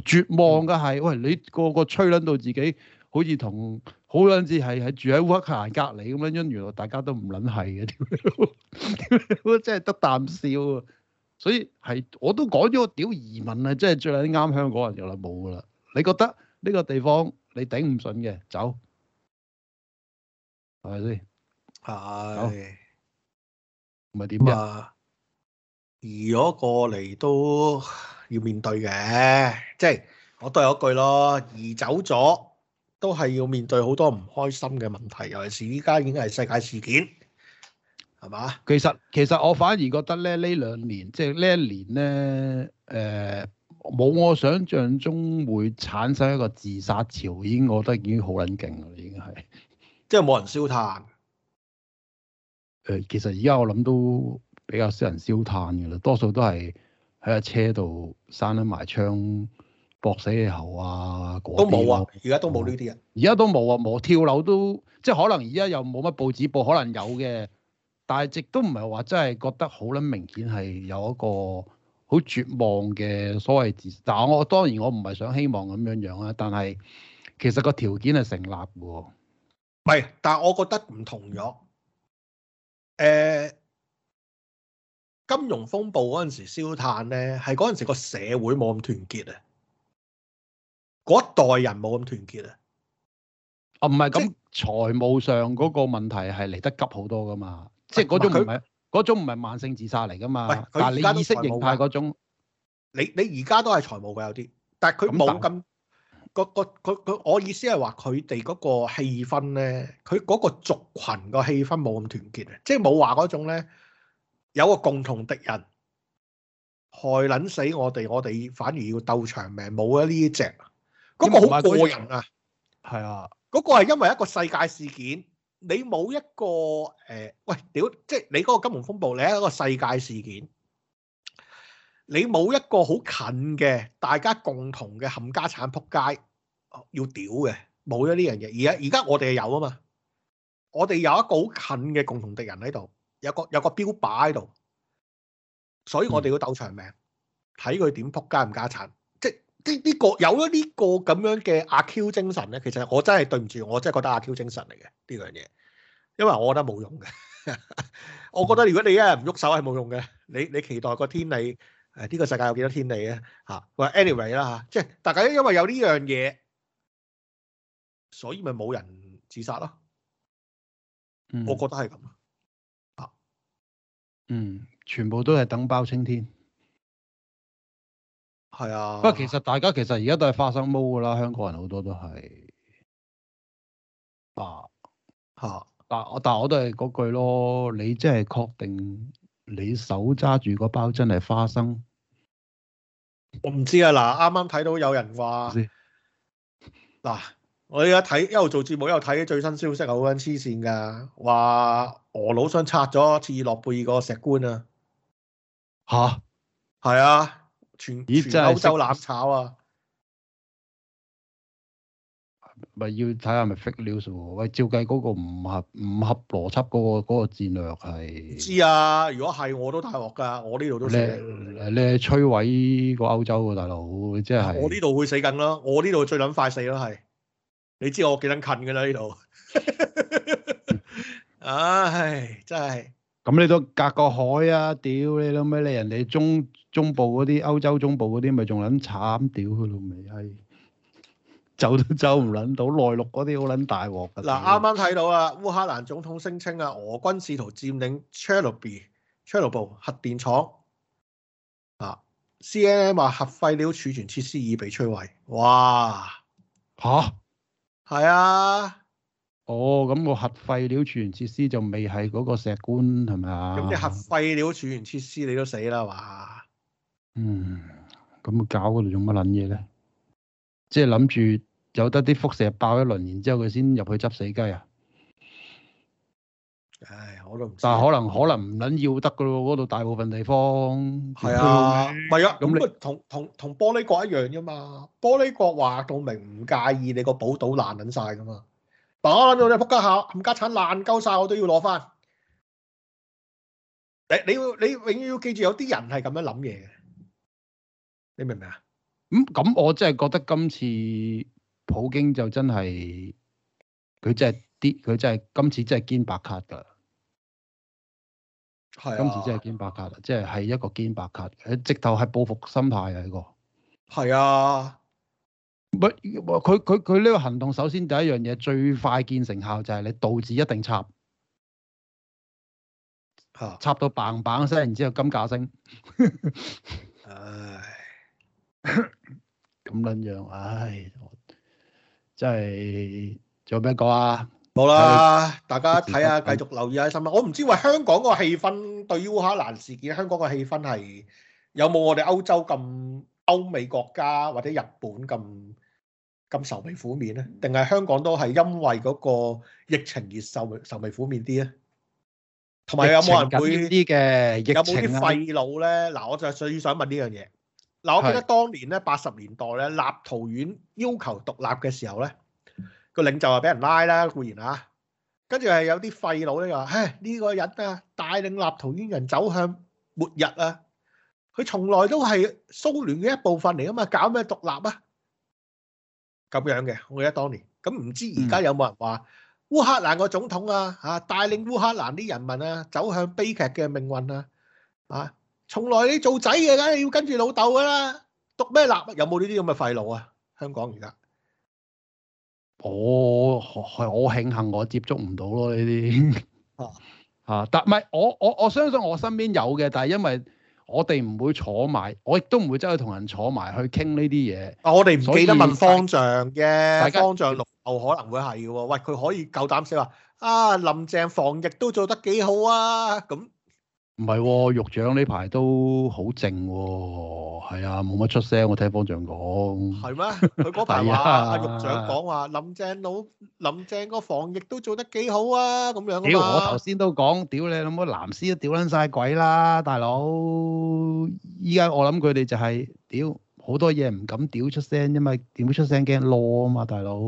絕望嘅係，喂、嗯、你個個吹撚到自己，好似同好撚似係係住喺烏克蘭隔離咁樣，因原來大家都唔撚係嘅屌，真係得啖笑。所以係我都講咗個屌移民啊，即係最撚啱香港人嘅啦，冇啦。你覺得呢個地方你頂唔順嘅走，係咪先？係走。唔係點呀？移咗過嚟都～要面對嘅，即係我都有一句咯，而走咗都係要面對好多唔開心嘅問題，尤其是依家已經係世界事件，係嘛？其實其實我反而覺得咧，呢兩年即係呢一年咧，誒、呃、冇我想象中會產生一個自殺潮，已經我覺得已經好撚勁啦，已經係即係冇人燒炭。誒、呃，其實而家我諗都比較少人燒炭嘅啦，多數都係。喺架車度，閂咗埋窗，駁死氣喉啊！嗰啲都冇啊，而家都冇呢啲人，而家都冇啊，冇跳樓都，即係可能而家又冇乜報紙報，可能有嘅，但係直都唔係話真係覺得好撚明顯係有一個好絕望嘅所謂自，但我當然我唔係想希望咁樣樣啊，但係其實個條件係成立嘅喎。係，但係我覺得唔同咗，誒、欸。金融風暴嗰陣時燒炭咧，係嗰陣時個社會冇咁團結，一團結啊，嗰代人冇咁團結啊。哦，即，唔係咁財務上嗰個問題係嚟得急好多噶嘛，哎、即係嗰種唔係嗰種唔係慢性自殺嚟噶嘛。但你意識形態嗰種，你你而家都係財務嘅有啲，但係佢冇咁個個佢佢我意思係話佢哋嗰個氣氛咧，佢嗰個族群個氣氛冇咁團結啊，即係冇話嗰種咧。有個共同敵人害捻死我哋，我哋反而要鬥長命。冇咗呢隻，嗰個好過癮啊！係啊，嗰個係因為一個世界事件，你冇一個誒，喂屌，即係你嗰個金融風暴，你係一個世界事件，你冇一個好近嘅大家共同嘅冚家產撲街要屌嘅，冇咗呢樣嘢。而而家我哋係有啊嘛，我哋有一個好近嘅共同敵人喺度。有個有個標靶喺度，所以我哋要鬥長命，睇佢點撲街唔家產。即係呢呢個有咗呢個咁樣嘅阿 Q 精神咧，其實我真係對唔住，我真係覺得阿 Q 精神嚟嘅呢樣嘢，因為我覺得冇用嘅。我覺得如果你一日唔喐手係冇用嘅，你你期待個天理誒？呢個世界有幾多天理咧？嚇，喂 anyway 啦嚇，即係大家因為有呢樣嘢，所以咪冇人自殺咯。我覺得係咁啊。嗯，全部都係等包青天，係啊。不過其實大家其實而家都係花生毛，噶啦，香港人好多都係啊吓。嗱、啊，但係我，我都係嗰句咯，你真係確定你手揸住個包真係花生？我唔知啊。嗱，啱啱睇到有人話嗱，我而家睇一路做節目，一路睇最新消息，好撚黐綫噶，話。俄佬想拆咗切爾諾貝爾個石棺啊！吓蛤？係啊，全全歐洲攬炒啊！咪要睇下，咪 fake news 喎！喂，照計嗰個唔合唔合邏輯嗰、那個嗰、那個、戰略係知啊！如果係我都大鑊噶，我呢度都死。你你摧毀個歐洲喎、啊，大佬即係。我呢度會死緊咯，我呢度最撚快死咯，係。你知我幾撚近㗎啦、啊？呢度。 唉，真係。咁你都隔個海啊！屌你老味，你人哋中中部嗰啲、歐洲中部嗰啲，咪仲撚慘屌佢老味。閪，走都走唔撚到。內陸嗰啲好撚大鑊。嗱，啱啱睇到啊，烏克蘭總統聲稱啊，俄軍試圖佔領 Chernobyl、Chernobyl 核電廠啊。CNN 話核廢料儲存設施已被摧毀。哇！吓？係啊。哦，咁個核廢料儲存設施就未係嗰個石棺，係咪啊？咁你核廢料儲存設施，你都死啦嘛？嗯，咁啊，搞嗰度做乜卵嘢咧？即係諗住有得啲輻射爆一輪，然之後佢先入去執死雞啊？唉，我都唔。但係可能可能唔卵要得噶咯？嗰度大部分地方係啊，唔係啊？咁你同同同玻璃國一樣啫嘛。玻璃國話到明唔介意你個寶島爛卵晒噶嘛？我我都撲街下冚家產爛鳩晒，我都要攞翻。誒，你要你永遠要記住，有啲人係咁樣諗嘢。你明唔明啊？咁咁，我真係覺得今次普京就真係佢真係啲，佢真係今次真係堅白卡㗎。係啊，今次真係堅白卡喇，即係係一個堅白卡，直頭係報復心態呀呢個。係啊。唔，佢佢佢呢個行動，首先第一樣嘢最快見成效就係你道指一定插，插到棒棒聲，然之後金價升。 唉，咁捻 樣，唉，真係仲有咩講啊？冇啦了，是大家睇下，繼 續留意下新聞。我唔知話香港個氣氛對於烏克蘭事件，香港個氣氛係有冇我哋歐洲咁？歐美國家或者日本咁咁愁眉苦面咧，定係香港都係因為嗰個疫情而愁眉愁眉苦面啲咧？同埋有冇人會啲嘅？有冇啲廢老咧？嗱,我就最想問呢樣嘢。嗱,我記得當年咧八十年代咧，立陶宛要求獨立嘅時候咧，個領袖啊俾人拉啦固然啊,跟住係有啲廢老咧，就話，唉，呢個人啊帶領立陶宛人走向末日啊！佢從來都係蘇聯嘅一部分嚟㗎嘛，搞咩獨立啊？咁樣嘅，我記得當年。咁唔知而家有冇人話烏克蘭個總統啊吓帶領烏克蘭啲人民啊走向悲劇嘅命運啊？啊，從來你做仔嘅梗係要跟住老豆㗎喇，讀咩立？有冇呢啲咁嘅廢路啊？香港而家，我係我慶幸我接觸唔到咯呢啲啊啊！但唔係我我我相信我身邊有嘅，但係因為。我哋唔會坐埋，我亦都唔會走去同人坐埋去傾呢啲嘢。我哋唔記得問方丈嘅，家方丈六號可能會係嘅喎。喂，佢可以夠膽死話啊，林鄭防疫都做得幾好啊咁。唔係喎，獄長呢排都好靜喎，係啊，冇乜出聲。我聽方丈講係咩？佢嗰排話阿獄長講話林鄭老林鄭個防疫都做得幾好啊，咁樣㗎嘛？屌我頭先都講屌你諗乜藍絲都屌撚晒鬼啦，大佬。依家我諗佢哋就係、是、屌好多嘢唔敢屌因為出聲啫嘛，點會出聲驚囉啊嘛，大佬。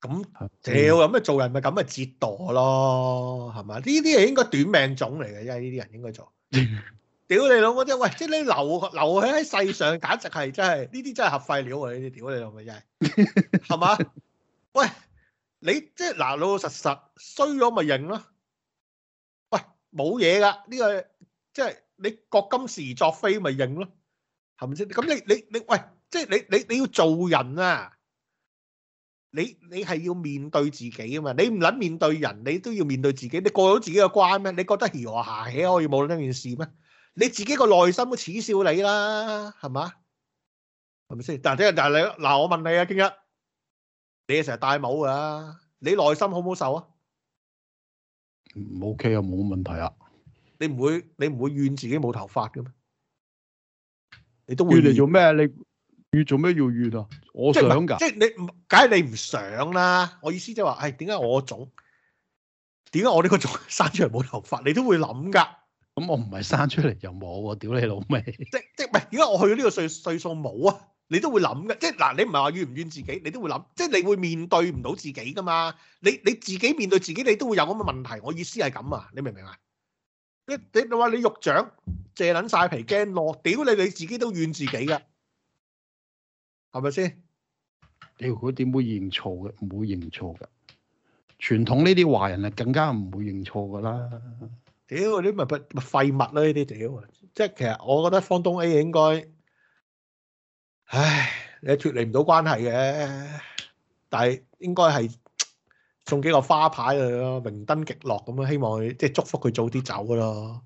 咁屌咁啊！嗯嗯、做人咪咁咪折墮咯，係嘛？呢啲係應該短命種嚟嘅，因為呢啲人應該做屌你老母即係， 喂！即係你留留喺喺世上，簡直係真係呢啲真係核廢料啊！呢啲屌你， 你老母真係係嘛？喂！這個、即你即係嗱老老實實衰咗咪認咯？喂，冇嘢噶呢個即係你覺金時作非咪認咯？係咪先？咁你你你喂，即係你你你，你要做人啊！你你係要面對自己啊嘛，你唔撚面對人，你都要面對自己。你過到自己嘅關咩？你覺得如何行起可以冇呢件事咩？你自己個內心都恥笑你啦，係嘛？係咪先？但係但係你嗱，我問你啊，堅一，你成日戴帽噶你內心好唔好受啊？唔 OK 啊，冇問題啊。你唔會你唔會怨自己冇頭髮嘅咩？你都會怨嚟做咩？你？做要做咩？要怨啊！我想噶，即係你唔，梗係你唔想啦。我意思即係話，誒、哎，點解我種？點解我呢個種生出嚟冇頭髮？你都會諗噶。咁、嗯、我唔係生出嚟就冇喎、啊，屌你老味！即即唔係點解我去到呢個歲歲數冇啊？你都會諗噶。即嗱，你唔係話怨唔怨自己，你都會諗。即係你會面對唔到自己噶嘛？你你自己面對自己，你都會有咁嘅問題。我意思係咁啊，你明唔明啊？你你你話你肉長，借撚晒皮，驚落，屌你你自己都怨自己噶。係咪先？屌，佢點會認錯嘅？唔會認錯噶。傳統呢啲華人、哎、啊，更加唔會認錯噶啦。屌，呢啲咪不廢物啦？呢啲屌，即係其實我覺得方東 A 應該，唉，你脫離唔到關係嘅。但係應該係送幾個花牌去咯，榮登極樂咁樣，希望佢即係祝福佢早啲走咯。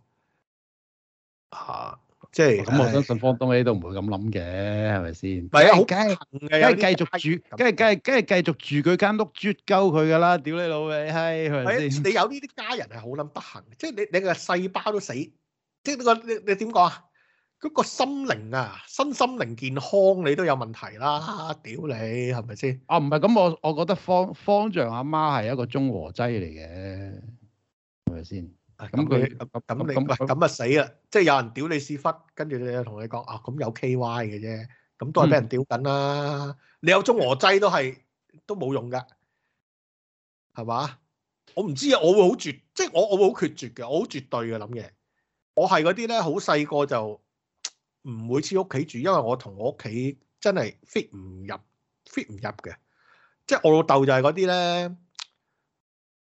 啊。即係咁，我相信方東呢都唔會咁諗嘅，係咪先？係啊，好梗係梗係繼續住，梗係梗係梗係繼續住佢間屋，絕鳩佢㗎啦！屌你老味閪，係咪先？你有呢啲家人係好撚不幸嘅，即係你你個細胞都死，即係你個你你點講啊？嗰個心靈啊，身心靈健康你都有問題啦！屌你係咪先？啊唔係咁，我我覺得方方丈阿媽係一個中和劑嚟嘅，係咪先？咁佢咁咁你喂咁啊死啦！即係有人屌你屎忽，跟住你又同你講啊，咁有 KY 嘅啫，咁都係俾人屌緊啦！你有中和劑都係都冇用噶，係嘛？我唔知啊，我會好絕，即係我我會好決絕嘅，我好絕對嘅諗嘢。我係嗰啲咧，好細個就唔會喺屋企住，因為我同我屋企真係 fit 唔入，fit 唔入嘅。即係我老豆就係嗰啲咧。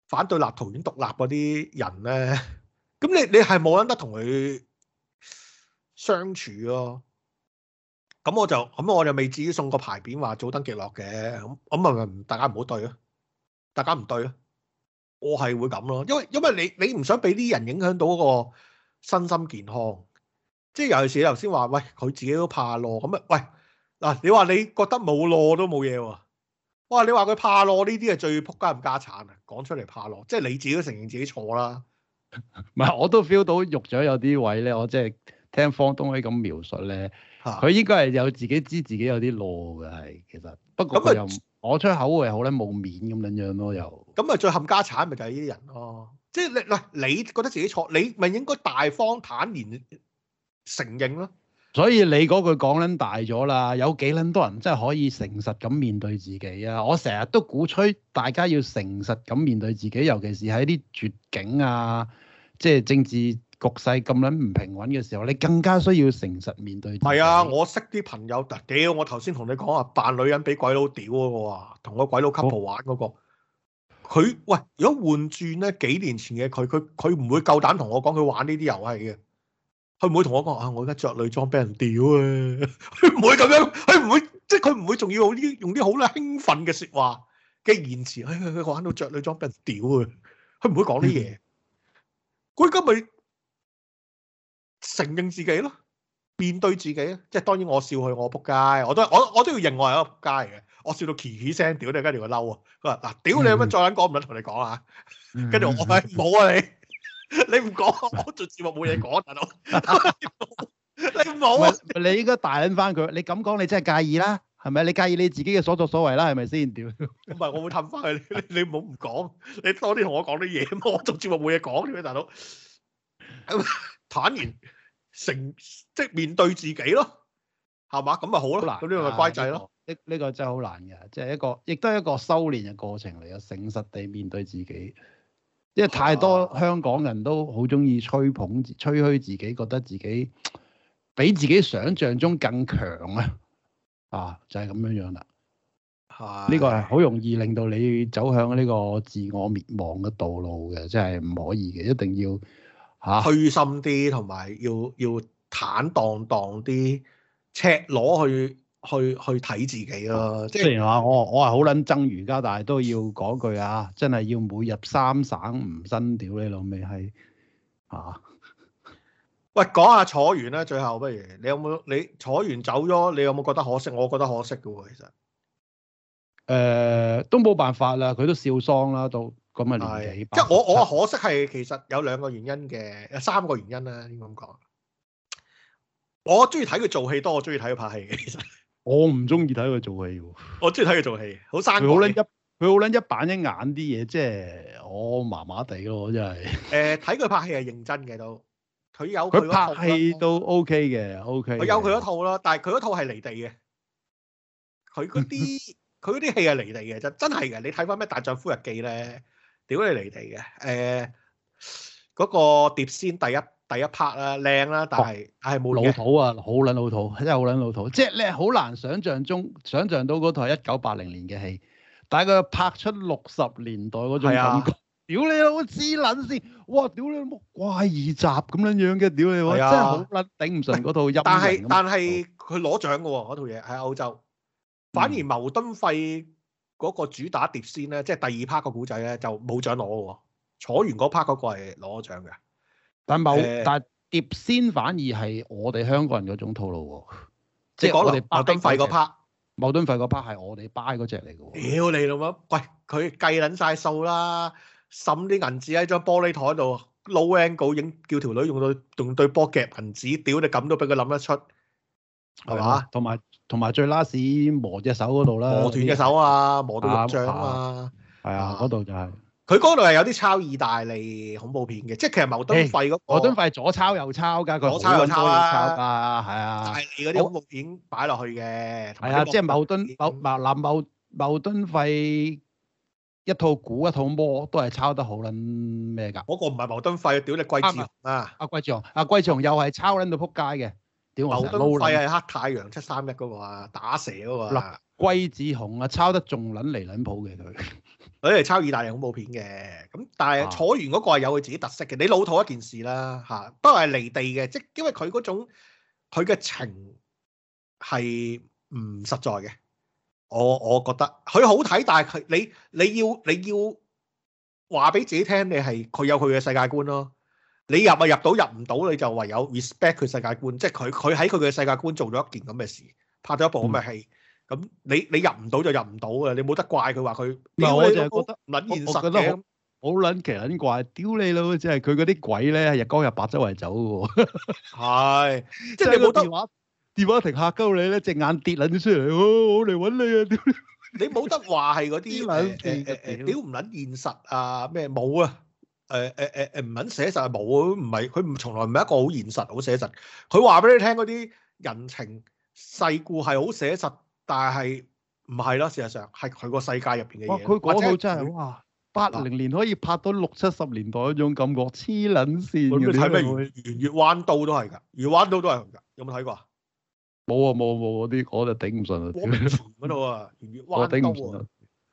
反對立陶院獨立嗰啲人咧，咁 你你係冇得同佢相處咯、啊。咁我就咁我就未至於送個牌匾話早登極樂嘅。咁咁咪咪大家唔好對啊，大家唔對啊。我係會咁咯、啊，因為因為你你唔想俾啲人影響到嗰個身心健康。即係尤其是你頭先話喂佢自己都怕咯，咁啊喂嗱，你話你覺得冇咯、啊，都冇嘢喎。我、哦、你話佢怕落呢啲係最撲街冚家產啊！講出嚟怕落，即係你自己都承認自己錯啦。唔係， 我都 feel 到肉咗有啲位咧。我即係聽方東威咁描述咧，佢的應該係有自己知自己有啲錯嘅，係其實。不過又就我出口為好咧，冇面咁樣樣咯，又。咁咪最冚家產咪就係呢啲人咯、啊哦。即係你，唔係你覺得自己錯，你咪應該大方坦然承認咯。所以你嗰句講撚大咗啦，有幾撚多人真係可以誠實咁面對自己啊？我成日都鼓吹大家要誠實咁面對自己，尤其是喺啲絕境啊，即係政治局勢咁撚唔平穩嘅時候，你更加需要誠實面對。係啊，我識啲朋友，屌我頭先同你講啊，扮女人俾鬼佬屌喎、嗰個，同個鬼佬 couple 玩嗰、嗰個，佢、哦、喂，如果換轉咧幾年前嘅佢，佢佢唔會夠膽同我講佢玩呢啲遊戲嘅。佢唔會同我講啊！我而家着女裝俾人屌啊！佢唔會咁樣，佢唔會即係佢唔會仲要用啲好啦興奮嘅說話嘅言辭，哎，佢玩到着女裝俾人屌啊！佢唔會講啲嘢，佢今咪承認自己咯，面對自己啊！即係當然我笑佢，我撲街，我都我我都要認我係一個撲街嘅，我笑到奇奇聲屌你，跟住佢嬲啊！佢話嗱，屌你，有乜再敢講唔得同你講啊！跟住我話冇啊你，你唔講，我做節目冇嘢講，大佬。你唔好，你應該大捻翻佢。你咁講，你真係介意啦，係咪？你介意你自己嘅所作所為啦，係咪先？屌 ，唔係我會氹翻佢。你唔好唔講，你多啲同我講啲嘢，我做節目冇嘢講，點啊，大佬？ 坦然成，即係面對自己咯，係嘛？咁咪好咯，嗱難，呢、啊呢個咪乖仔咯。呢、呢、呢個真係好難嘅、即係，即係一個，亦都係一個修煉嘅過程嚟嘅，誠實地面對自己。因為太多香港人都好中意吹捧、吹噓自己，覺得自己比自己想象中更強啊！啊，就係、是、咁樣樣、啊、啦。係。呢個係好容易令到你走向呢個自我滅亡嘅道路嘅，即係唔可以嘅，一定要吓虛、啊、心啲，同埋要要坦蕩蕩啲、赤裸去。去去睇自己咯，嗯、即係話我我係好捻憎儒家，但係都要講句啊，真係要每日三省吾身，屌你老味係啊！喂，講下楚原啦，最後不如你有冇你楚原走咗，你有冇覺得可惜？我覺得可惜嘅喎，其實誒、呃、都冇辦法啦，佢都笑喪啦，都咁啊年紀。是即係我我可惜係其實有兩個原因嘅，有三個原因啦，應該咁講。我中意睇佢做戲多，我中意睇佢拍戲嘅，其實。我唔中意睇佢做戲喎，我中意睇佢做戲，好生佢好撚一佢好撚一板一眼啲嘢，即係我麻麻地咯，真係。誒，睇佢拍戲係認真嘅都，佢有佢拍戲都 OK 嘅，OK。佢有佢嗰套咯，但係佢嗰套係離地嘅，佢嗰啲佢嗰啲戲係離地嘅，真真係嘅。你睇翻咩《大丈夫日記》咧，屌你離地嘅。誒，嗰個碟先第一。第一 part 啦，靚啦，但係但係冇嘅。老土啊，好撚老土，真係好撚老土。即係你係好難想象中，想象到嗰套一九八零年嘅戲，但係佢拍出六十年代嗰種感覺。係啊！屌你老閪撚先，哇！屌你冇怪異集咁樣樣嘅，屌你我真係好撚頂唔順嗰套音。但係但係佢攞獎嘅喎，嗰套嘢喺歐洲。反而茅敦費嗰個主打碟先咧，即係第二 part 個古仔咧就冇獎攞嘅。坐完嗰 part 嗰個係攞獎嘅。但係、欸、但碟仙反而係我哋香港人嗰種套路喎，即係你說 我哋茅墩廢嗰 part。茅墩廢嗰 part 係我哋拜嗰隻嚟嘅。屌你老母！喂，佢計捻晒數啦，審啲銀紙喺張玻璃台度，low angle 影，叫條女用到用對波夾銀紙。屌你咁都俾佢諗得出，係吧嘛？同埋同埋最 last 磨隻手嗰度啦，磨斷隻手啊，磨到掌啊，係啊，嗰度就係。佢嗰度係有啲抄意大利恐怖片嘅，即係其實牟敦芾嗰、那、牟、個欸、敦芾係左抄右抄噶，左抄右抄啦，係啊，意、啊、大利嗰啲恐怖片擺落去嘅，係好啊，即係茅盾茅林茂牟敦芾一套古一套魔都係抄得好撚咩㗎？嗰個唔係牟敦芾，屌你桂治洪啊，阿、啊、桂治洪，阿、啊、桂治洪、啊、又係抄撚到撲街嘅，屌我成係黑太陽七三一嗰個啊，打蛇嗰、那個啊，桂治洪啊，抄得仲撚離撚譜嘅佢。佢係抄意大利恐怖片嘅，咁但係楚原嗰個係有佢自己特色嘅。你老土一件事啦，吓，都係離地嘅，即係因為佢嗰種佢嘅情係唔實在嘅。我我覺得佢好睇，但係佢你你要你要話俾自己聽，你係佢有佢嘅世界觀咯。你入咪入到入唔到，你就唯有 respect 佢世界觀，即係佢佢喺佢嘅世界觀做咗一件咁嘅事，拍咗一部咁嘅戲。嗯咁你你入唔到就入唔到啊！你冇得怪佢話佢唔係我就覺得撚現實嘅，好撚奇撚怪，屌你咯！即係佢嗰啲鬼咧，日光日白周圍走嘅喎。係即係你冇得話電話停下鳩你咧，隻眼跌撚咗出嚟，我嚟揾你啊！屌你！你冇得話係嗰啲撚，屌唔撚現實啊？咩冇啊？誒誒誒誒唔撚寫實啊！冇，唔係佢唔從來唔係一個好現實好寫實。佢話俾你聽嗰啲人情世故係好寫實。但係唔係咯，事實上係佢個世界入邊嘅嘢。佢講到真係哇，八零年可以拍到六七十年代嗰種感覺，黐撚線。睇咩？圓月彎刀」都係㗎，圓彎刀」都係有冇睇過啊？冇啊，冇冇嗰啲，我就頂唔順啦。光啊，月彎刀。我頂唔順。誒、啊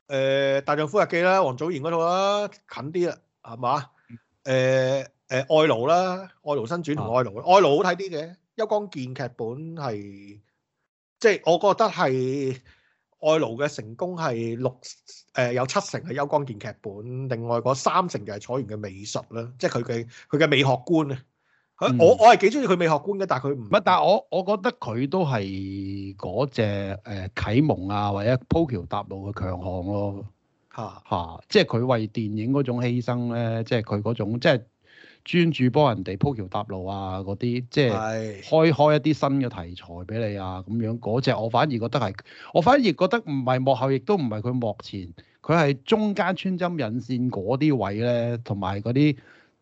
呃，《大丈夫日記》啦，《王祖賢》嗰套啦，近啲、呃呃、啦，係嘛？誒誒，《愛奴》啦，《愛奴新傳》同《愛奴》。《愛奴》好睇啲嘅，邱剛健劇本係。即係我覺得係愛勞嘅成功係六、誒、呃、有七成係邱光健劇本，另外嗰三成就係楚原嘅美術啦。即係佢嘅佢嘅美學觀啊、嗯！我我係幾中意佢美學觀嘅，但係佢唔乜。但係我我覺得佢都係嗰隻誒啟蒙啊，或者鋪橋搭路嘅強項咯。嚇嚇、啊啊！即係佢為電影嗰種犧牲咧，即係佢嗰種即係。專注幫人哋鋪橋搭路啊，嗰啲即係開開一啲新嘅題材俾你啊，咁樣嗰隻、那個、我反而覺得係，我反而覺得唔係幕後，亦都唔係佢幕前，佢係中間穿針引線嗰啲位咧，同埋嗰啲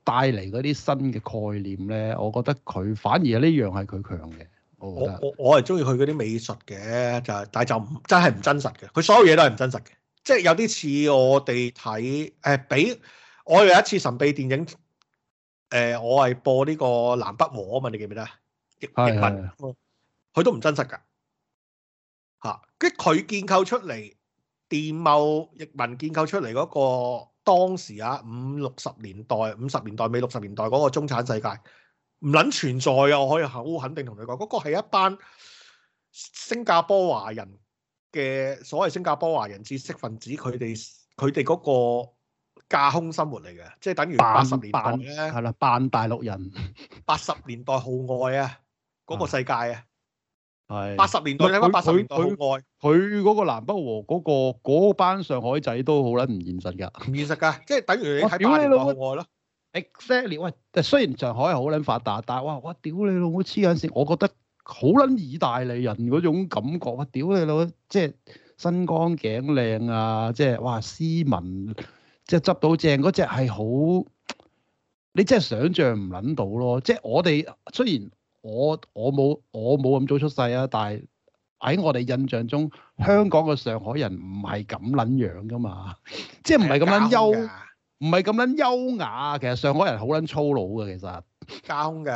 帶嚟嗰啲新嘅概念咧，我覺得佢反而係呢樣係佢強嘅。我我我係中意去嗰啲美術嘅，就係、但就真係唔真實嘅，佢所有嘢都係唔真實嘅，即、就、係、是、有啲似我哋睇誒比我有一次神秘電影。誒、呃，我係播呢個南北和啊嘛，你記唔記得不啊？易易文，佢都唔真實㗎嚇。即佢建構出嚟，電貿易文建構出嚟嗰個當時啊五六十年代、五十年代尾六十年代嗰個中產世界，唔撚存在啊！我可以好肯定同你講，嗰、嗰個係一班新加坡華人嘅所謂新加坡華人知識分子，佢哋佢哋嗰個。架空生活嚟嘅，即係等於八十年代，係啦，扮大陸人，八十年代號外啊，嗰個世界啊，係八十年代，你係八十年代號外。佢嗰個南北和嗰、嗰個嗰班上海仔都好撚唔現實㗎，唔現實㗎，即係等於你睇八十年代號外咯。Exactly 喂，雖然上海係好撚發達，但係哇，我屌你老母黐緊線，我覺得好撚意大利人嗰種感覺。我屌你老，即係身光頸靚啊，即係哇斯文。即係執到正嗰隻係好，你真係想象唔撚到咯！即係我哋雖然我我冇我冇咁早出世啊，但係喺我哋印象中，香港嘅上海人唔係咁撚樣噶嘛，即係唔係咁撚優，唔係咁撚優雅，其實上海人好撚粗魯噶，其實架空嘅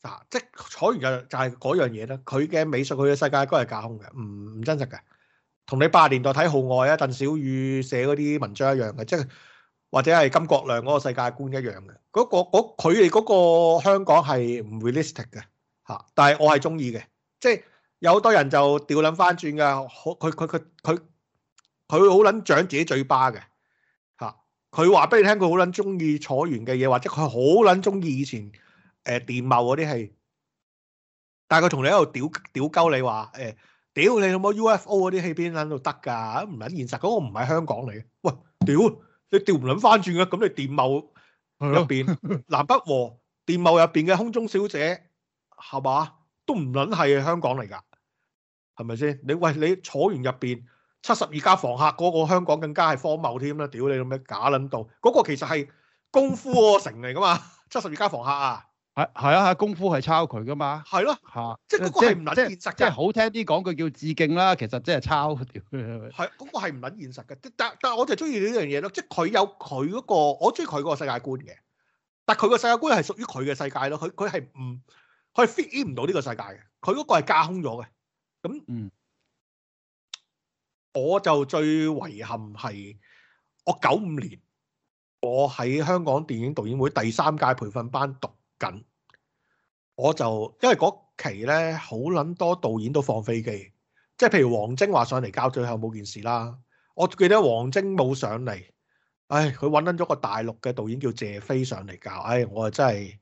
嗱、啊，即係坐完就就係嗰樣嘢啦。佢嘅美術佢嘅世界都係架空嘅，唔真實嘅，同你八十年代睇《號外》啊，鄧小宇寫嗰啲文章一樣嘅，即係。或者係金國亮嗰個世界觀一樣嘅、嗰個，嗰佢哋嗰個香港係唔 realistic 嘅嚇。但係我係中意嘅，即係有好多人就調撚翻轉㗎，佢佢佢佢佢好撚長自己嘴巴嘅嚇。佢話俾你聽，佢好撚中意楚原嘅嘢，或者佢好撚中意以前誒電貿嗰啲戲。但係佢同你喺度屌屌鳩你話誒屌你冇 UFO 嗰啲戲邊撚到得㗎？唔撚現實，嗰個唔係香港嚟嘅。喂屌！你調唔捻翻轉嘅，咁你電懋入邊南北和，電懋入邊嘅空中小姐係嘛，都唔捻係香港嚟㗎，係咪先？你，喂你楚原入邊七十二家房客嗰個香港更加係荒謬添啦！屌你咁樣假捻到，嗰、那個其實係功夫城嚟噶嘛？七十二家房客啊！係啊，功夫係抄佢噶嘛？係咯、啊，吓、啊，即係嗰個係唔捻現實，即係好聽啲講，佢叫致敬啦。其實即係抄。係、 啊，嗰、嗰個係唔捻現實嘅。但但我就中意呢樣嘢咯，即係佢有佢嗰、嗰個，我中意佢嗰個世界觀嘅。但佢個世界觀係屬於佢嘅世界咯。佢佢係唔，佢 fit 唔到呢個世界嘅。佢嗰個係架空咗嘅。咁，嗯，我就最遺憾係我九五年我喺香港電影導演會第三屆培訓班讀緊。我就因為嗰期咧，好撚多導演都放飛機，即係譬如王晶話上嚟教最後冇件事啦。我記得王晶冇上嚟，唉，佢揾緊咗個大陸嘅導演叫謝飛上嚟教，唉，我啊真係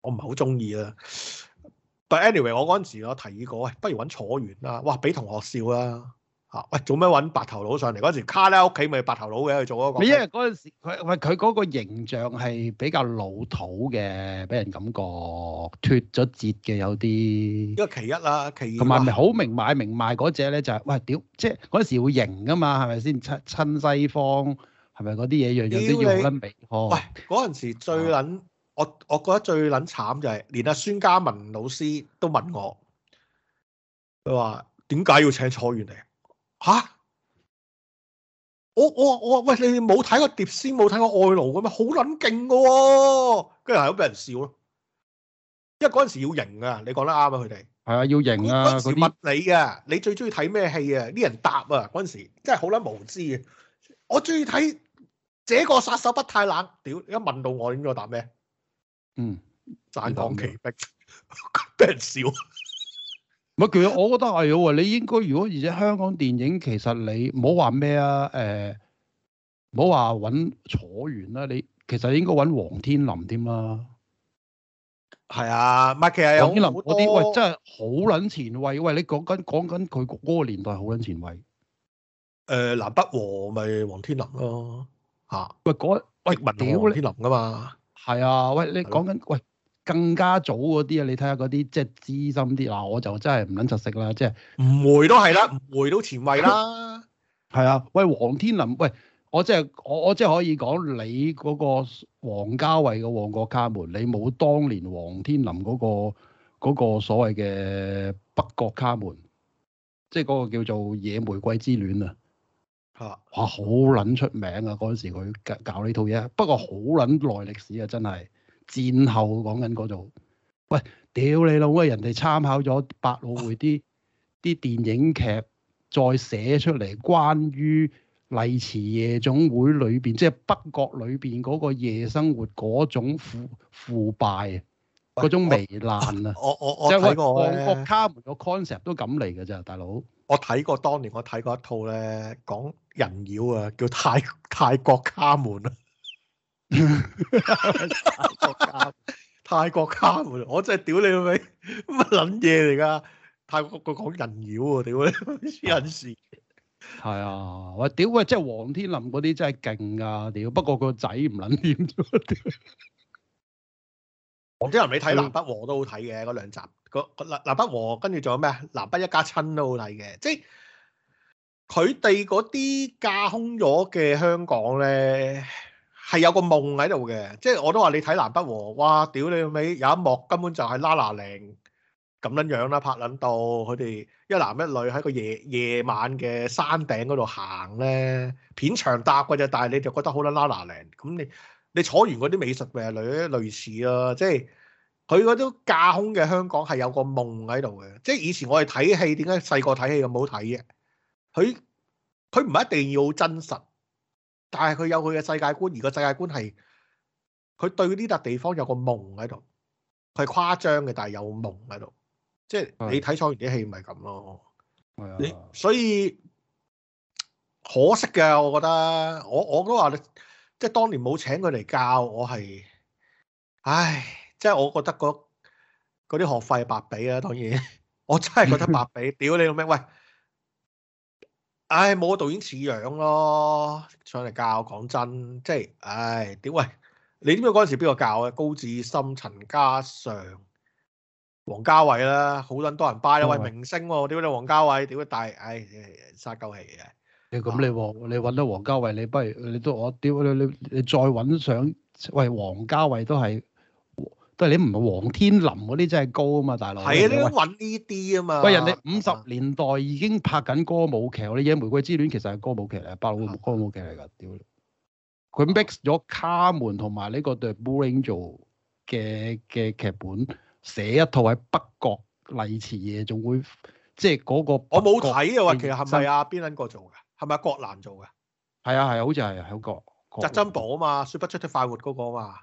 我唔係好中意啦。But anyway，我嗰陣時我提議過，哎、不如揾楚原啦，哇，俾同學笑啦。喂！做咩揾白頭佬上嚟嗰陣時？卡咧屋企咪白頭佬嘅去做一個。你因為嗰陣時佢喂佢嗰個形象係比較老土嘅，俾人感覺脱咗節嘅有啲。一個其一啦，其二同埋唔係好明買明賣嗰隻咧就係、是、喂屌！即係嗰陣時會型噶嘛係咪先？親親西方係咪嗰啲嘢樣樣都要揾美學喂，嗰陣時最撚的我我覺得最撚慘就係、是、連阿孫嘉文老師都問我，佢話點解要請楚原嚟？吓、啊！我我我喂，你冇睇過《碟仙》冇睇過《愛奴》咁啊？好撚勁嘅喎，跟住係咁俾人笑咯。因為嗰陣時要型啊！你講得啱啊，佢哋係啊，要型啊。嗰陣時問你啊，些你最中意睇咩戲啊？啲人答啊，嗰陣時真係好撚無知啊！我中意睇《這個殺手不太冷》。屌，而家問到我，應該答咩？嗯，《省港旗兵》 俾人笑。唔係，其實我覺得係喎、哎。你應該如果而且香港電影其、呃，其實你唔好話咩啊？誒，唔好話搵楚原啦，你其實應該搵王天林添啦。係啊，唔係其實有好多嗰啲。喂，真係好捻前衛。喂，你講緊講緊佢嗰個年代好捻前衛。誒、呃，南北和咪王天林咯、啊。吓、啊，喂，喂，唔係王天林噶嘛？係啊，喂，你講緊的喂。更加早嗰啲啊，你睇下嗰啲即係資深啲，嗱我就真係唔撚窒識啦，即係唔回都係啦，回到前衞啦，係 啊，喂王天林，喂我即係我我即係可以講你嗰個王家衛嘅旺角卡門，你冇當年王天林嗰、嗰個嗰個所謂嘅北角卡門，即係嗰個叫做野玫瑰之戀啊，嚇 哇好撚出名啊，嗰陣時佢搞呢套嘢，不過好撚耐歷史啊真係。戰後講緊嗰度，喂，屌你老！喂，人哋參考咗百老匯啲啲電影劇，再寫出嚟關於麗池夜總會裏邊，即係北角裏邊嗰個夜生活嗰種腐腐敗，嗰喂種糜爛啊！我我我睇過咧，泰國卡門個 concept 都咁嚟嘅咋，大佬。我睇過，當年我睇過一套咧，講人妖啊，叫泰泰國卡門啊。 泰國家泰國監，我真係屌你咪乜捻嘢嚟噶？泰國佢講人妖喎，屌你人事。係 啊，我屌喂，即係王天林嗰啲真係勁啊，屌！不過個仔唔捻掂咗，屌。王天林你睇《南北和》都好睇嘅，嗰兩集，《南北和》，跟住仲有咩《南北一家親》都好睇嘅，即係佢哋嗰啲架空咗嘅香港咧。係有個夢喺度嘅，即係我都話你睇南北和，哇！屌你尾有一幕根本就係拉拉零咁撚樣啦，拍撚到佢哋一男一女喺個夜夜晚嘅山頂嗰度行咧，片場搭嘅啫，但係你就覺得好啦，拉拉零咁你你坐完嗰啲美術嘅係類，類似咯、啊，即係佢嗰啲架空嘅香港係有個夢喺度嘅，即係以前我哋睇戲點解細個睇戲咁好睇嘅？佢佢唔係一定要真實。但係佢有佢嘅世界觀，而個世界觀係佢對呢笪地方有個夢喺度，佢係誇張嘅，但係有夢喺度。即係你睇《楚原、哎呀》啲戲，咪咁咯。係啊。你所以可惜嘅，我覺得我覺得我，我都話你，即係當年冇請佢嚟教我係，唉，即係我覺得嗰嗰啲學費白俾啊。當然，我真係覺得白俾， 屌你老咩喂！唉，冇個、哎、導演似樣咯，上嚟教，講真，即係，唉、哎，點喂？你知唔知嗰陣時邊個教嘅？高志森、陳嘉上、王家衛啦，好捻多人拜啦，喂，明星喎、啊，點喂？王家衛，點、哎、喂？大，唉，嘥鳩氣嘅。你咁你，啊、你揾到王家衛，你不如你都我，屌你你你再揾上，喂，王家衛都係。都係你唔係王天林嗰啲真係高啊嘛，大佬。係啊，你都揾呢啲啊嘛。喂，人哋五十年代已經拍緊歌舞劇，我哋嘢《野玫瑰之戀》其實係歌舞劇嚟，百老匯歌舞劇嚟㗎。屌的，佢 mix 咗卡門同埋呢個 The Blue Angel 做嘅嘅劇本，寫一套喺北角麗池嘢，仲會即係嗰個。我冇睇啊！其實係咪阿邊撚個做㗎？係咪阿葛蘭做㗎？係啊係，好似係喺個。扎金堡啊嘛，說不出的快活嗰個啊、那、嘛、個。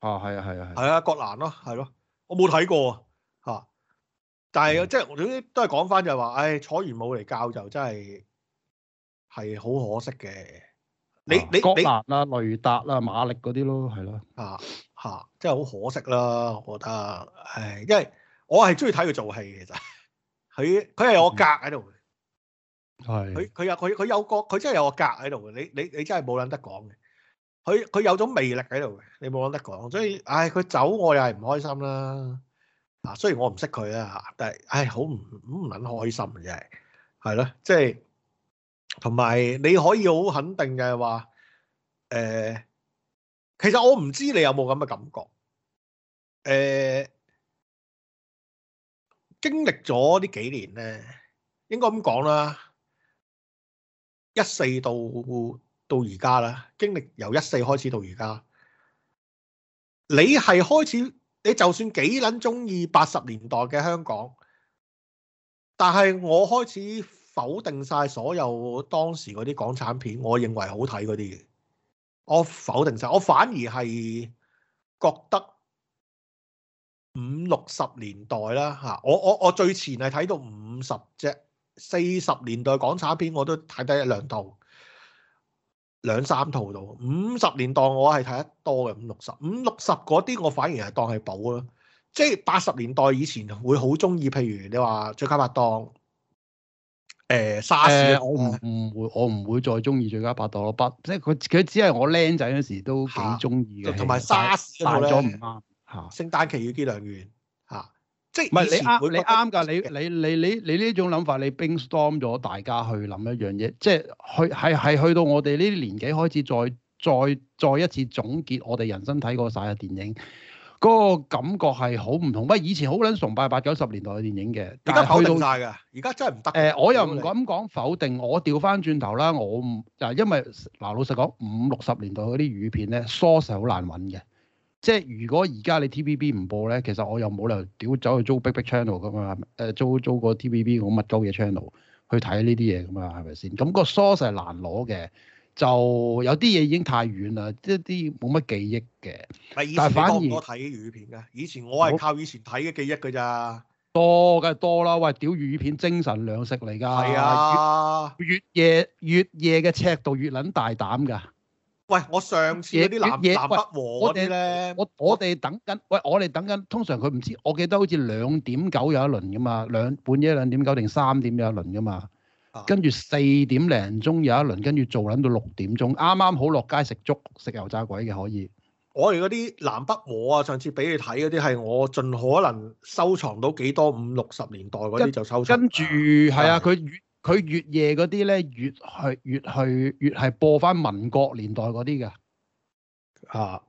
哦、啊，係啊，係啊，係啊，係啊，郭蘭咯，係咯，我冇睇過啊，吓，但係、嗯、即係總之都係講翻就係話，唉、哎，楚原武嚟教就真係係好可惜嘅。你、啊、你郭蘭啦、雷達啦、啊、馬力嗰啲咯，係咯、啊，吓吓、嗯啊，真係好可惜啦、啊，我覺得，唉，因為我係中意睇佢做戲嘅，其實佢佢係有個格喺度嘅，係，佢佢有佢佢有個佢、嗯、真係有個格喺度嘅，你你你，你真係冇捻得講嘅。佢佢有種魅力喺度，嘅，你冇得講，所以唉，佢走我又係唔開心啦。啊，雖然我唔識佢啦，但係唉，好唔唔唔肯開心嘅係，係咯，即係同埋你可以好肯定嘅係話，誒、呃，其實我唔知你有冇咁嘅感覺，誒、呃，經歷咗呢幾年咧，應該咁講啦，一四到，到而家啦，經歷由一四開始到而家，你係開始，你就算幾撚中意八十年代嘅香港，但係我開始否定晒所有當時嗰啲港產片，我認為好睇嗰啲嘅，我否定晒。我反而係覺得五六十年代啦嚇，我我我最前係睇到五十隻四十年代港產片，我都睇低一兩套。兩三套到，五十年代我係睇得多嘅，五六十，五六十嗰啲我反而係當係寶咯。即係八十年代以前會好中意，譬如你話最佳拍檔，誒、呃、沙士、呃、我唔唔會，我唔會再中意最佳拍檔咯。不即係佢佢只係我僆仔嗰時都幾中意嘅，同埋沙士嗰個咧，爛咗唔啱。聖誕奇遇結良緣。唔係你啱，你啱㗎。你你你你你呢種諗法，你 brainstorm 咗大家去諗一樣嘢，即係去係係去到我哋呢啲年紀開始再再再一次總結我哋人生睇過晒嘅電影，嗰個感覺係好唔同。喂，以前好撚崇拜八九十年代嘅電影嘅，而家否定曬㗎。而家真係唔得。誒，我又唔敢講否定。我調翻轉頭啦，我唔就因為嗱，老實講，五六十年代嗰啲語片咧，source 係好難揾嘅。即係如果而家你 TVB 唔播咧，其實我又冇理由屌走去租 Big Big channel 噶嘛？誒，租租個 TVB 咁乜鳩嘢 channel 去睇呢啲嘢咁嘛，係咪先？咁、那個 source 係難攞嘅，就有啲嘢已經太遠啦，一啲冇乜記憶嘅。以但係反而以我睇粵語片嘅，以前我係靠以前睇嘅記憶噶咋。多嘅多啦，喂，屌粵語片精神糧食嚟噶。係啊，越夜越夜嘅尺度越撚大膽噶。喂，我上次啲南南北和嗰啲咧，我我哋等緊，喂，我哋等緊。通常佢唔知，我記得好似兩點九有一輪噶嘛，兩半夜兩點九定三點有一輪噶嘛。跟住四點零鐘有一輪，跟住做捻到六點鐘，啱啱好落街食粥食油炸鬼嘅可以。我哋嗰啲南北和啊，上次俾你睇嗰啲係我盡可能收藏到幾多五六十年代嗰啲就收藏。跟住係啊，佢。佢越夜嗰啲咧，越去越去越係播翻民國年代嗰啲嘅，吓、啊，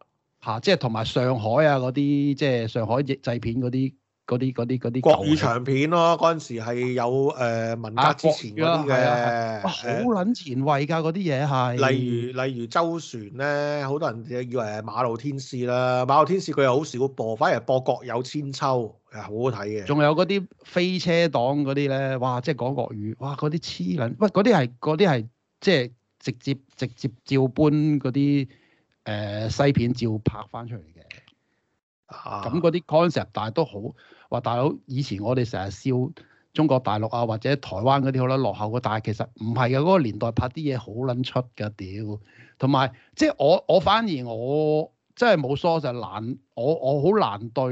嚇、啊，即係同埋上海啊嗰啲，即係上海譯製片嗰啲。嗰啲嗰啲嗰啲國語長片咯，嗰陣時係有誒文革之前嗰啲嘅，好撚前衞㗎嗰啲嘢係。例如例如周旋咧，好多人以為係《馬路天使》啦，《馬路天使》佢又好少播，反而係播《各有千秋》，好好睇嘅。仲有嗰啲飛車黨嗰啲咧，哇！即係講國語，哇！嗰啲黐撚，喂！嗰啲係嗰啲係即係直接直接照搬嗰啲誒西片照拍翻出嚟嘅。咁嗰啲 concept，但係都好。話大佬以前我哋成日笑中國大陸啊，或者台灣嗰啲好啦，落後過大。但其實唔係嘅，嗰個年代拍啲嘢好撚出㗎屌。同埋即係我我反而我真係冇梳實難，我我好難對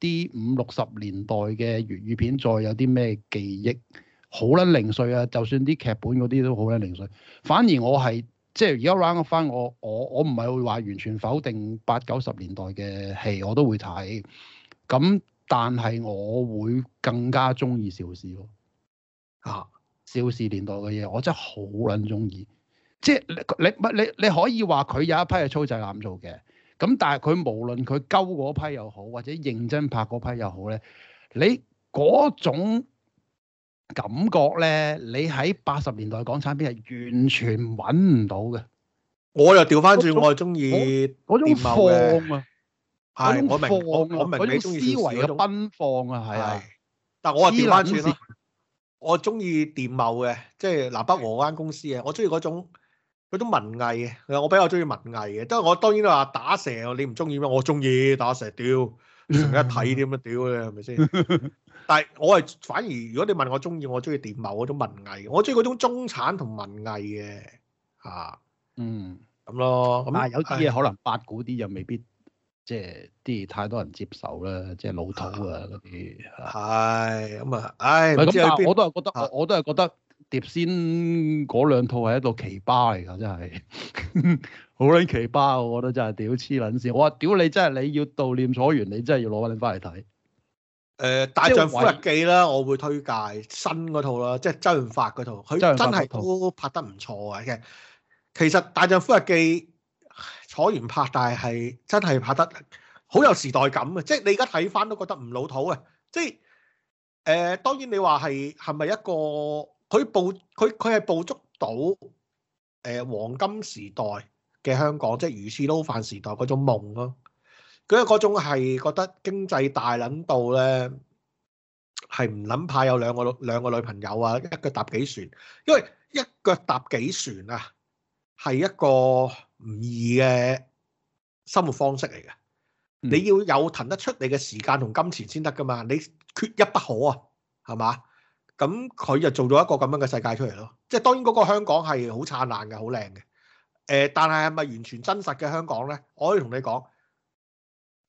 啲五六十年代嘅粵語片再有啲咩記憶，好撚零碎啊！就算啲劇本嗰啲都好撚零碎。反而我係即係而家 round 翻我我我唔係會話完全否定八九十年代嘅戲，我都會睇咁。但係我會更加中意邵氏咯。啊，邵氏年代嘅嘢我真係好撚中意，即係你乜你你可以話佢有一批係粗製濫造嘅，咁但係佢無論佢鳩嗰批又好，或者認真拍嗰批又好咧，你嗰種感覺咧，你喺八十年代港產片係完全揾唔到嘅。我又調翻轉，種我又中意嗰種放啊！係，我明我我明你思維嘅奔放啊，係、啊、但我話調翻轉啦。我中意電貿嘅，即、就、係、是、南北和間公司啊，是我中意嗰種嗰種文藝嘅。我比較中意文藝嘅，即係我當然都話打蛇，你唔中意咩？我中意打蛇，屌，成日睇啲咁啊，屌你係咪先？但係我係反而如果你問我中意，我中意電貿嗰種文藝我中意嗰種中產同文藝嘅嚇、啊、嗯咁咯。咁但啊有啲嘢可能八股啲又未必。即係啲太多人接受啦，即係老土啊嗰啲。係咁啊，唉。咁我都係覺得，啊、我都係覺得碟仙嗰兩套係一道奇葩嚟㗎，真係 好撚奇葩，我覺得真係屌黐撚線，我話屌，我屌你真係，你要悼念楚原，你真係要攞拎翻嚟睇。誒、呃、大丈夫日記啦，我會推介新嗰套啦，即係周潤發嗰套，佢真係都拍得唔錯嘅。其實大丈夫日記。楚原拍，但係真係拍得好有時代感啊！即係你而家睇返都覺得唔老土啊！即係誒、呃，當然你話係係咪一個佢捕佢佢係捕捉到誒、呃、黃金時代嘅香港，即係魚翅撈飯時代嗰種夢咯、啊。佢係嗰種係覺得經濟大撚到咧，係唔撚怕有兩個兩個女朋友啊，一腳踏幾船？因為一腳踏幾船啊，係一個。唔易嘅生活方式嚟嘅，你要有騰得出你嘅時間同金錢先得噶嘛？你缺一不可啊，係嘛？咁佢就做咗一個咁樣嘅世界出嚟咯。即係，當然嗰個香港係好燦爛嘅，好靚嘅。誒、呃，但係係咪完全真實嘅香港咧？我可以同你講，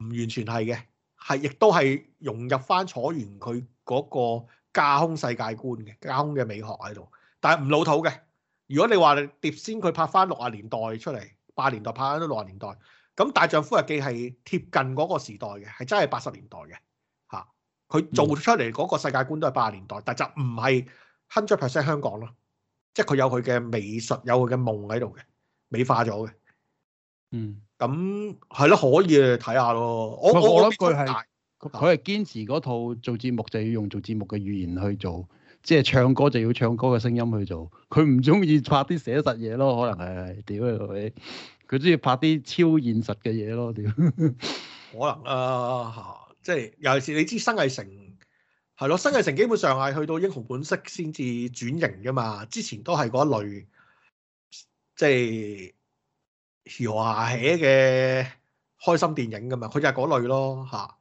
唔完全係嘅，係亦都係融入翻楚原佢嗰個架空世界觀嘅架空嘅美學喺度，但係唔老土嘅。如果你話碟仙佢拍翻六十年代出嚟，八十年代拍咗都六十年代，咁《大丈夫日記》係貼近嗰個時代嘅，係真係八十年代嘅嚇。佢、啊、做出嚟嗰個世界觀都係八十年代，但就唔係 hundred percent 香港咯，即係佢有佢嘅美術，有佢嘅夢喺度嘅美化咗嘅。嗯，咁係咯，可以睇下咯。我我我諗佢係佢係堅持嗰套做節目就要用做節目嘅語言去做。即係唱歌就要唱歌嘅聲音去做，佢唔中意拍啲寫實嘢咯，可能係，屌佢！佢中意拍啲超現實嘅嘢咯，屌！可能啊，嚇！即係尤其是你知新藝城係咯，新藝城基本上係去到英雄本色先至轉型噶嘛，之前都係嗰類，即係下起嘅開心電影噶嘛。佢就係嗰類咯吓，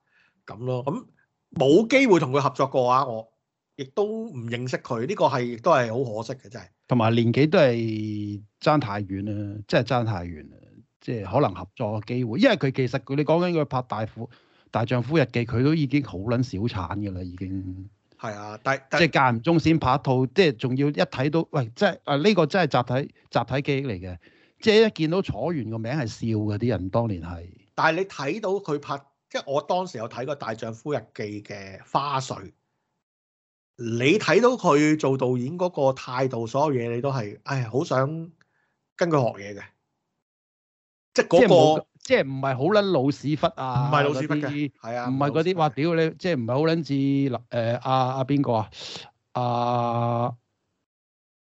咁咯，咁冇機會同佢合作過啊我。亦都唔認識佢，呢個係亦都係好可惜嘅，真係。同埋年紀都係爭太遠啦，真係爭太遠啦，即係可能合作嘅機會。因為佢其實佢你講緊佢拍《大夫大丈夫日記》，佢都已經好撚小產嘅啦，已經。係啊，但即係間唔中先拍一套，即係仲要一睇到，喂，即係啊呢個真係集體集體記憶嚟嘅，即係一見到楚原個名係笑嘅啲人，當年係。但係你睇到佢拍，即係我當時有睇過《大丈夫日記》嘅花絮。你睇到佢做導演嗰個態度，所有嘢你都係，唉，好想跟佢學嘢嘅，即係、嗰個、即係唔係好捻老屎忽啊？唔係老屎忽係啊，唔係嗰啲，話屌你，即係唔係好捻似。誒，阿阿邊個啊？阿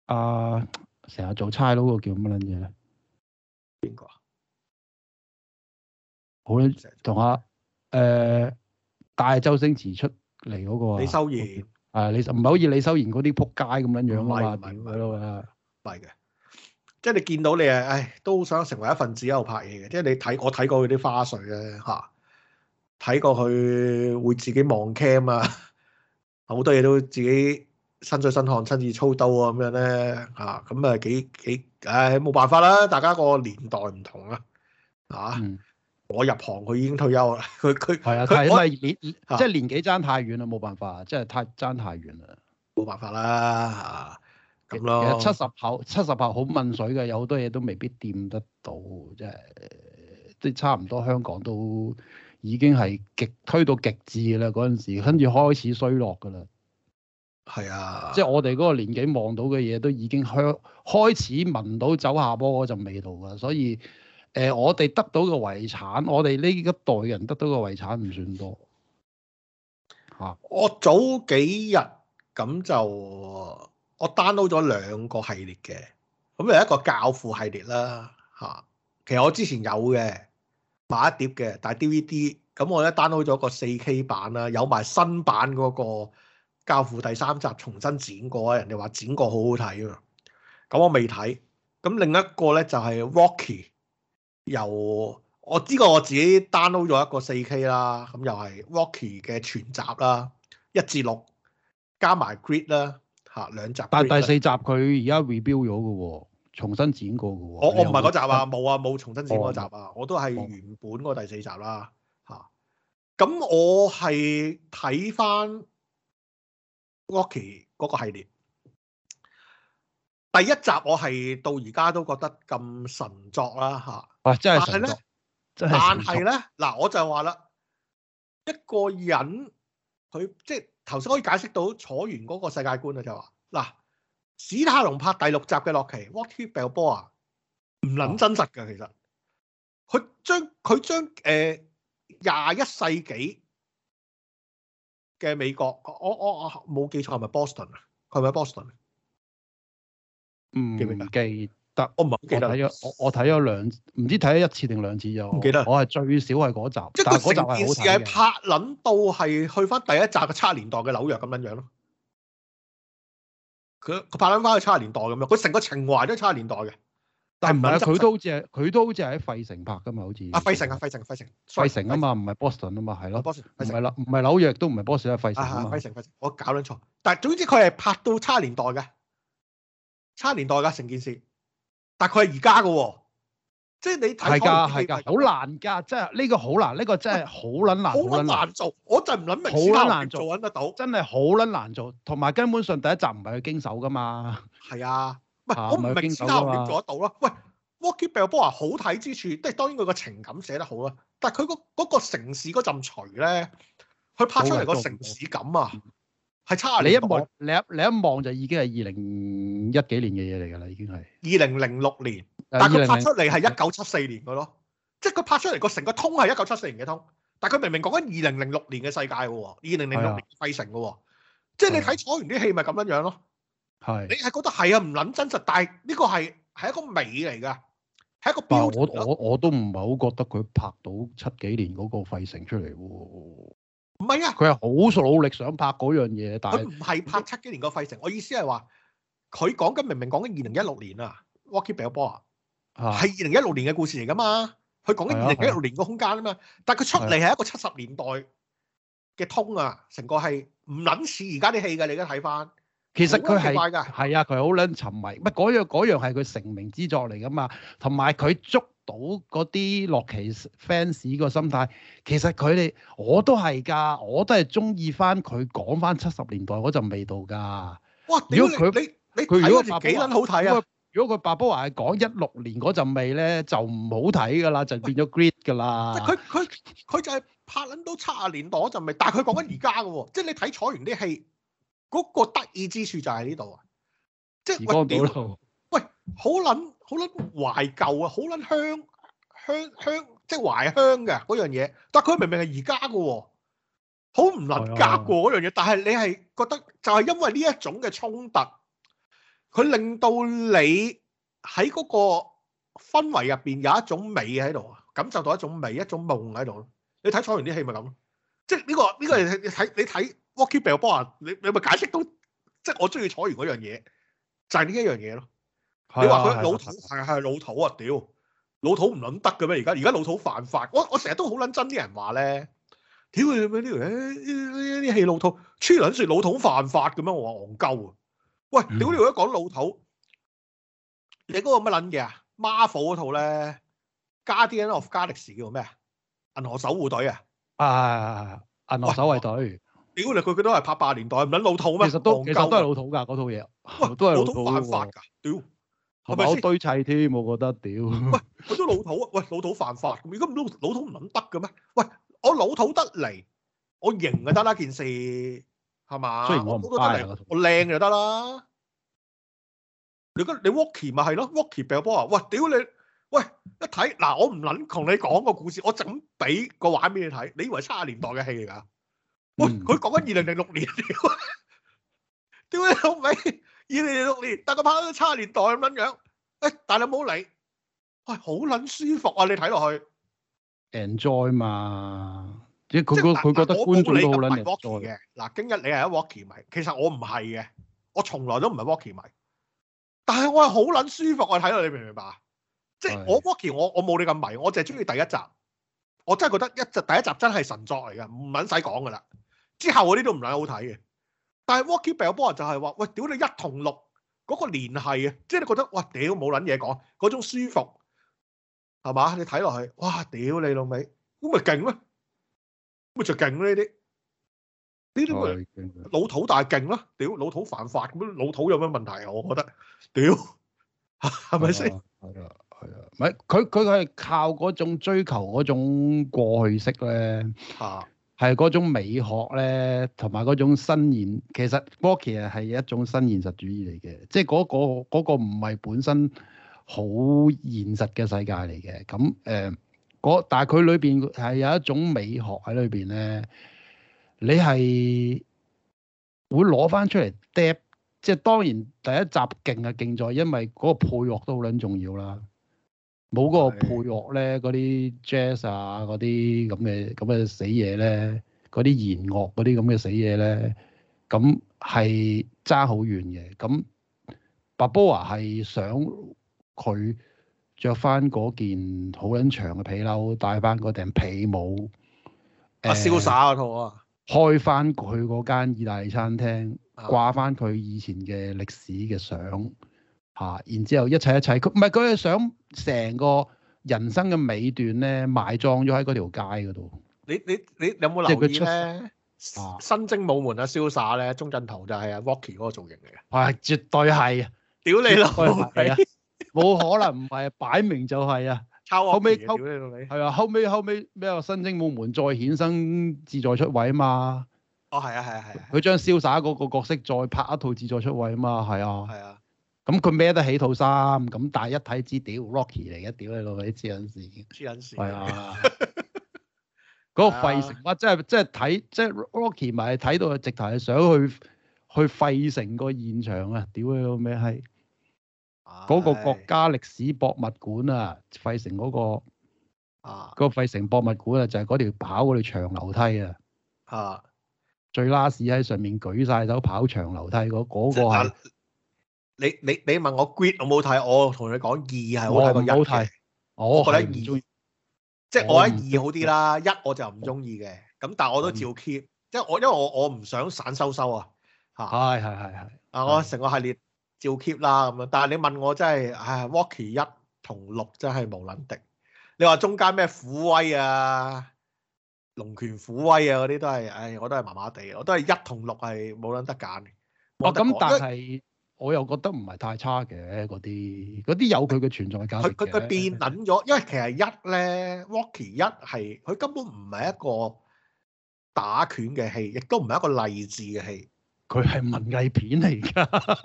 阿成日做差佬個叫乜捻嘢咧？邊個？好捻同阿誒帶周星馳出嚟嗰個？李修賢。係，你就唔係好似李修賢嗰啲撲街咁樣樣啊嘛，係咯，弊嘅。即係、 就是、你見到你係，唉，都想成為一份子喺度拍嘢嘅。即、就、係、是、你睇我睇過佢啲花絮咧，嚇、啊，睇過佢會自己望 cam 啊，好多嘢都自己身水身汗，親自操刀啊咁樣咧，嚇、啊，咁啊幾幾，唉冇辦法啦，大家個年代唔同啦，嚇。我入行，佢已經退休啦。佢佢係啊，佢因為年即係年紀爭太遠啦，冇辦法，即係太爭太遠啦，冇辦法啦。咁實那咯，七十後七十後好濛水嘅，有好多嘢都未必掂得到，即係都差唔多。香港都已經係極推到極致㗎啦，嗰陣時跟住開始衰落㗎啦。係是啊，即係我哋嗰個年紀望到嘅嘢，都已經開開始聞到走下坡嗰陣味道㗎，所以。誒、呃，我哋得到嘅遺產，我哋呢一代人得到嘅遺產唔算多嚇。啊、我早幾日咁就我 download 咗兩個系列嘅，咁有一個教父系列啦嚇、啊。其實我之前有嘅買一碟嘅，但係 DVD，咁我咧 download 咗個四 K 版啦，有埋新版嗰個教父第三集重新剪過，人哋話剪過好好睇啊。咁我未睇，咁另一個咧就係、是、Rocky。由我知道我自己 download 咗一個四 K 啦，咁又係 Rocky 嘅全集啦，一至六加埋 Grid 啦，吓、啊、兩集。但係第四集佢而家 rebuild 咗嘅，重新剪過嘅。我、哎、呦我唔係嗰集啊，冇那啊冇重新剪嗰集啊，哦、我都係原本嗰第四集啦，吓、哦。咁、啊、我係睇翻 Rocky 嗰個系列，第一集我係到而家都覺得咁神作啦、啊，吓、啊。哇、啊！真係，但係咧，但係咧，嗱，我就話啦，一個人佢即係頭先可以解釋到楚原嗰個世界觀啦，就話嗱史泰龍拍第六集嘅洛奇 What you bell boy 唔諗真實嘅，其實佢將佢將誒廿一世紀嘅美國，我我我冇記錯係咪波士頓啊？佢係咪 Boston，頓，唔記唔記？但我唔係，我睇咗我我睇咗兩唔知睇咗一次定兩次咋？唔記得。我係最少係嗰集，即係嗰集係好睇嘅。件事係拍捻到係去翻第一集嘅差年代嘅紐約咁樣樣咯。佢佢拍捻翻去差年代咁樣，佢成個情懷都係差年代嘅。但係唔係，佢都好似係佢都好似係喺費城拍㗎嘛？好似。啊，費城啊，費城費城。費城啊嘛，唔係 Boston 啊嘛，係咯。Boston 唔係紐唔係紐約都唔係 Boston，係費城啊。費城，費城。我搞捻錯，但係總之佢係拍到差年代嘅，差年代嘅成件事。但佢係而家噶，即係你睇係噶係噶，好難噶，即係呢個好難，呢個真係好撚難，好撚難做，我就唔諗明。好撚難做，揾得到，真係好撚難做，同埋根本上第一集唔係佢經手噶嘛。係啊，喂，我唔明斯哈點做得到咯？喂，《Walking Dead》波啊，好睇之處，即係當然佢個情感寫得好啦，但係佢個城市嗰陣除咧，佢拍出嚟個城市感啊。係差你一望，你一你一望就已經係二零一幾年嘅嘢嚟噶啦，已經係二零零六年，但佢拍出嚟係一九七四年嘅咯，即係佢拍出嚟個成個通係一九七四年嘅通，但係佢明明講緊二零零六年嘅世界喎，二零零六年嘅費城嘅喎，啊、即係你睇楚原啲戲咪咁樣樣咯，係、啊、你係覺得係啊唔諗真實，但係呢個係係一個美嚟噶，係一個標我。我我我都唔係好覺得佢拍到七幾年嗰個費城出嚟喎。唔係啊，佢係好努力想拍嗰樣嘢，但係佢唔係拍七幾年個費城。我意思係話，佢講緊明明講緊二零一六年啊，Rocky Balboa，係二零一六年嘅故事嚟噶嘛？佢講緊二零一六年個空間啊嘛，但係佢出嚟係一個七十年代嘅通啊，成個係唔捻似而家啲戲嘅。你而家睇翻，其實佢係係啊，佢係好捻沉迷。乜嗰樣嗰樣係佢成名之作嚟噶嘛？同埋佢捉。到嗰啲洛奇 fans 個心態，其實佢哋我都係㗎，我都係中意翻佢講翻七十年代嗰陣味道㗎。哇！如果佢你佢如果拍幾撚好睇啊？如果佢白寶華係講一六年嗰陣味咧，就唔好睇㗎啦，就變咗 grid 㗎啦。佢佢佢就係拍撚到七啊年代嗰陣味，但係佢講緊而家㗎喎，即係你睇楚原啲戲嗰個得意之處就喺呢度啊！即係光島路，喂，好撚～好撚懷舊啊！好撚香香香，即係懷香嘅嗰樣嘢。但係佢明明係而家嘅喎，好唔能夾過嗰樣嘢。但係你係覺得就係因為呢一種嘅衝突，佢令到你喺嗰個氛圍入邊有一種美喺度啊，感受到一種美、一種夢喺度。你睇楚原啲戲咪咁咯，即係、這、呢個呢、這個你你睇你睇《Walking Bare》啊，你 bar，你咪解釋到，即係我中意楚原嗰樣嘢就係、是、呢一樣嘢咯。你話佢老土係係、哎哎、老土啊！屌，老土唔撚得嘅咩？而家而家老土犯法。我我成日都好撚憎啲人話咧，屌你咩呢條？呢呢呢啲戲老土，出嚟撚住老土犯法咁樣。我話戇鳩啊！喂，屌你而家講老土，你嗰個乜撚嘢啊？Marvel 嗰套咧，Guardians of the Galaxy 叫咩啊？銀河守護隊啊！啊，銀河守衛隊。屌你，佢佢都係拍八十年代，唔撚老土咩？其實都其實都係老土㗎，嗰套嘢。哇，都係老土犯法㗎！屌～我好堆砌添，我覺得屌。喂，嗰啲老土啊！喂，老土犯法，而家老老土唔捻得嘅咩？喂，我老土得嚟，我型就得啦件事，係嘛？所以我覺得嚟，我靚就得啦。你而家你 Rocky 咪係咯？Rocky Balboa 啊！哇，屌你！喂，一睇嗱，我唔捻同你講個故事，我整俾個畫俾你睇。你以為七十年代嘅戲嚟噶？喂，佢講緊二零零六年屌你老味。咦你哋六年，但個拍都差年代咁撚樣，誒、哎，但你唔好理，喂、哎，好撚舒服啊！你睇落去，enjoy 嘛？即係佢佢覺得觀眾都撚 work 嘅。嗱、嗯，今日你係 Rocky 迷，其實我唔係嘅，我從來都唔係 Rocky 迷。但係我係好撚舒服我我，我睇落你明唔明白？即係我 Rocky 我我冇你咁迷，我淨係中意第一集。我真係覺得一集第一集真係神作嚟嘅，唔撚使講噶啦。之後嗰啲都唔撚好睇嘅。但係 w a l k i e g b e l l 嘅波就係話：喂，屌你一同六嗰、嗰個聯繫啊！即係你覺得，哇屌冇撚嘢講，嗰種舒服係嘛？你睇落去，哇屌你老味，咁咪勁咯？咁咪就勁咧呢啲，呢啲咪老土大勁咯！屌老土犯法咁，老土有咩問題啊？我覺得屌係咪先？係啊係啊，咪佢佢係靠嗰種追求嗰種過去式咧。 係嗰種美學咧，同埋嗰種新現，其實嗰其實係一種新現實主義嚟嘅，即係嗰、嗰個唔係、嗰個、本身好現實嘅世界嚟嘅。咁誒、呃，但係佢裏邊係有一種美學喺裏邊咧，你係會攞翻出嚟 drop。即係當然第一集勁啊勁在，因為嗰個配樂都好撚重要啦。冇嗰個配樂咧，嗰啲 jazz 啊，嗰啲咁嘅咁嘅死嘢咧，嗰啲弦樂嗰啲咁嘅死嘢咧，咁係差好遠嘅。咁 Bobo 啊，係想佢着翻嗰件好撚長嘅皮褸，戴翻嗰頂皮帽。啊！瀟灑嗰套啊！開翻佢嗰間意大利餐廳，掛翻佢以前嘅歷史嘅相。吓，然之後一切一切，佢唔係，佢係想成個人生嘅尾段咧，埋葬咗喺嗰條街嗰度。你你你有冇留意咧？新精武門啊，瀟灑咧，鍾鎮濤就係啊 Rocky 嗰個造型嚟嘅。係絕對係，屌你老味啊！冇可能唔係，擺明就係啊。抄我嘅嘢，屌你老味。係啊，後尾後尾咩？新精武門再衍生自在出位嘛？哦，係啊，係啊，係。佢將瀟灑嗰個角色再拍一套自在出位啊嘛，係啊。係啊。咁佢孭得起套衫，咁但係一睇知屌，屌 Rocky 嚟嘅，屌你老味黐卵線！黐卵係啊，嗰、哎、呀 個費城啊， 即係即係睇即係 Rocky 咪睇到，直頭係想去去費城個現場啊！屌你老咩？閪，嗰、啊、個國家歷史博物館啊，費城嗰、嗰個啊，個費城博物館啊，就係嗰條跑嗰條長樓梯啊，啊，最 last 喺上面舉晒手跑長樓梯嗰嗰、嗰個係。那個你你你問我 Creed 我冇睇？我同你講，二係好睇過一好睇。我覺得二即係我喺不二好啲啦，一我，不我就唔中意嘅。咁但係我都照 keep，即係我因為我我唔想散收收啊吓。係係係係，啊我成個系列照 keep 啦咁樣。但係你問我真係，唉、哎、，Rocky 一同六真係冇卵敵。你話中間咩虎威啊、龍拳虎威啊嗰啲都係，唉、哎，我都係麻麻地，我都係一同六係冇卵得揀。咁、哦、但係。我又覺得唔係太差嘅嗰啲，嗰啲有佢嘅存在價值嘅。佢佢佢變撚咗，因為其實一咧，Rocky 一係佢根本唔係一個打拳嘅戲，亦都唔係一個勵志嘅戲，佢係文藝片嚟㗎。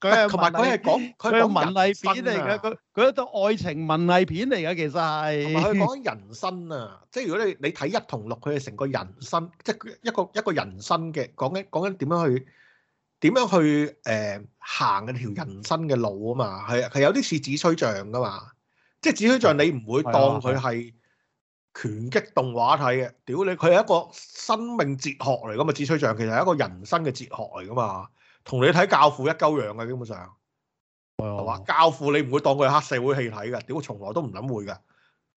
佢係同埋佢係講佢係個文藝片嚟㗎。佢佢一個愛情文藝片嚟㗎，其實係同埋佢講人生啊。即係如果你你睇一同六，佢係成個人生，即係一個一個人生嘅講緊講緊點樣去。點樣去誒行、呃、一條人生嘅路啊嘛？係係有啲似紫吹像噶嘛？即係紫吹像，你唔會當佢係拳擊動畫睇嘅。屌你，佢係一個生命哲學嚟㗎嘛？紫吹像其實係一個人生嘅哲學嚟㗎嘛，同你睇教父一鳩樣嘅，基本上係的教父，你唔會當佢係黑社會戲睇嘅。屌，從來都唔諗會㗎。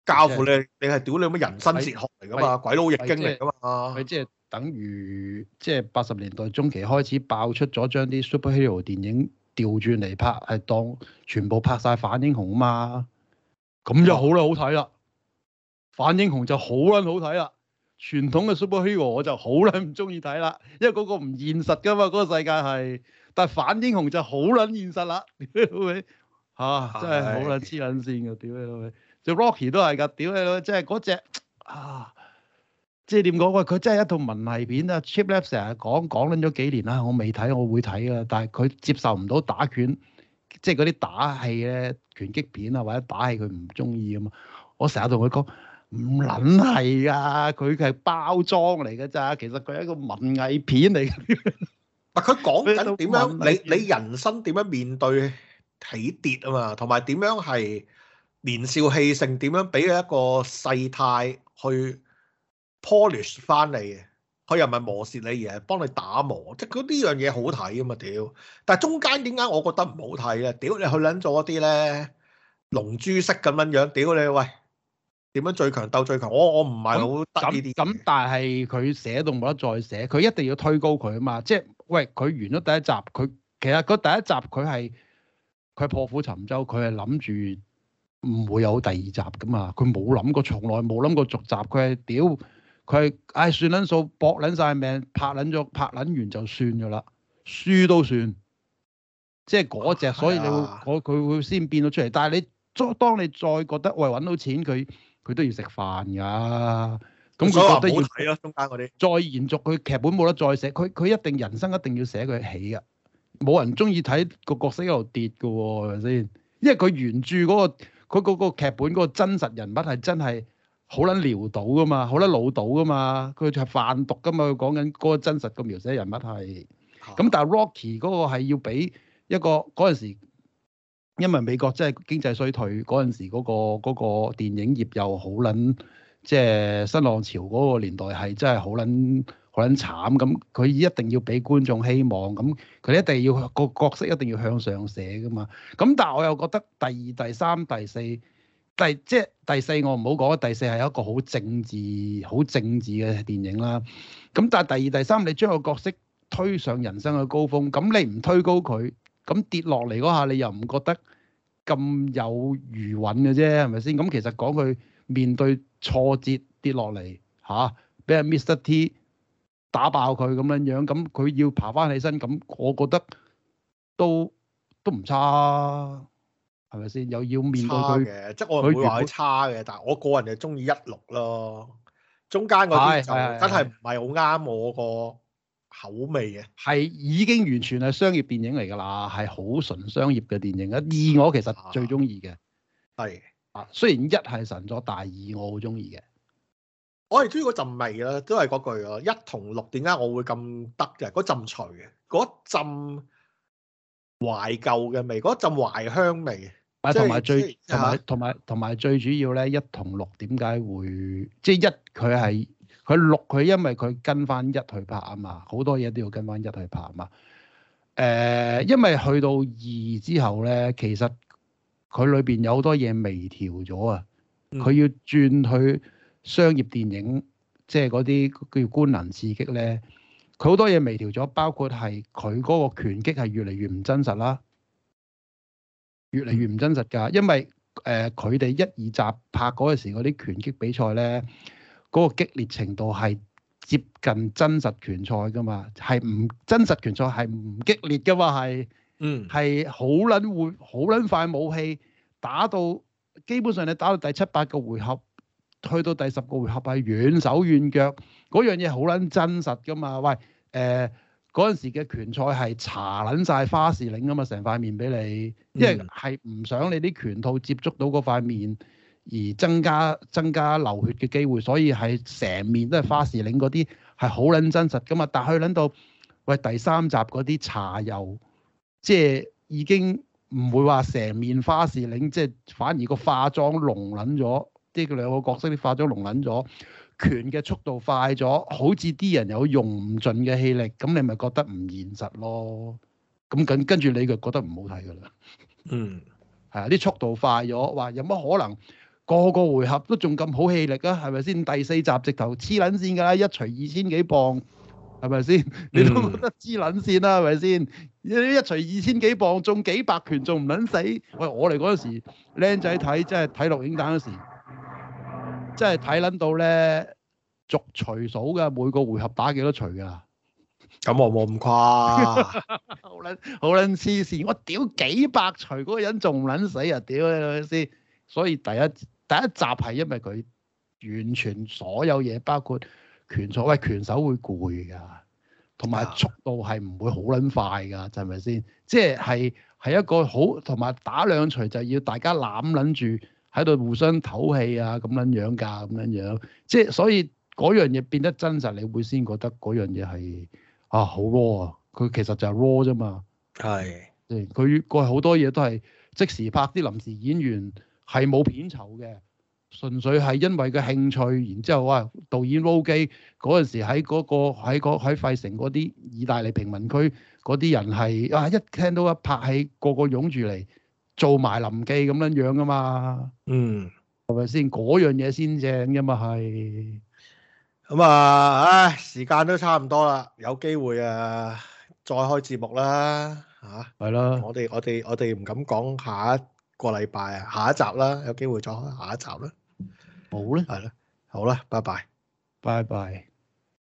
教父你，你係屌你乜人生哲學嚟噶嘛，是鬼佬易經嚟噶嘛？佢，即係等於即係，八十年代中期開始爆出咗將啲 superhero 電影調轉嚟拍，係當全部拍晒反英雄啊嘛。咁就好啦，好睇啦。反英雄就好撚好睇啦。傳統嘅 superhero 我就好撚唔中意睇啦，因為嗰個唔現實噶嘛，嗰個世界係。但係反英雄就好撚現實啦，屌你嚇，是真係好撚黐撚線噶，屌你老味！ 就 Rocky 都係㗎，屌你囉！即係嗰隻啊，即係點講？喂，佢真係一套文藝片啊。Cheap Lab 成日講講撚咗幾年啦，我未睇，我會睇啊。但係佢接受唔到打拳，即係嗰啲打戲咧，拳擊片啊或者打戲佢唔中意啊嘛。我成日同佢講唔撚係啊，佢係包裝嚟㗎咋，其實佢係一個文藝片嚟嘅。嗱，佢講緊點樣？你你人生點樣面對起跌啊？嘛，同埋點樣係？年少氣盛點樣俾一個世態去 polish 翻你嘅？佢又唔係磨蝕你，而係幫你打磨。即係嗰呢樣嘢好睇啊嘛！屌，但係中間點解我覺得唔好睇咧？屌，你，屌你，去捻咗啲咧龍珠式咁樣樣。屌你喂，點樣最強鬥最強？我我唔係好得呢啲嘅。咁但係佢寫到冇得再寫，佢一定要推高佢啊嘛！即係喂，佢完咗第一集，佢其實嗰第一集佢係佢破釜沉舟，佢係諗住。唔會有第二集噶嘛？佢冇諗過，從來冇諗過續集。佢係屌，佢係唉算捻數，搏捻晒命，拍捻咗，拍捻完就算咗啦，輸都算。即係嗰隻，所以你會，哎、呀我佢會先變到出嚟。但係你再當你再覺得，喂、哎，搵到錢，佢佢都要食飯噶。咁、嗯、佢覺得要好睇咯，中間嗰啲再延續佢劇本冇得再寫，佢佢一定人生一定要寫佢起啊！冇人中意睇個角色一度跌噶，係咪先？因為佢原著嗰、那個。佢嗰個劇本嗰個真實人物係真係好撚潦倒㗎嘛，好撚老到㗎嘛，佢就係販毒㗎嘛，佢講緊嗰個真實嘅描寫人物係，咁、啊、但係 Rocky 嗰個係要俾一個嗰陣時，因為美國真係經濟衰退嗰陣時、那個，嗰個嗰個電影業又好撚，即、就、係、是、新浪潮嗰個年代係真係好撚。好慘咁，佢一定要俾觀眾希望咁，佢一定要、個角色一定要向上寫噶嘛。咁但係我又覺得第二、第三、第四、第即係、即係、第四，我唔好講。第四係一個好政治、好政治嘅電影啦。咁但係第二、第三，你將個角色推上人生嘅高峰，咁你唔推高佢，咁跌落嚟嗰下，你又唔覺得咁有餘韻嘅啫？係咪先？咁其實講佢面對挫折跌落嚟嚇，俾人 Mr. T 打爆佢咁樣樣，咁佢要爬翻起身，咁我覺得都都唔差、啊，係咪先？又要面對佢嘅，即係我唔會話佢好差嘅。但係我個人就中意一六咯，中間嗰啲就係係係係真係唔係好啱我個口味嘅。係已經完全係商業電影嚟㗎啦，係好純商業嘅電影。二我其實最中意嘅係啊，係係雖然一係神作，但係二我好中意嘅。我係中意嗰陣味啦，都係嗰句咯。一同六點解我會咁得嘅？嗰陣除，嗰陣懷舊嘅味，嗰陣懷香味。啊、就是，同埋最同埋同埋同埋最主要咧，一同六點解會即係、就是、一佢係佢六佢因為佢跟翻一去拍啊嘛，好多嘢都要跟翻一去拍啊嘛。誒、呃，因為去到二之後咧，其實佢裏邊有好多嘢微調咗啊，佢要轉去。嗯。商業電影即係嗰啲叫官能刺激咧，佢好多嘢微調咗，包括係佢嗰個拳擊係越嚟越唔真實啦，越嚟越唔真實㗎。因為誒佢哋一二集拍嗰陣時嗰啲拳擊比賽咧，嗰個激烈程度係接近真實拳賽㗎嘛，係唔真實拳賽係唔激烈㗎嘛，係嗯係好撚會好撚快武器打到，基本上你打到第七八個回合。去到第十個回合係軟手軟腳，嗰樣嘢好撚真實噶嘛？喂，誒嗰陣時嘅拳賽係搽撚晒花士令啊嘛，成塊面俾你，因為係唔想你啲拳套接觸到嗰塊面而增加增加流血嘅機會，所以係成面都係花士令嗰啲係好撚真實噶嘛。但係去撚到喂第三集嗰啲搽油，即係已經唔會話成面花士令，即係反而個化妝濃撚咗。即兩個角色你化咗龍撚咗，拳嘅速度快咗，好似啲人有用唔盡嘅氣力，咁你咪覺得唔現實咯？咁跟跟住你就覺得唔好睇噶啦。嗯，係啊，啲速度快咗，話有乜可能個個回合都仲咁好氣力啊？係咪先？第四集直頭黐撚線㗎啦，一捶二千幾磅係咪先？你都覺得黐撚線啦係咪先？嗯、一捶二千幾磅，中幾百拳仲唔撚死？喂，我嚟嗰陣時靚仔睇，即係睇錄影帶嗰即係睇撚到咧逐捶數嘅，每個回合打幾多捶㗎？咁我冇咁誇、啊，好撚好撚黐線！我屌幾百捶嗰個人仲撚死啊！屌你老味先？所以第一第一集係因為佢完全所有嘢包括拳賽，喂拳手會攰㗎，同埋速度係唔會好撚快㗎，係咪先？即係係係一個好同埋打兩捶就要大家攬撚住。喺度互相唞氣啊，咁樣樣㗎，咁樣樣，即係所以嗰樣嘢變得真實，你會先覺得嗰樣嘢係啊好咯，佢、啊、其實就係 raw 啫嘛。係，佢過去好多嘢都係即時拍啲臨時演員，係冇片酬嘅，純粹係因為個興趣。然之後啊，導演洛奇嗰陣時喺嗰、嗰個喺、嗰個喺、嗰個嗰個、費城嗰啲意大利平民區嗰啲人係啊，一聽到一拍戲，個個個湧住嚟。做埋臨記咁樣樣噶嘛，嗯，係咪先？嗰樣嘢先正啫嘛係。咁、嗯、啊，唉，時間都差唔多啦，有機會啊，再開節目啦吓，係啦，啊、我哋我哋我哋唔敢講下一個禮拜啊，下一集啦，有機會再開下一集啦。冇咧呢，係啦，好啦，拜拜，拜拜。